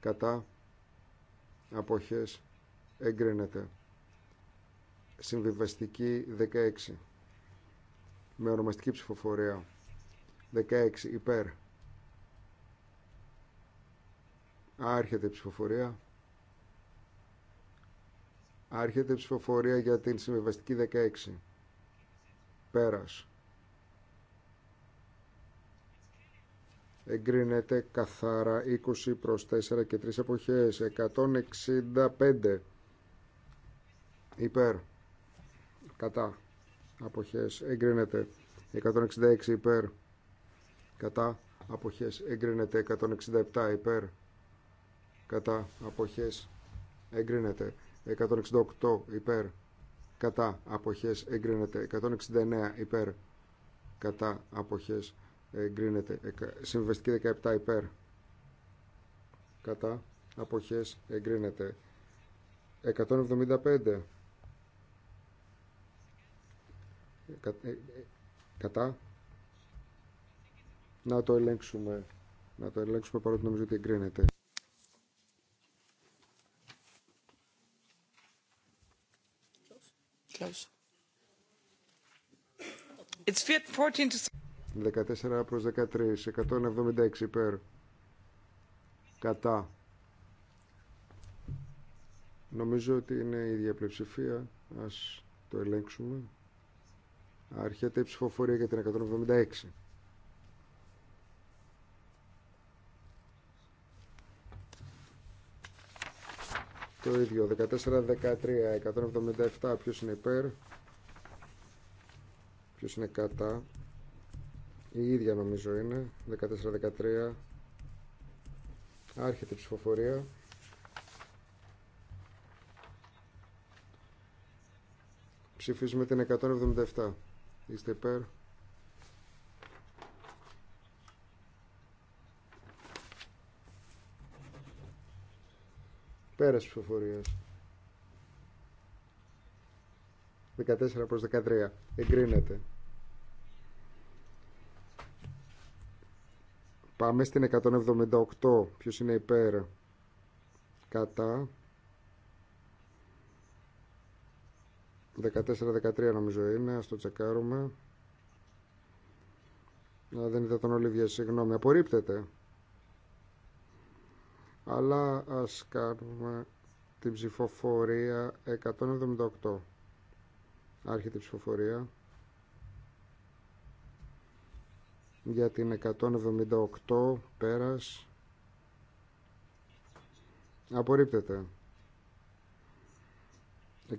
κατά αποχές εγκρίνεται. Συμβιβαστική 16 με ονομαστική ψηφοφορία 16 υπέρ άρχεται ψηφοφορία άρχεται ψηφοφορία για την συμβιβαστική 16 πέρας εγκρίνεται καθάρα 20 προς 4 και 3 εποχές 165 υπέρ κατά αποχές εγκρίνεται 166 υπέρ κατά αποχές εγκρίνεται 167 υπέρ κατά αποχές εγκρίνεται 168 υπέρ κατά αποχές εγκρίνεται 169 υπέρ κατά αποχές εγκρίνεται. Συμβεστική 17 υπέρ. Κατά αποχές εγκρίνεται. 175 ε, ε, κατά να το ελέγξουμε να το ελέγξουμε παρότι νομίζω ότι εγκρίνεται It's 14 προς 13, 176 υπέρ, κατά. Νομίζω ότι είναι η ίδια πλειοψηφία, ας το ελέγξουμε. Άρχεται η ψηφοφορία για την 176. Το ίδιο, 14-13, 177, ποιος είναι υπέρ, ποιος είναι κατά, η ίδια νομίζω είναι. 14-13. Άρχεται η ψηφοφορία. Ψηφίζουμε την 177. Είστε υπέρ. Πέρας ψηφοφορια 14 προς 13. Εγκρίνεται. Πάμε στην 178. Ποιος είναι υπέρ. Κατά. 14-13 νομίζω είναι. Ας το τσεκάρουμε. δεν είδα τον Ολίβια. Συγγνώμη. Απορρίπτεται. Αλλά ας κάνουμε την ψηφοφορία 178. Άρχεται η ψηφοφορία. για την 178 πέρας απορρίπτεται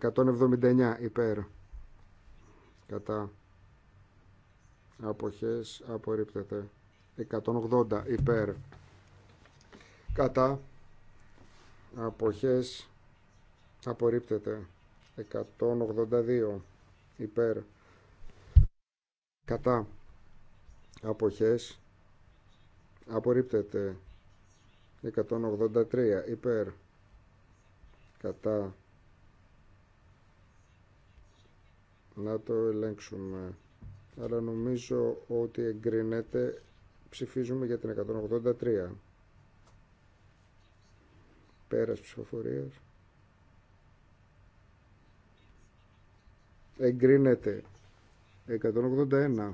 179 υπέρ κατά αποχές απορρίπτεται 180 υπέρ κατά αποχές απορρίπτεται 182 υπέρ κατά αποχές απορρίπτεται 183 υπέρ κατά να το ελέγξουμε αλλά νομίζω ότι εγκρινέται ψηφίζουμε για την 183 πέρας ψηφοφορίας εγκρίνεται 181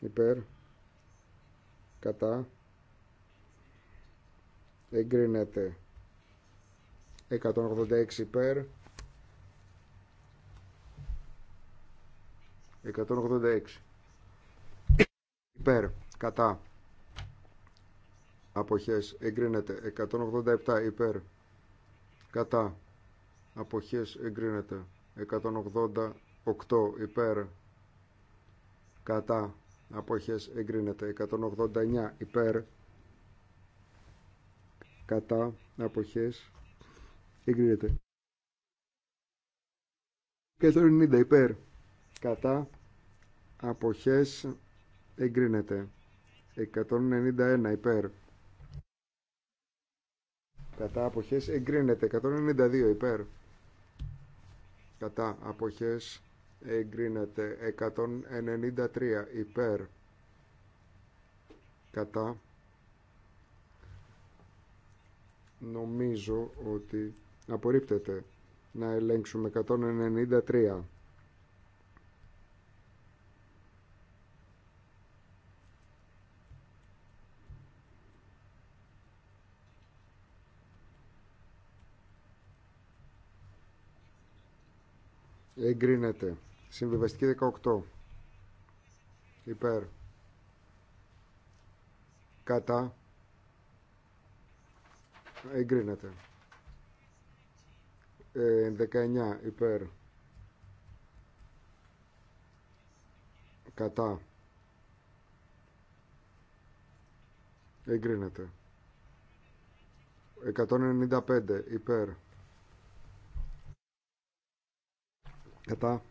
υπέρ κατά εγκρίνεται 186 υπέρ 186 υπέρ κατά αποχές εγκρίνεται 187 υπέρ κατά αποχές εγκρίνεται 188 υπέρ κατά αποχές εγκρίνεται 189 υπέρ κατά αποχές εγκρίνεται 190 υπέρ κατά αποχές εγκρίνεται 191 υπέρ κατά αποχές εγκρίνεται 192 υπέρ κατά αποχές εγκρίνεται 193 υπέρ κατά νομίζω ότι απορρίπτεται να ελέγξουμε 193 εγκρίνεται Συμβιβαστική 18. Υπέρ. Κατά. Εγκρίνεται. Ε, 19. Υπέρ. Κατά. Εγκρίνεται. 195. Υπέρ. Κατά.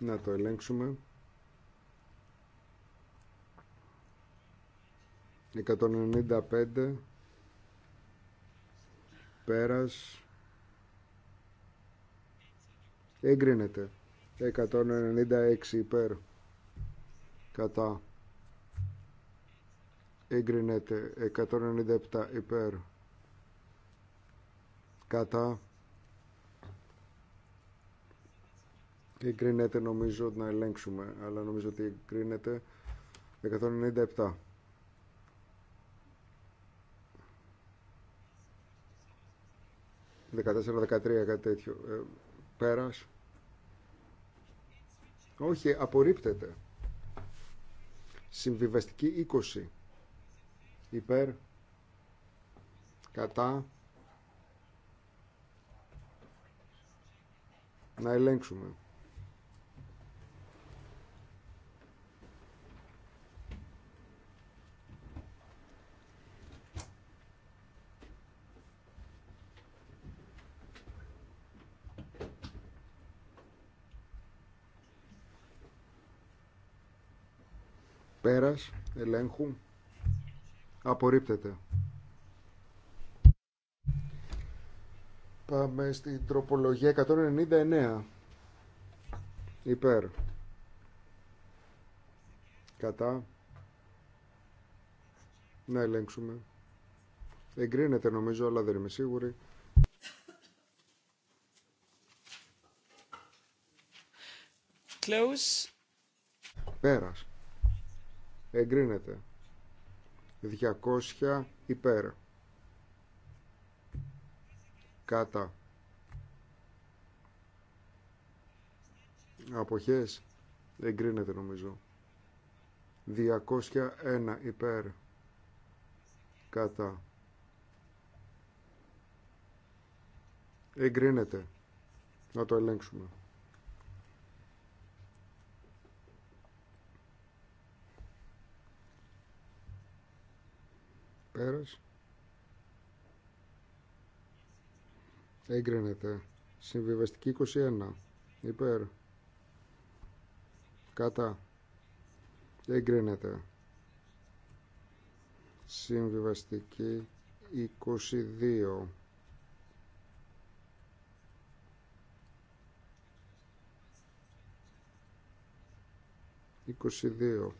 Να το ελέγξουμε. 195 πέρας εγκρίνεται 196 υπέρ κατά εγκρίνεται 197 υπέρ κατά εγκρίνεται νομίζω να ελέγξουμε αλλά νομίζω ότι εγκρίνεται 197 14-13 κάτι τέτοιο ε, πέρας όχι απορρίπτεται συμβιβαστική 20 υπέρ κατά να ελέγξουμε πέρας ελέγχου απορρίπτεται. Πάμε στην τροπολογία 199 υπέρ κατά να ελέγξουμε. Εγκρίνεται νομίζω, αλλά δεν είμαι σίγουρη. Close. Πέρας εγκρίνεται 200 υπέρ κατά αποχές εγκρίνεται νομίζω 201 υπέρ κατά εγκρίνεται να το ελέγξουμε Πέρας. Έγκρινεται. Συμβιβαστική 21. Υπέρ. Κατά. Έγκρινεται. Συμβιβαστική 22. 22.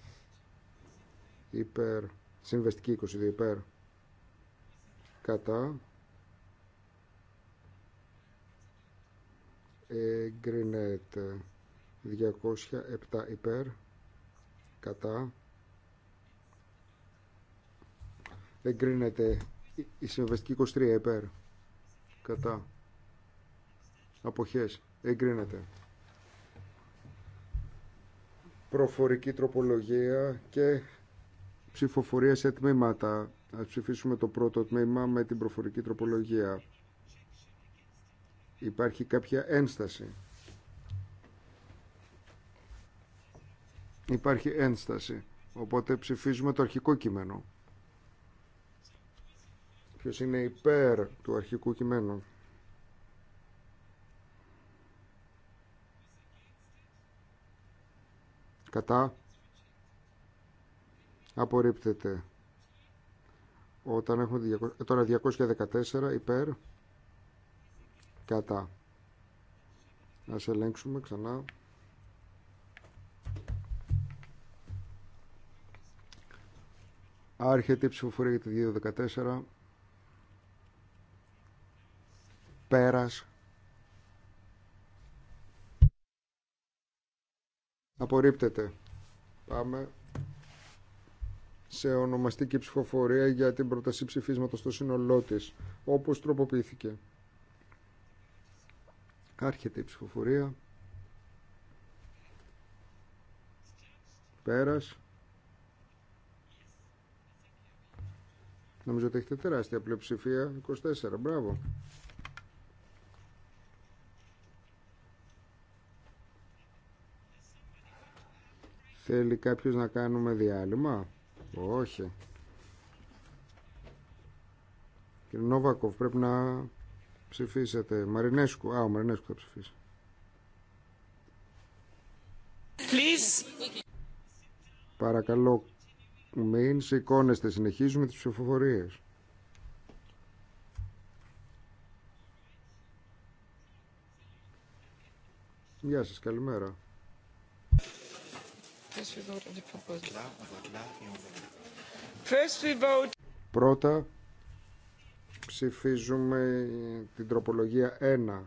υπέρ Συμβεστική 22 υπέρ κατά εγκρινέται 207 υπέρ κατά εγκρίνεται η συμβεστική 23 υπέρ κατά αποχές εγκρίνεται προφορική τροπολογία και ψηφοφορία σε τμήματα. Ας ψηφίσουμε το πρώτο τμήμα με την προφορική τροπολογία. Υπάρχει κάποια ένσταση. Υπάρχει ένσταση. Οπότε ψηφίζουμε το αρχικό κείμενο. Ποιος είναι υπέρ του αρχικού κειμένου. Κατά απορρίπτεται. Όταν έχουμε ε, τώρα 214 υπέρ κατά. Ας ελέγξουμε ξανά. Άρχεται η ψηφοφορία για τη 214. Πέρας. Απορρίπτεται. Πάμε σε ονομαστική ψηφοφορία για την πρόταση ψηφίσματο στο σύνολό τη. Όπω τροποποιήθηκε. Άρχεται η ψηφοφορία. Πέρας. Νομίζω ότι έχετε τεράστια πλειοψηφία. 24. Μπράβο. Θέλει κάποιος να κάνουμε διάλειμμα. Όχι. Κύριε Νόβακοφ, πρέπει να ψηφίσετε. Μαρινέσκου. Α, ο Μαρινέσκου θα ψηφίσει. Please. Παρακαλώ, μην σηκώνεστε. Συνεχίζουμε τις ψηφοφορίες. Γεια σας, καλημέρα. Πρώτα ψηφίζουμε την τροπολογία 1.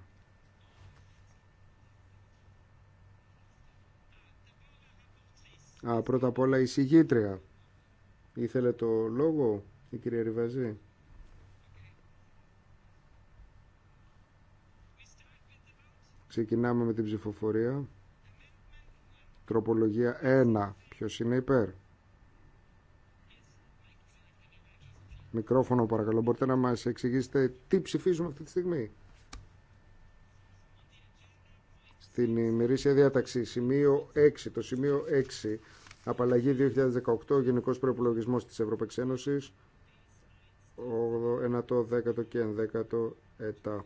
Α, πρώτα απ' όλα η συγγήτρια. Ήθελε το λόγο η κυρία Ριβαζή. Ξεκινάμε με την ψηφοφορία. Τροπολογία 1. Ποιος είναι υπέρ. Μικρόφωνο παρακαλώ. Μπορείτε να μας εξηγήσετε τι ψηφίζουμε αυτή τη στιγμή. Στην ημερήσια διάταξη σημείο 6. Το σημείο 6. Απαλλαγή 2018. Γενικός προϋπολογισμός της Ευρωπαϊκής Ένωσης. 10 10ο και 11 ετά.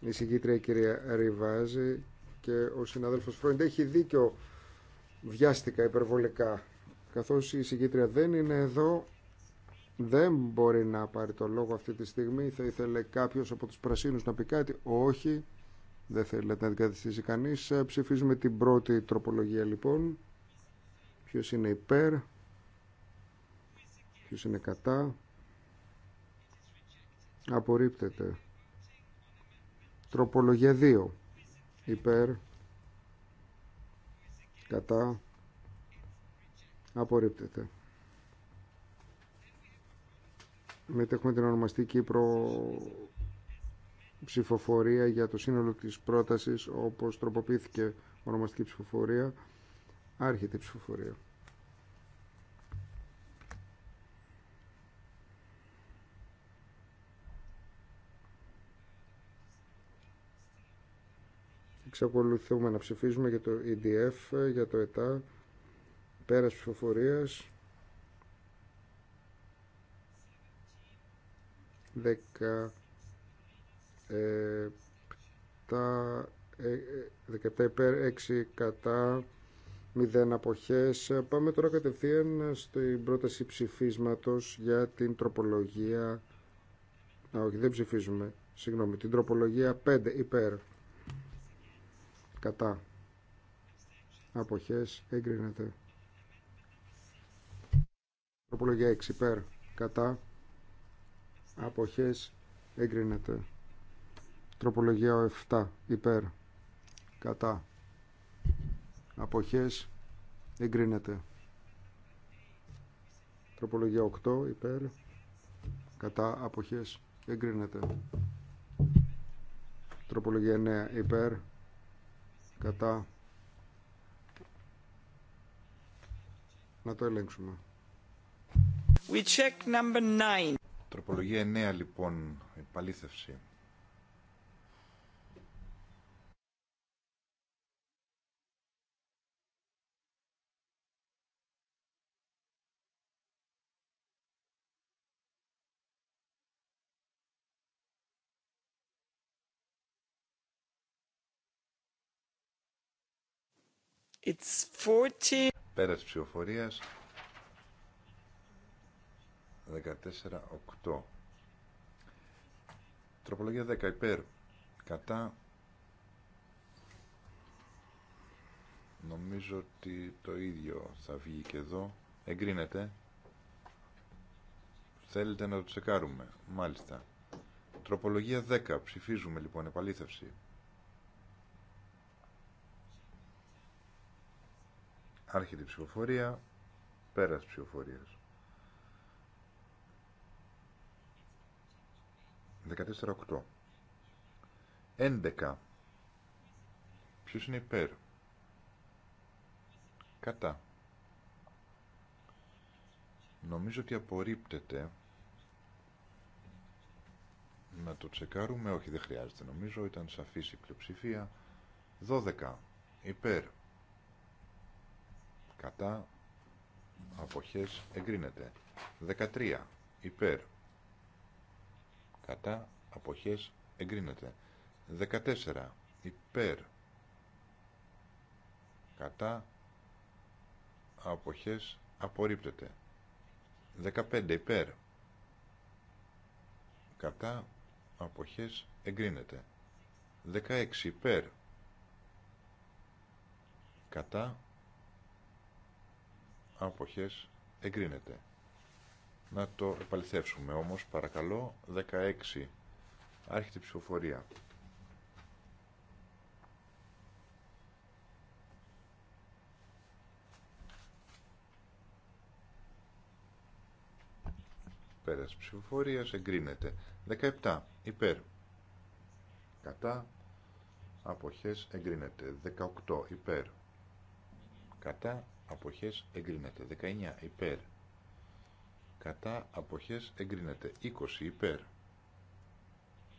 Η συγκήτρια κυρία Ριβάζη και ο συνάδελφος Φρόντε έχει δίκιο βιάστηκα υπερβολικά καθώς η συγκήτρια δεν είναι εδώ δεν μπορεί να πάρει το λόγο αυτή τη στιγμή θα ήθελε κάποιος από τους πρασίνους να πει κάτι όχι δεν θέλει να την καθιστήσει κανείς ε, ψηφίζουμε την πρώτη τροπολογία λοιπόν ποιος είναι υπέρ ποιος είναι κατά απορρίπτεται τροπολογία 2 υπέρ κατά απορρίπτεται μετά έχουμε την ονομαστική ψηφοφορία για το σύνολο της πρότασης όπως τροποποιήθηκε ονομαστική ψηφοφορία άρχεται η ψηφοφορία Εξακολουθούμε να ψηφίζουμε για το EDF, για το ΕΤΑ, πέρας ψηφοφορίας. 17 17 ε, ε, ε, υπέρ, 6 κατά, 0 αποχές. Πάμε τώρα κατευθείαν στην πρόταση ψηφίσματος για την τροπολογία... Α, όχι, δεν ψηφίζουμε. Συγγνώμη, την τροπολογία 5 υπέρ κατά αποχές εγκρίνεται τροπολογία 6 υπέρ κατά αποχές εγκρίνεται τροπολογία 7 υπέρ κατά αποχές εγκρίνεται τροπολογία 8 υπέρ κατά αποχές εγκρίνεται τροπολογία 9 υπέρ κατά να το ελέγξουμε We check number 9. Τροπολογία 9 λοιπόν, επαλήθευση. It's 40... Πέρα ψηφοφορίας 14-8 Τροπολογία 10 υπέρ κατά νομίζω ότι το ίδιο θα βγει και εδώ εγκρίνεται θέλετε να το τσεκάρουμε μάλιστα τροπολογία 10 ψηφίζουμε λοιπόν επαλήθευση Άρχεται η ψηφοφορία. ψηφοφορία. ψηφοφορίας. 14-8. 11. Ποιο είναι υπέρ. Κατά. Νομίζω ότι απορρίπτεται. Να το τσεκάρουμε. Όχι, δεν χρειάζεται. Νομίζω ήταν σαφής η πλειοψηφία. 12. Υπέρ κατά αποχές εγκρίνεται 13 υπέρ κατά αποχές εγκρίνεται 14 υπέρ κατά αποχές απορρίπτεται 15 υπέρ κατά αποχές εγκρίνεται 16 υπέρ κατά αποχές εγκρίνεται. Να το επαληθεύσουμε όμως, παρακαλώ, 16. Άρχεται ψηφοφορία. Πέρας ψηφοφορίας εγκρίνεται. 17. Υπέρ. Κατά. Αποχές εγκρίνεται. 18. Υπέρ. Κατά αποχές εγκρίνεται 19 υπέρ κατά αποχές εγκρίνεται 20 υπέρ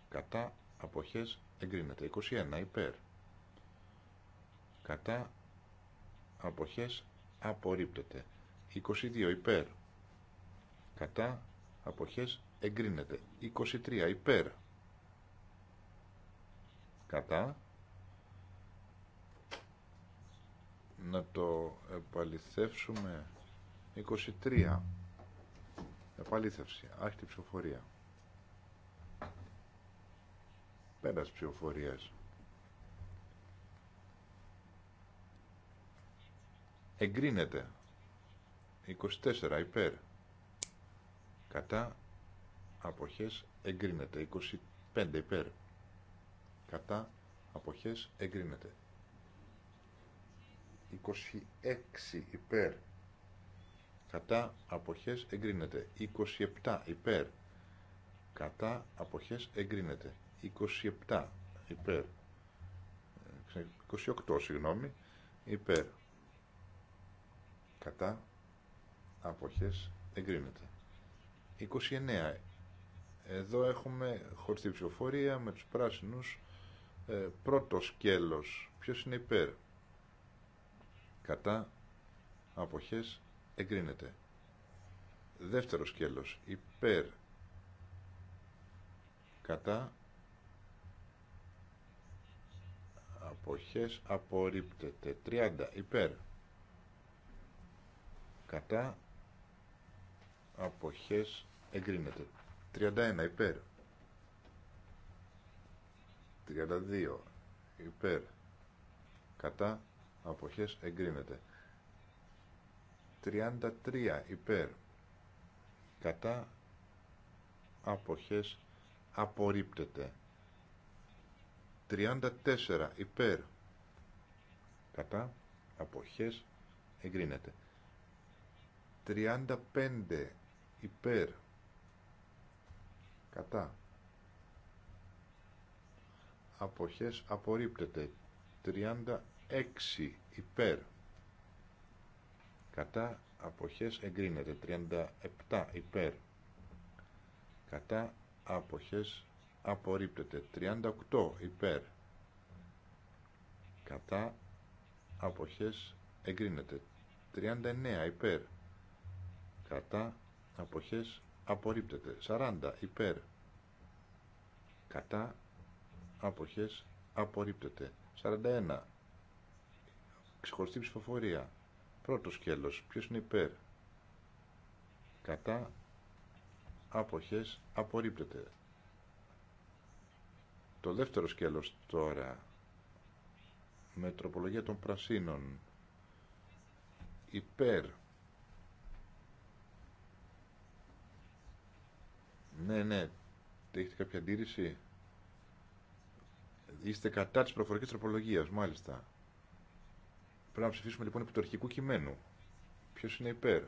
κατά αποχές εγκρίνεται 21 υπέρ κατά αποχές απορρίπτεται 22 υπέρ κατά αποχές εγκρίνεται 23 υπέρ κατά να το επαληθεύσουμε 23 επαλήθευση άρχιτη ψηφοφορία πέρας ψηφοφορίας εγκρίνεται 24 υπέρ κατά αποχές εγκρίνεται 25 υπέρ κατά αποχές εγκρίνεται 26 υπέρ κατά αποχές εγκρίνεται 27 υπέρ κατά αποχές εγκρίνεται 27 υπέρ 28 ε, συγγνώμη υπέρ κατά αποχές εγκρίνεται 29 εδώ έχουμε χωριστή ψηφοφορία με τους πράσινους ε, πρώτο σκέλος ποιος είναι υπέρ κατά αποχές εγκρίνεται δεύτερο σκέλος υπέρ κατά αποχές απορρίπτεται 30 υπέρ κατά αποχές εγκρίνεται 31 υπέρ 32 υπέρ κατά αποχές εγκρίνεται 33 υπέρ κατά αποχές απορρίπτεται 34 υπέρ κατά αποχές εγκρίνεται 35 υπέρ κατά αποχές απορρίπτεται έξι υπέρ κατά αποχές εγκρίνεται 37 υπέρ κατά αποχές απορρίπτεται 38 υπέρ κατά αποχές εγκρίνεται 39 υπέρ κατά αποχές απορρίπτεται 40 υπέρ κατά αποχές απορρίπτεται 41 Ξεχωριστή ψηφοφορία. Πρώτο σκέλος. Ποιο είναι υπέρ. Κατά. Αποχές. Απορρίπτεται. Το δεύτερο σκέλος τώρα. Με τροπολογία των πρασίνων. Υπέρ. Ναι, ναι. Έχετε κάποια αντίρρηση. Είστε κατά της προφορικής τροπολογίας, μάλιστα. Πρέπει να ψηφίσουμε λοιπόν επί του αρχικού κειμένου. Ποιο είναι υπέρ.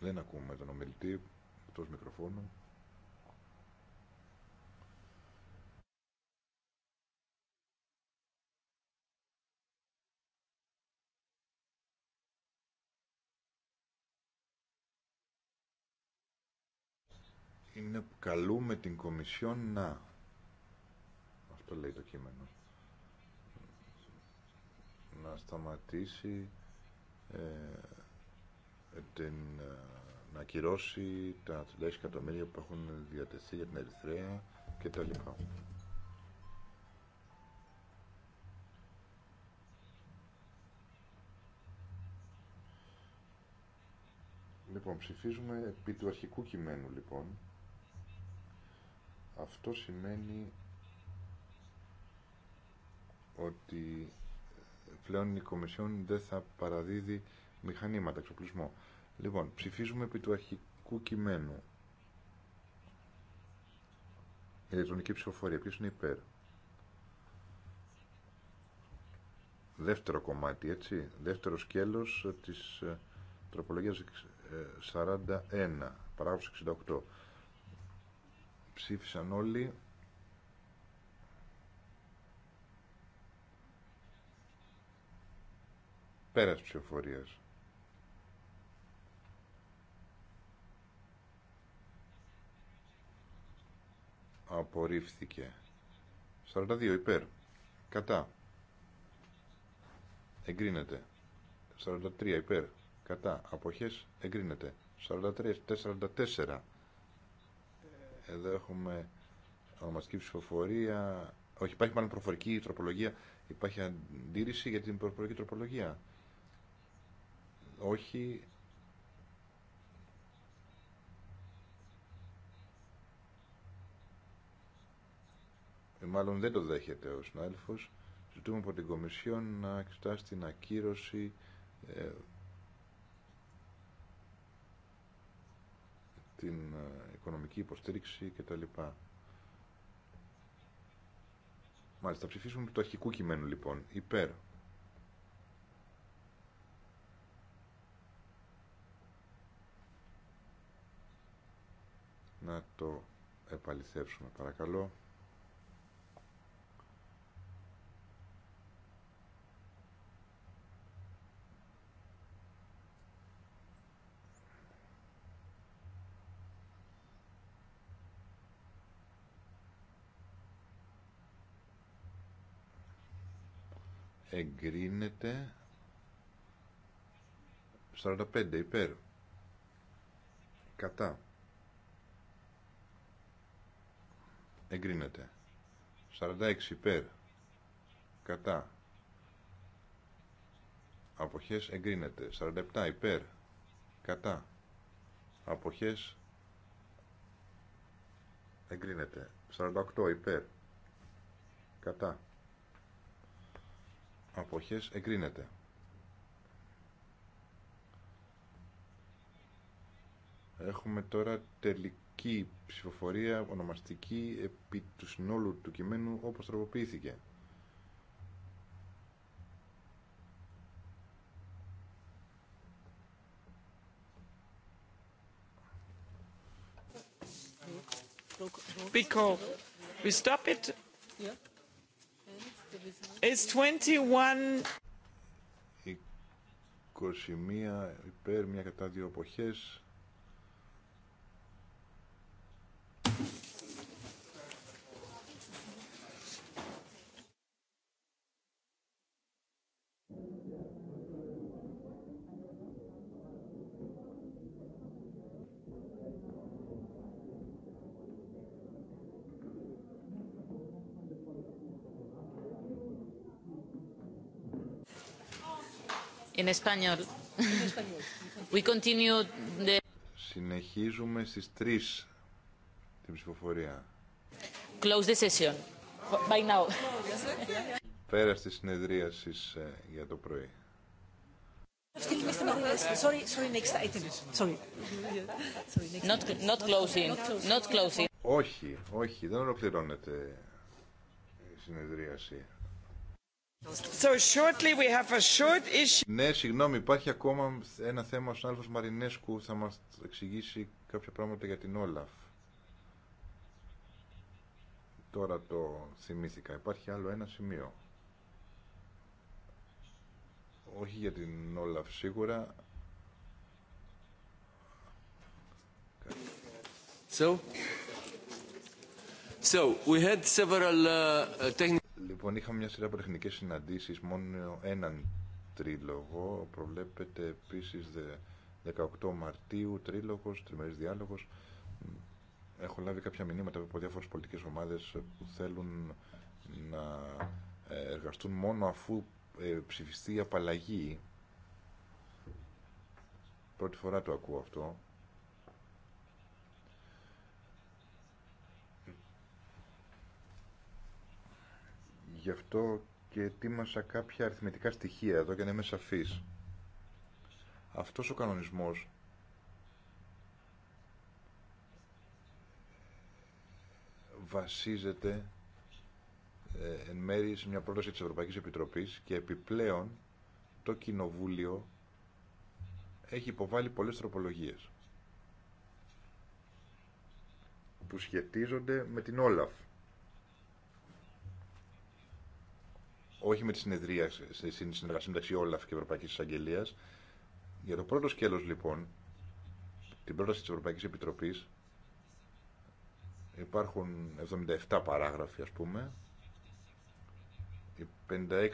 Δεν ακούμε τον ομιλητή εκτό μικροφώνου. είναι καλούμε την Κομισιόν να... Αυτό λέει το κείμενο. Να σταματήσει ε, την, ε, να ακυρώσει τα τουλάχιστον εκατομμύρια που έχουν διατεθεί για την Ερυθρέα και τα λοιπά. Λοιπόν, ψηφίζουμε επί του αρχικού κειμένου, λοιπόν. Αυτό σημαίνει ότι πλέον η Κομισιόν δεν θα παραδίδει μηχανήματα, εξοπλισμό. Λοιπόν, ψηφίζουμε επί του αρχικού κειμένου. Η ηλεκτρονική ψηφοφορία. Ποιος είναι υπέρ. Δεύτερο κομμάτι, έτσι. Δεύτερο σκέλος της ε, τροπολογίας 41, ε, παράγραφος 68. Ψήφισαν όλοι. Πέρας ψηφοφορίας. Απορρίφθηκε. 42 υπέρ. Κατά. Εγκρίνεται. 43 υπέρ. Κατά. Αποχές. Εγκρίνεται. 43, 44 εδώ έχουμε ονομαστική ψηφοφορία. Όχι, υπάρχει μάλλον προφορική τροπολογία. Υπάρχει αντίρρηση για την προφορική τροπολογία. Όχι. Ε, μάλλον δεν το δέχεται ο συνάδελφος. Ζητούμε από την Κομισιόν να εξετάσει την ακύρωση ε, την ε, οικονομική υποστήριξη κτλ. Μάλιστα, ψηφίσουμε το αρχικού κειμένου λοιπόν, υπέρ. Να το επαληθεύσουμε παρακαλώ. εγκρίνεται 45 υπέρ κατά εγκρίνεται 46 υπέρ κατά αποχές εγκρίνεται 47 υπέρ κατά αποχές εγκρίνεται 48 υπέρ κατά αποχές εγκρίνεται. Έχουμε τώρα τελική ψηφοφορία ονομαστική επί του συνόλου του κειμένου όπως τροποποιήθηκε. Because we stop it. Yeah. Είναι 21... 21 υπέρ, μια κατά δύο εποχές. En español. We continue the... Συνεχίζουμε στις 3 την ψηφοφορία. Close the session. By now. Πέρα τη συνεδρίαση ε, για το πρωί. Not closing. Not closing. Όχι, όχι, δεν ολοκληρώνεται η συνεδρίαση. Ναι, συγγνώμη, υπάρχει ακόμα ένα θέμα. Ο άλφος Μαρινέσκου θα μας εξηγήσει κάποια πράγματα για την Όλαφ. Τώρα το θυμήθηκα. Υπάρχει άλλο ένα σημείο. Όχι για την Όλαφ σίγουρα. So, so we had several uh, technical Λοιπόν, είχαμε μια σειρά από τεχνικέ συναντήσει, μόνο έναν τρίλογο. Προβλέπεται επίση 18 Μαρτίου τρίλογο, τριμερή διάλογο. Έχω λάβει κάποια μηνύματα από διάφορε πολιτικέ ομάδε που θέλουν να ε, εργαστούν μόνο αφού ε, ψηφιστεί η απαλλαγή. Πρώτη φορά το ακούω αυτό. Γι' αυτό και ετοίμασα κάποια αριθμητικά στοιχεία εδώ για να είμαι σαφής. Αυτός ο κανονισμός βασίζεται ε, εν μέρη σε μια πρόταση της Ευρωπαϊκής Επιτροπής και επιπλέον το Κοινοβούλιο έχει υποβάλει πολλές τροπολογίες που σχετίζονται με την Όλαφ. όχι με τη συνεδρία, στη συνεργασία μεταξύ Όλαφ και Ευρωπαϊκή Εισαγγελία. Για το πρώτο σκέλο, λοιπόν, την πρόταση τη Ευρωπαϊκή Επιτροπή, υπάρχουν 77 παράγραφοι, α πούμε. Οι 56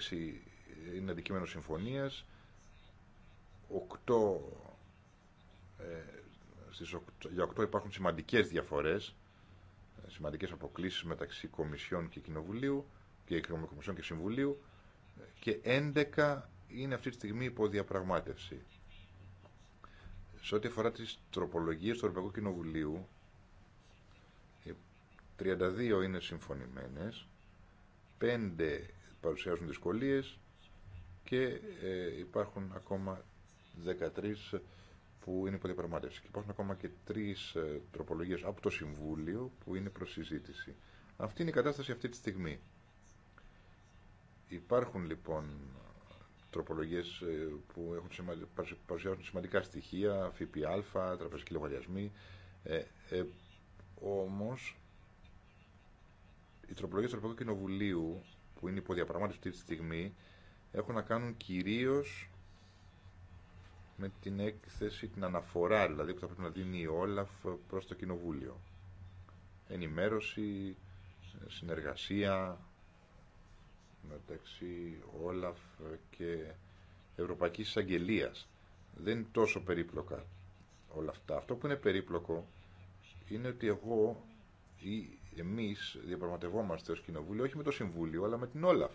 είναι αντικείμενο συμφωνία. 8, 8, για 8 υπάρχουν σημαντικές διαφορές, ε, σημαντικές αποκλήσεις μεταξύ Κομισιών και Κοινοβουλίου και Οικονομικών και Συμβουλίου και 11 είναι αυτή τη στιγμή υπό διαπραγμάτευση. Σε ό,τι αφορά τις τροπολογίες του Ευρωπαϊκού Κοινοβουλίου, 32 είναι συμφωνημένες, 5 παρουσιάζουν δυσκολίες και ε, υπάρχουν ακόμα 13 που είναι υπό διαπραγμάτευση. Και υπάρχουν ακόμα και τρει ε, τροπολογίε από το Συμβούλιο που είναι προ συζήτηση. Αυτή είναι η κατάσταση αυτή τη στιγμή. Υπάρχουν λοιπόν τροπολογίες ε, που έχουν σημα... παρουσιάζουν σημαντικά στοιχεία, ΦΠΑ, τραπεζικοί λογαριασμοί. Ε, ε, όμως, οι τροπολογίες του Ευρωπαϊκού Κοινοβουλίου, που είναι υποδιαπραγμάτευση αυτή τη στιγμή, έχουν να κάνουν κυρίως με την έκθεση, την αναφορά δηλαδή που θα πρέπει να δίνει η Όλαφ προς το Κοινοβούλιο. Ενημέρωση, συνεργασία, μεταξύ Όλαφ και Ευρωπαϊκής Αγγελίας. Δεν είναι τόσο περίπλοκα όλα αυτά. Αυτό που είναι περίπλοκο είναι ότι εγώ ή εμείς διαπραγματευόμαστε ως Κοινοβούλιο όχι με το Συμβούλιο αλλά με την Όλαφ.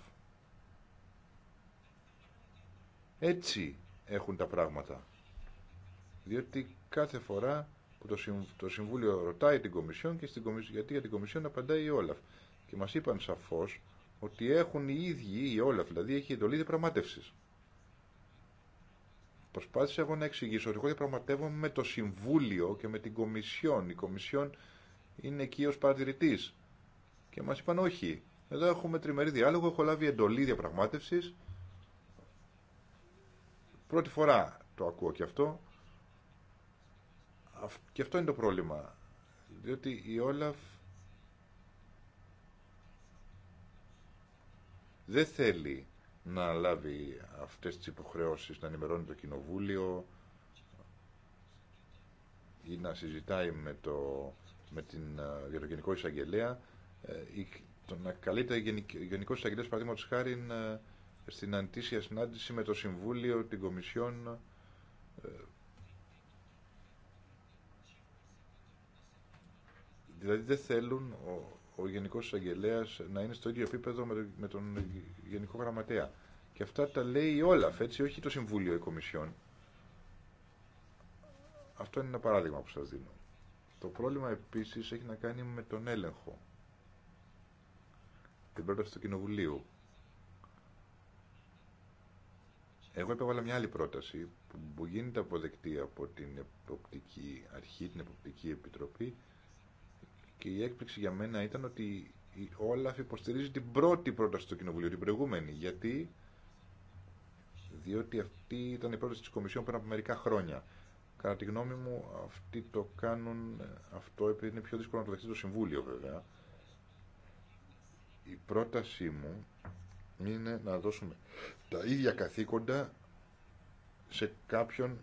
Έτσι έχουν τα πράγματα. Διότι κάθε φορά που το, το Συμβούλιο ρωτάει την Κομισιόν και στην Κομισιόν, γιατί για την Κομισιόν απαντάει η Όλαφ. Και μας είπαν σαφώς ότι έχουν οι ίδιοι, η όλα, δηλαδή, έχει εντολή διαπραγμάτευση. Προσπάθησα εγώ να εξηγήσω ότι εγώ διαπραγματεύομαι με το Συμβούλιο και με την Κομισιόν. Η Κομισιόν είναι εκεί ω παρατηρητή. Και μα είπαν όχι. Εδώ έχουμε τριμερή διάλογο, έχω λάβει εντολή διαπραγμάτευση. Πρώτη φορά το ακούω και αυτό. Και αυτό είναι το πρόβλημα. Διότι η Όλαφ δεν θέλει να λάβει αυτές τις υποχρεώσεις να ενημερώνει το Κοινοβούλιο ή να συζητάει με, το, με την, ε, για το Γενικό Εισαγγελέα ή ε, το να καλείται ο Γενικός Εισαγγελέας παραδείγματος χάρη ε, στην αντίσια συνάντηση με το Συμβούλιο, την Κομισιόν δηλαδή δεν θέλουν ο Γενικό Εισαγγελέας να είναι στο ίδιο επίπεδο με τον Γενικό Γραμματέα. Και αυτά τα λέει η Όλαφ, έτσι, όχι το Συμβούλιο η Αυτό είναι ένα παράδειγμα που σας δίνω. Το πρόβλημα επίσης έχει να κάνει με τον έλεγχο. Την πρόταση του Κοινοβουλίου. Εγώ επέβαλα μια άλλη πρόταση που γίνεται αποδεκτή από την Εποπτική Αρχή, την Εποπτική Επιτροπή, και η έκπληξη για μένα ήταν ότι η Όλαφ υποστηρίζει την πρώτη πρόταση του Κοινοβουλίου, την προηγούμενη. Γιατί, διότι αυτή ήταν η πρόταση τη Κομισιόν πριν από μερικά χρόνια. Κατά τη γνώμη μου, αυτοί το κάνουν αυτό επειδή είναι πιο δύσκολο να το δεχτεί το Συμβούλιο, βέβαια. Η πρότασή μου είναι να δώσουμε τα ίδια καθήκοντα σε κάποιον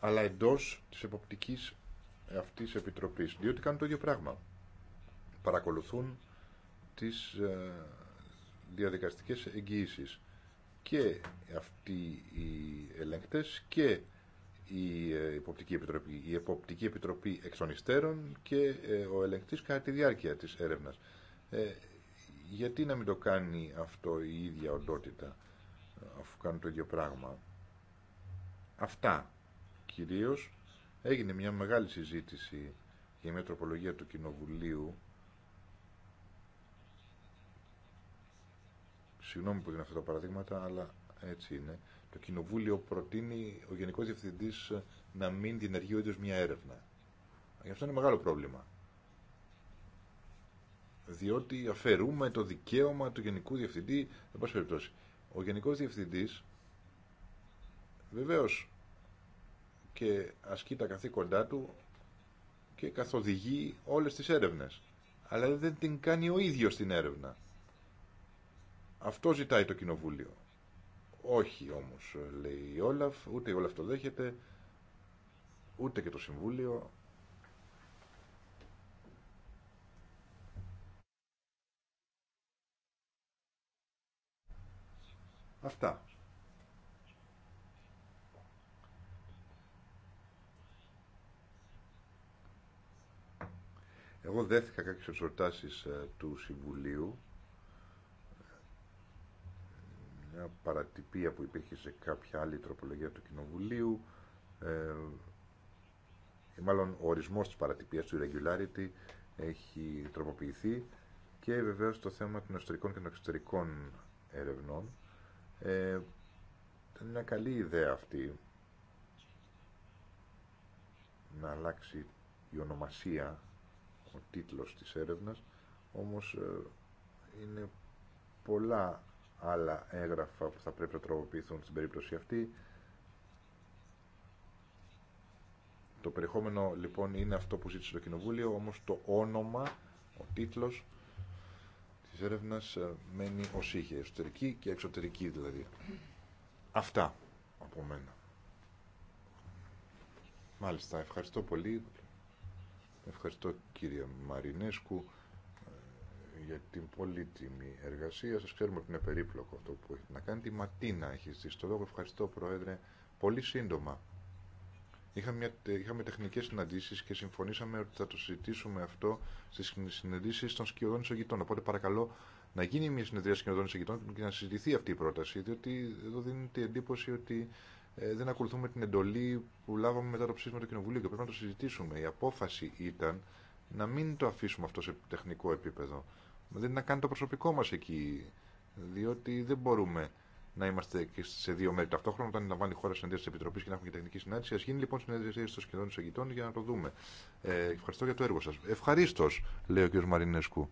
αλλά εντό της εποπτικής αυτή τη Επιτροπής, διότι κάνουν το ίδιο πράγμα. Παρακολουθούν τις ε, διαδικαστικές εγγύησει Και αυτοί οι ελεγκτές και ε, η υποπτική Επιτροπή. Η Εποπτική Επιτροπή εξ των και ε, ο ελεγκτής κατά τη διάρκεια της έρευνας. γιατί να μην το κάνει αυτό η ίδια οντότητα αφού κάνουν το ίδιο πράγμα. Αυτά κυρίως Έγινε μια μεγάλη συζήτηση για μια τροπολογία του Κοινοβουλίου. Συγγνώμη που δίνω αυτά τα παραδείγματα, αλλά έτσι είναι. Το Κοινοβούλιο προτείνει ο Γενικός Διευθυντής να μην διενεργεί ο ίδιος μια έρευνα. Γι' αυτό είναι μεγάλο πρόβλημα. Διότι αφαιρούμε το δικαίωμα του Γενικού Διευθυντή, εν πάση περιπτώσει. Ο Γενικός Διευθυντής βεβαίως και ασκεί τα καθήκοντά του και καθοδηγεί όλες τις έρευνες. Αλλά δεν την κάνει ο ίδιος την έρευνα. Αυτό ζητάει το Κοινοβούλιο. Όχι όμως, λέει η Όλαφ, ούτε η Όλαφ το δέχεται, ούτε και το Συμβούλιο. Αυτά. Εγώ δέθηκα κάποιες εξορτάσεις ε, του Συμβουλίου μια παρατυπία που υπήρχε σε κάποια άλλη τροπολογία του Κοινοβουλίου ε, μάλλον ο ορισμός της παρατυπίας του irregularity έχει τροποποιηθεί και βεβαίως το θέμα των εσωτερικών και των εξωτερικών ερευνών ε, ήταν μια καλή ιδέα αυτή να αλλάξει η ονομασία ο τίτλος της έρευνας, όμως ε, είναι πολλά άλλα έγγραφα που θα πρέπει να τροποποιηθούν στην περίπτωση αυτή. Το περιεχόμενο λοιπόν είναι αυτό που ζήτησε το Κοινοβούλιο, όμως το όνομα, ο τίτλος της έρευνας ε, μένει ως είχε, εσωτερική και εξωτερική δηλαδή. Αυτά από μένα. Μάλιστα, ευχαριστώ πολύ. Ευχαριστώ κύριε Μαρινέσκου ε, για την πολύτιμη εργασία. Σας ξέρουμε ότι είναι περίπλοκο αυτό που έχετε να κάνετε. Ματίνα έχει ζητήσει το λόγο. Ευχαριστώ Πρόεδρε. Πολύ σύντομα. Είχαμε, είχαμε τεχνικές συναντήσεις και συμφωνήσαμε ότι θα το συζητήσουμε αυτό στις συναντήσεις των σκιωδών εισογητών. Οπότε παρακαλώ να γίνει μια συνεδρία σκηνοδών εισογητών και να συζητηθεί αυτή η πρόταση, διότι εδώ δίνεται η εντύπωση ότι ε, δεν ακολουθούμε την εντολή που λάβαμε μετά το ψήφισμα του Κοινοβουλίου και πρέπει να το συζητήσουμε. Η απόφαση ήταν να μην το αφήσουμε αυτό σε τεχνικό επίπεδο. Δεν δηλαδή, να κάνει το προσωπικό μα εκεί, διότι δεν μπορούμε να είμαστε και σε δύο μέρη ταυτόχρονα, όταν λαμβάνει η χώρα συνέντευξη τη Επιτροπή και να έχουμε και τεχνική συνάντηση. Α γίνει λοιπόν συνέντευξη των σχεδόν εισαγητών για να το δούμε. Ε, ευχαριστώ για το έργο σα. Ευχαρίστω, λέει ο κ. Μαρινέσκου.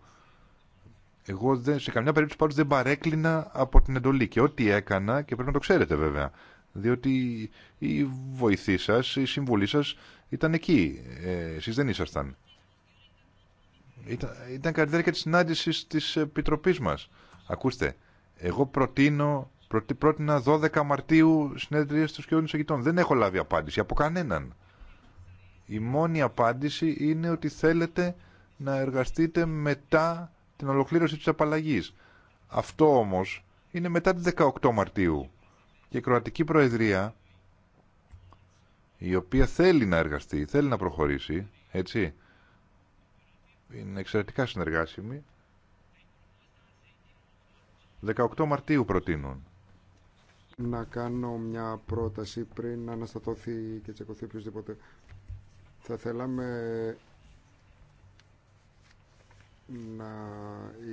Εγώ δεν, σε καμιά περίπτωση πάντω δεν παρέκλεινα από την εντολή. Και ό,τι έκανα, και πρέπει να το ξέρετε βέβαια, διότι η βοηθή σας, η συμβουλή σας ήταν εκεί. Ε, εσείς δεν ήσασταν. Ήταν, ήταν κατά τη διάρκεια της συνάντησης της Επιτροπής μας. Ακούστε, εγώ προτείνω, πρότεινα 12 Μαρτίου συνέδρια στους κοινωνικούς αγητών. Δεν έχω λάβει απάντηση από κανέναν. Η μόνη απάντηση είναι ότι θέλετε να εργαστείτε μετά την ολοκλήρωση της απαλλαγής. Αυτό όμως είναι μετά τις 18 Μαρτίου και η Κροατική Προεδρία η οποία θέλει να εργαστεί, θέλει να προχωρήσει, έτσι, είναι εξαιρετικά συνεργάσιμη. 18 Μαρτίου προτείνουν. Να κάνω μια πρόταση πριν να αναστατωθεί και τσεκωθεί οποιοδήποτε. Θα θέλαμε να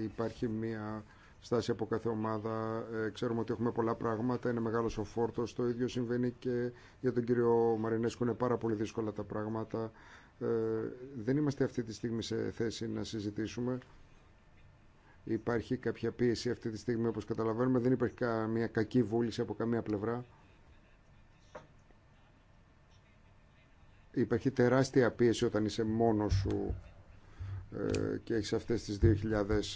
υπάρχει μια στάση από κάθε ομάδα. Ε, ξέρουμε ότι έχουμε πολλά πράγματα, είναι μεγάλο ο φόρτο. Το ίδιο συμβαίνει και για τον κύριο Μαρινέσκο, Είναι πάρα πολύ δύσκολα τα πράγματα. Ε, δεν είμαστε αυτή τη στιγμή σε θέση να συζητήσουμε. Υπάρχει κάποια πίεση αυτή τη στιγμή, όπως καταλαβαίνουμε. Δεν υπάρχει καμία κακή βούληση από καμία πλευρά. Υπάρχει τεράστια πίεση όταν είσαι μόνος σου ε, και έχεις αυτές τις 2.000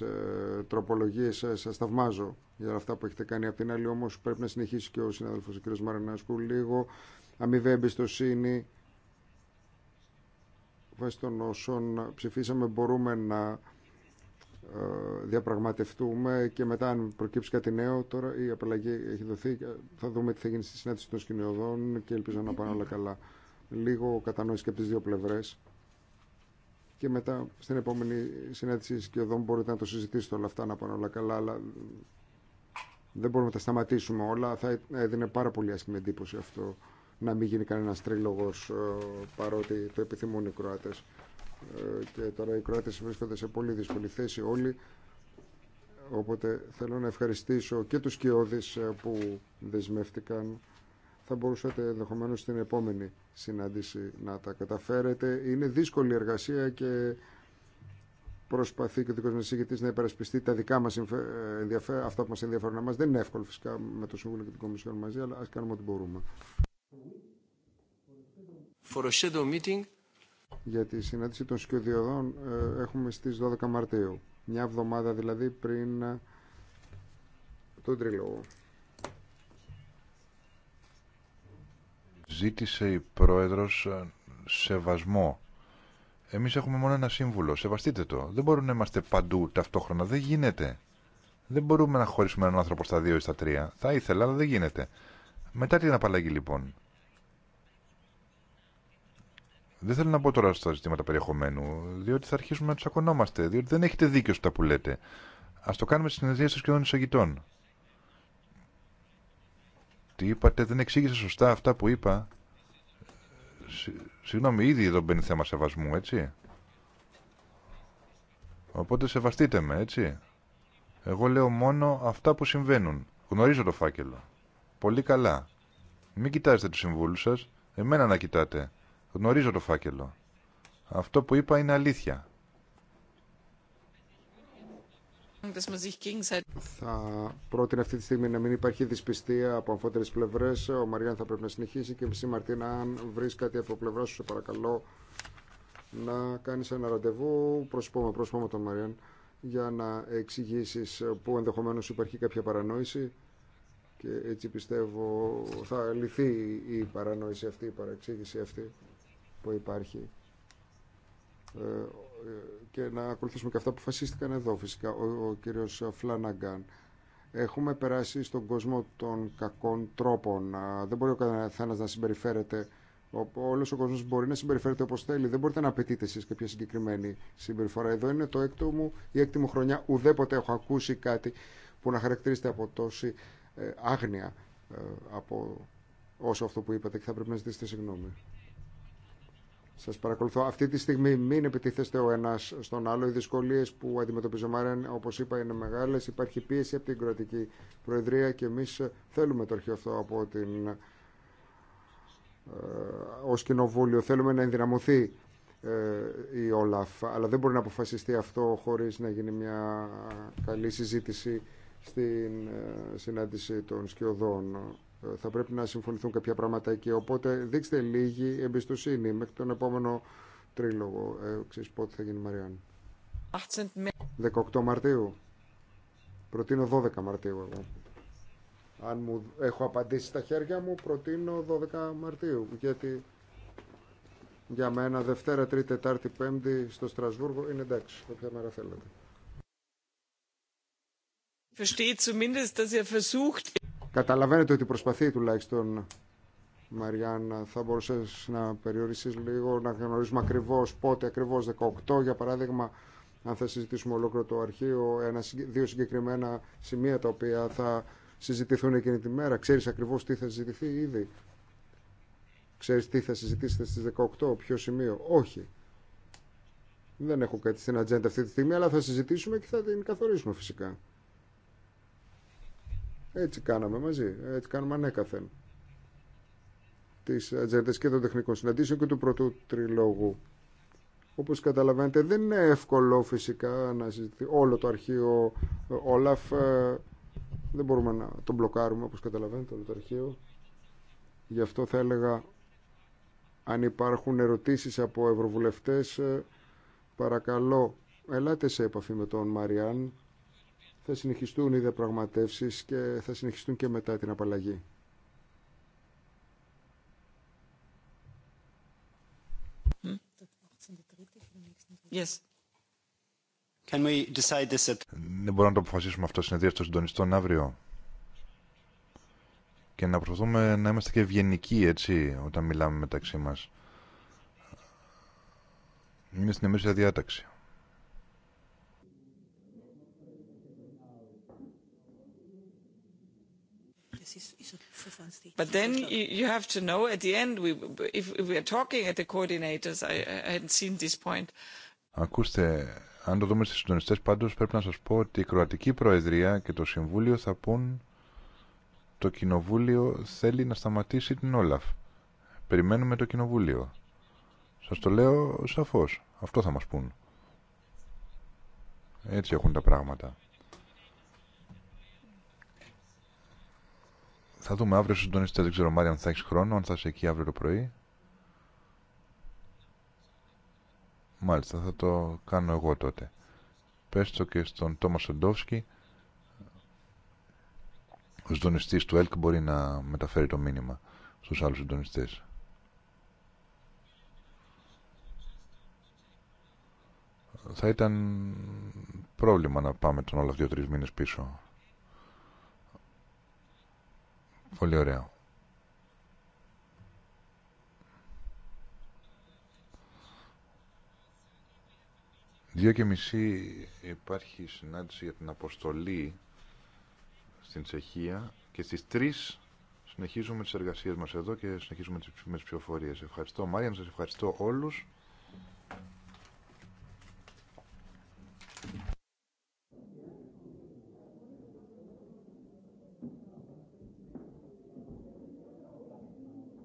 ε, τροπολογίες ε, σας θαυμάζω για αυτά που έχετε κάνει απ' την άλλη όμως πρέπει να συνεχίσει και ο συνάδελφος ο κ. Μαρινάσκου που λίγο Αμοιβέ εμπιστοσύνη βάσει των όσων ψηφίσαμε μπορούμε να διαπραγματευτούμε και μετά αν προκύψει κάτι νέο τώρα η απαλλαγή έχει δοθεί θα δούμε τι θα γίνει στη συνάντηση των σκηνιωδών και ελπίζω να πάνε όλα καλά λίγο κατανόηση και από τις δύο πλευρές και μετά στην επόμενη και εδώ μπορείτε να το συζητήσετε όλα αυτά να πάνε όλα καλά αλλά δεν μπορούμε να τα σταματήσουμε όλα θα έδινε πάρα πολύ άσχημη εντύπωση αυτό να μην γίνει κανένα τρίλογο ε, παρότι το επιθυμούν οι Κροάτε. Ε, και τώρα οι Κροάτε βρίσκονται σε πολύ δύσκολη θέση όλοι οπότε θέλω να ευχαριστήσω και τους Κιώδης ε, που δεσμεύτηκαν θα μπορούσατε ενδεχομένω στην επόμενη συνάντηση να τα καταφέρετε. Είναι δύσκολη εργασία και προσπαθεί και ο δικό μα συγκεκριτή να υπερασπιστεί τα δικά μα ενδιαφέρον, αυτά που μα ενδιαφέρουν εμά. Δεν είναι εύκολο φυσικά με το Συμβούλιο και την Κομισιόν μαζί, αλλά α κάνουμε ό,τι μπορούμε. Για τη συνάντηση των σκιωδιωδών ε, έχουμε στις 12 Μαρτίου. Μια εβδομάδα δηλαδή πριν ε, τον τριλόγο. Ζήτησε η Πρόεδρος ε, σεβασμό. Εμείς έχουμε μόνο ένα σύμβουλο, σεβαστείτε το. Δεν μπορούμε να είμαστε παντού ταυτόχρονα, δεν γίνεται. Δεν μπορούμε να χωρίσουμε έναν άνθρωπο στα δύο ή στα τρία. Θα ήθελα, αλλά δεν γίνεται. Μετά την απαλλαγή λοιπόν. Δεν θέλω να πω τώρα στα ζητήματα περιεχομένου, διότι θα αρχίσουμε να τσακωνόμαστε, διότι δεν έχετε δίκιο στα που λέτε. Ας το κάνουμε στις συνεδρίες των σκηνών εισαγητών τι είπατε, δεν εξήγησα σωστά αυτά που είπα. Συγγνώμη, ήδη εδώ μπαίνει θέμα σεβασμού, έτσι. Οπότε σεβαστείτε με, έτσι. Εγώ λέω μόνο αυτά που συμβαίνουν. Γνωρίζω το φάκελο. Πολύ καλά. Μην κοιτάζετε τους συμβούλους σας. Εμένα να κοιτάτε. Γνωρίζω το φάκελο. Αυτό που είπα είναι αλήθεια. Θα πρότεινε αυτή τη στιγμή να μην υπάρχει δυσπιστία από αμφότερε πλευρέ. Ο Μαριάν θα πρέπει να συνεχίσει και εσύ, Μαρτίνα, αν βρει κάτι από πλευρά σου, σε παρακαλώ να κάνει ένα ραντεβού πρόσωπο με πρόσωπο με τον Μαριάν για να εξηγήσει που ενδεχομένω υπάρχει κάποια παρανόηση και έτσι πιστεύω θα λυθεί η παρανόηση αυτή, η παραξήγηση αυτή που υπάρχει. Ε, ε, και να ακολουθήσουμε και αυτά που φασίστηκαν εδώ φυσικά ο, ο κύριος Φλάναγκαν. Έχουμε περάσει στον κόσμο των κακών τρόπων. Δεν μπορεί ο καθένας να συμπεριφέρεται. Όλο ο κόσμο μπορεί να συμπεριφέρεται όπως θέλει. Δεν μπορείτε να απαιτείτε εσείς κάποια συγκεκριμένη συμπεριφορά. Εδώ είναι το έκτο μου, η έκτη μου χρονιά. Ουδέποτε έχω ακούσει κάτι που να χαρακτηρίζεται από τόση ε, άγνοια ε, από όσο αυτό που είπατε και θα πρέπει να ζητήσετε συγγνώμη. Σα παρακολουθώ. Αυτή τη στιγμή μην επιτίθεστε ο ένας στον άλλο. Οι δυσκολίες που αντιμετωπίζει ο όπως είπα, είναι μεγάλες. Υπάρχει πίεση από την κρατική προεδρία και εμεί θέλουμε το αρχείο αυτό από την... Ε, Ω κοινοβούλιο θέλουμε να ενδυναμωθεί ε, η Όλαφ, αλλά δεν μπορεί να αποφασιστεί αυτό χωρίς να γίνει μια καλή συζήτηση στην ε, συνάντηση των σκιωδών. Θα πρέπει να συμφωνηθούν κάποια πράγματα εκεί. Οπότε δείξτε λίγη εμπιστοσύνη μέχρι τον επόμενο τρίλογο. Ε, ξέρεις πότε θα γίνει Μαριάν. 18 Μαρτίου. Προτείνω 12 Μαρτίου εγώ. Αν έχω απαντήσει στα χέρια μου, προτείνω 12 Μαρτίου. Γιατί για μένα Δευτέρα, Τρίτη, Τετάρτη, Πέμπτη στο Στρασβούργο είναι εντάξει. Όποια μέρα θέλετε. Καταλαβαίνετε ότι προσπαθεί τουλάχιστον, Μαριάννα, θα μπορούσε να περιορίσεις λίγο, να γνωρίζουμε ακριβώς πότε, ακριβώς 18 για παράδειγμα, αν θα συζητήσουμε ολόκληρο το αρχείο, ένα, δύο συγκεκριμένα σημεία τα οποία θα συζητηθούν εκείνη τη μέρα. Ξέρεις ακριβώς τι θα συζητηθεί ήδη. Ξέρεις τι θα συζητήσετε στις 18, ποιο σημείο. Όχι. Δεν έχω κάτι στην ατζέντα αυτή τη στιγμή, αλλά θα συζητήσουμε και θα την καθορίσουμε φυσικά. Έτσι κάναμε μαζί, έτσι κάνουμε ανέκαθεν. Τι ατζέντε και των τεχνικών συναντήσεων και του πρωτού τριλόγου. Όπω καταλαβαίνετε, δεν είναι εύκολο φυσικά να συζητηθεί όλο το αρχείο Όλαφ. Ε, δεν μπορούμε να τον μπλοκάρουμε, όπω καταλαβαίνετε, όλο το αρχείο. Γι' αυτό θα έλεγα, αν υπάρχουν ερωτήσεις από ευρωβουλευτές, ε, παρακαλώ, ελάτε σε επαφή με τον Μαριάν θα συνεχιστούν οι διαπραγματεύσεις και θα συνεχιστούν και μετά την απαλλαγή. Δεν μπορούμε να το αποφασίσουμε αυτό συνεδρία των συντονιστών αύριο. Και να προσπαθούμε να είμαστε και ευγενικοί, έτσι, όταν μιλάμε μεταξύ μας. Είναι στην εμείς διάταξη. But then you have to know at the end, if we are talking at the coordinators, I hadn't seen this point. Ακούστε, αν το δούμε στις συντονιστές πάντως πρέπει να σας πω ότι η Κροατική Προεδρία και το Συμβούλιο θα πούν το Κοινοβούλιο θέλει να σταματήσει την Όλαφ. Περιμένουμε το Κοινοβούλιο. Σας το λέω σαφώς. Αυτό θα μας πούν. Έτσι έχουν τα πράγματα. Θα δούμε αύριο συντονιστέ. Δεν ξέρω, Μάρια, αν θα έχει χρόνο, αν θα είσαι εκεί αύριο το πρωί. Μάλιστα, θα το κάνω εγώ τότε. Πες το και στον Τόμα Σεντόφσκι. Ο συντονιστής του ΕΛΚ μπορεί να μεταφέρει το μήνυμα στους άλλους συντονιστές. Θα ήταν πρόβλημα να πάμε τον όλα δύο-τρεις μήνες πίσω. Πολύ ωραίο. Δύο και μισή υπάρχει συνάντηση για την αποστολή στην Τσεχία και στις τρεις συνεχίζουμε τις εργασίες μας εδώ και συνεχίζουμε τις, με τις Ευχαριστώ Μάρια, σας ευχαριστώ όλους.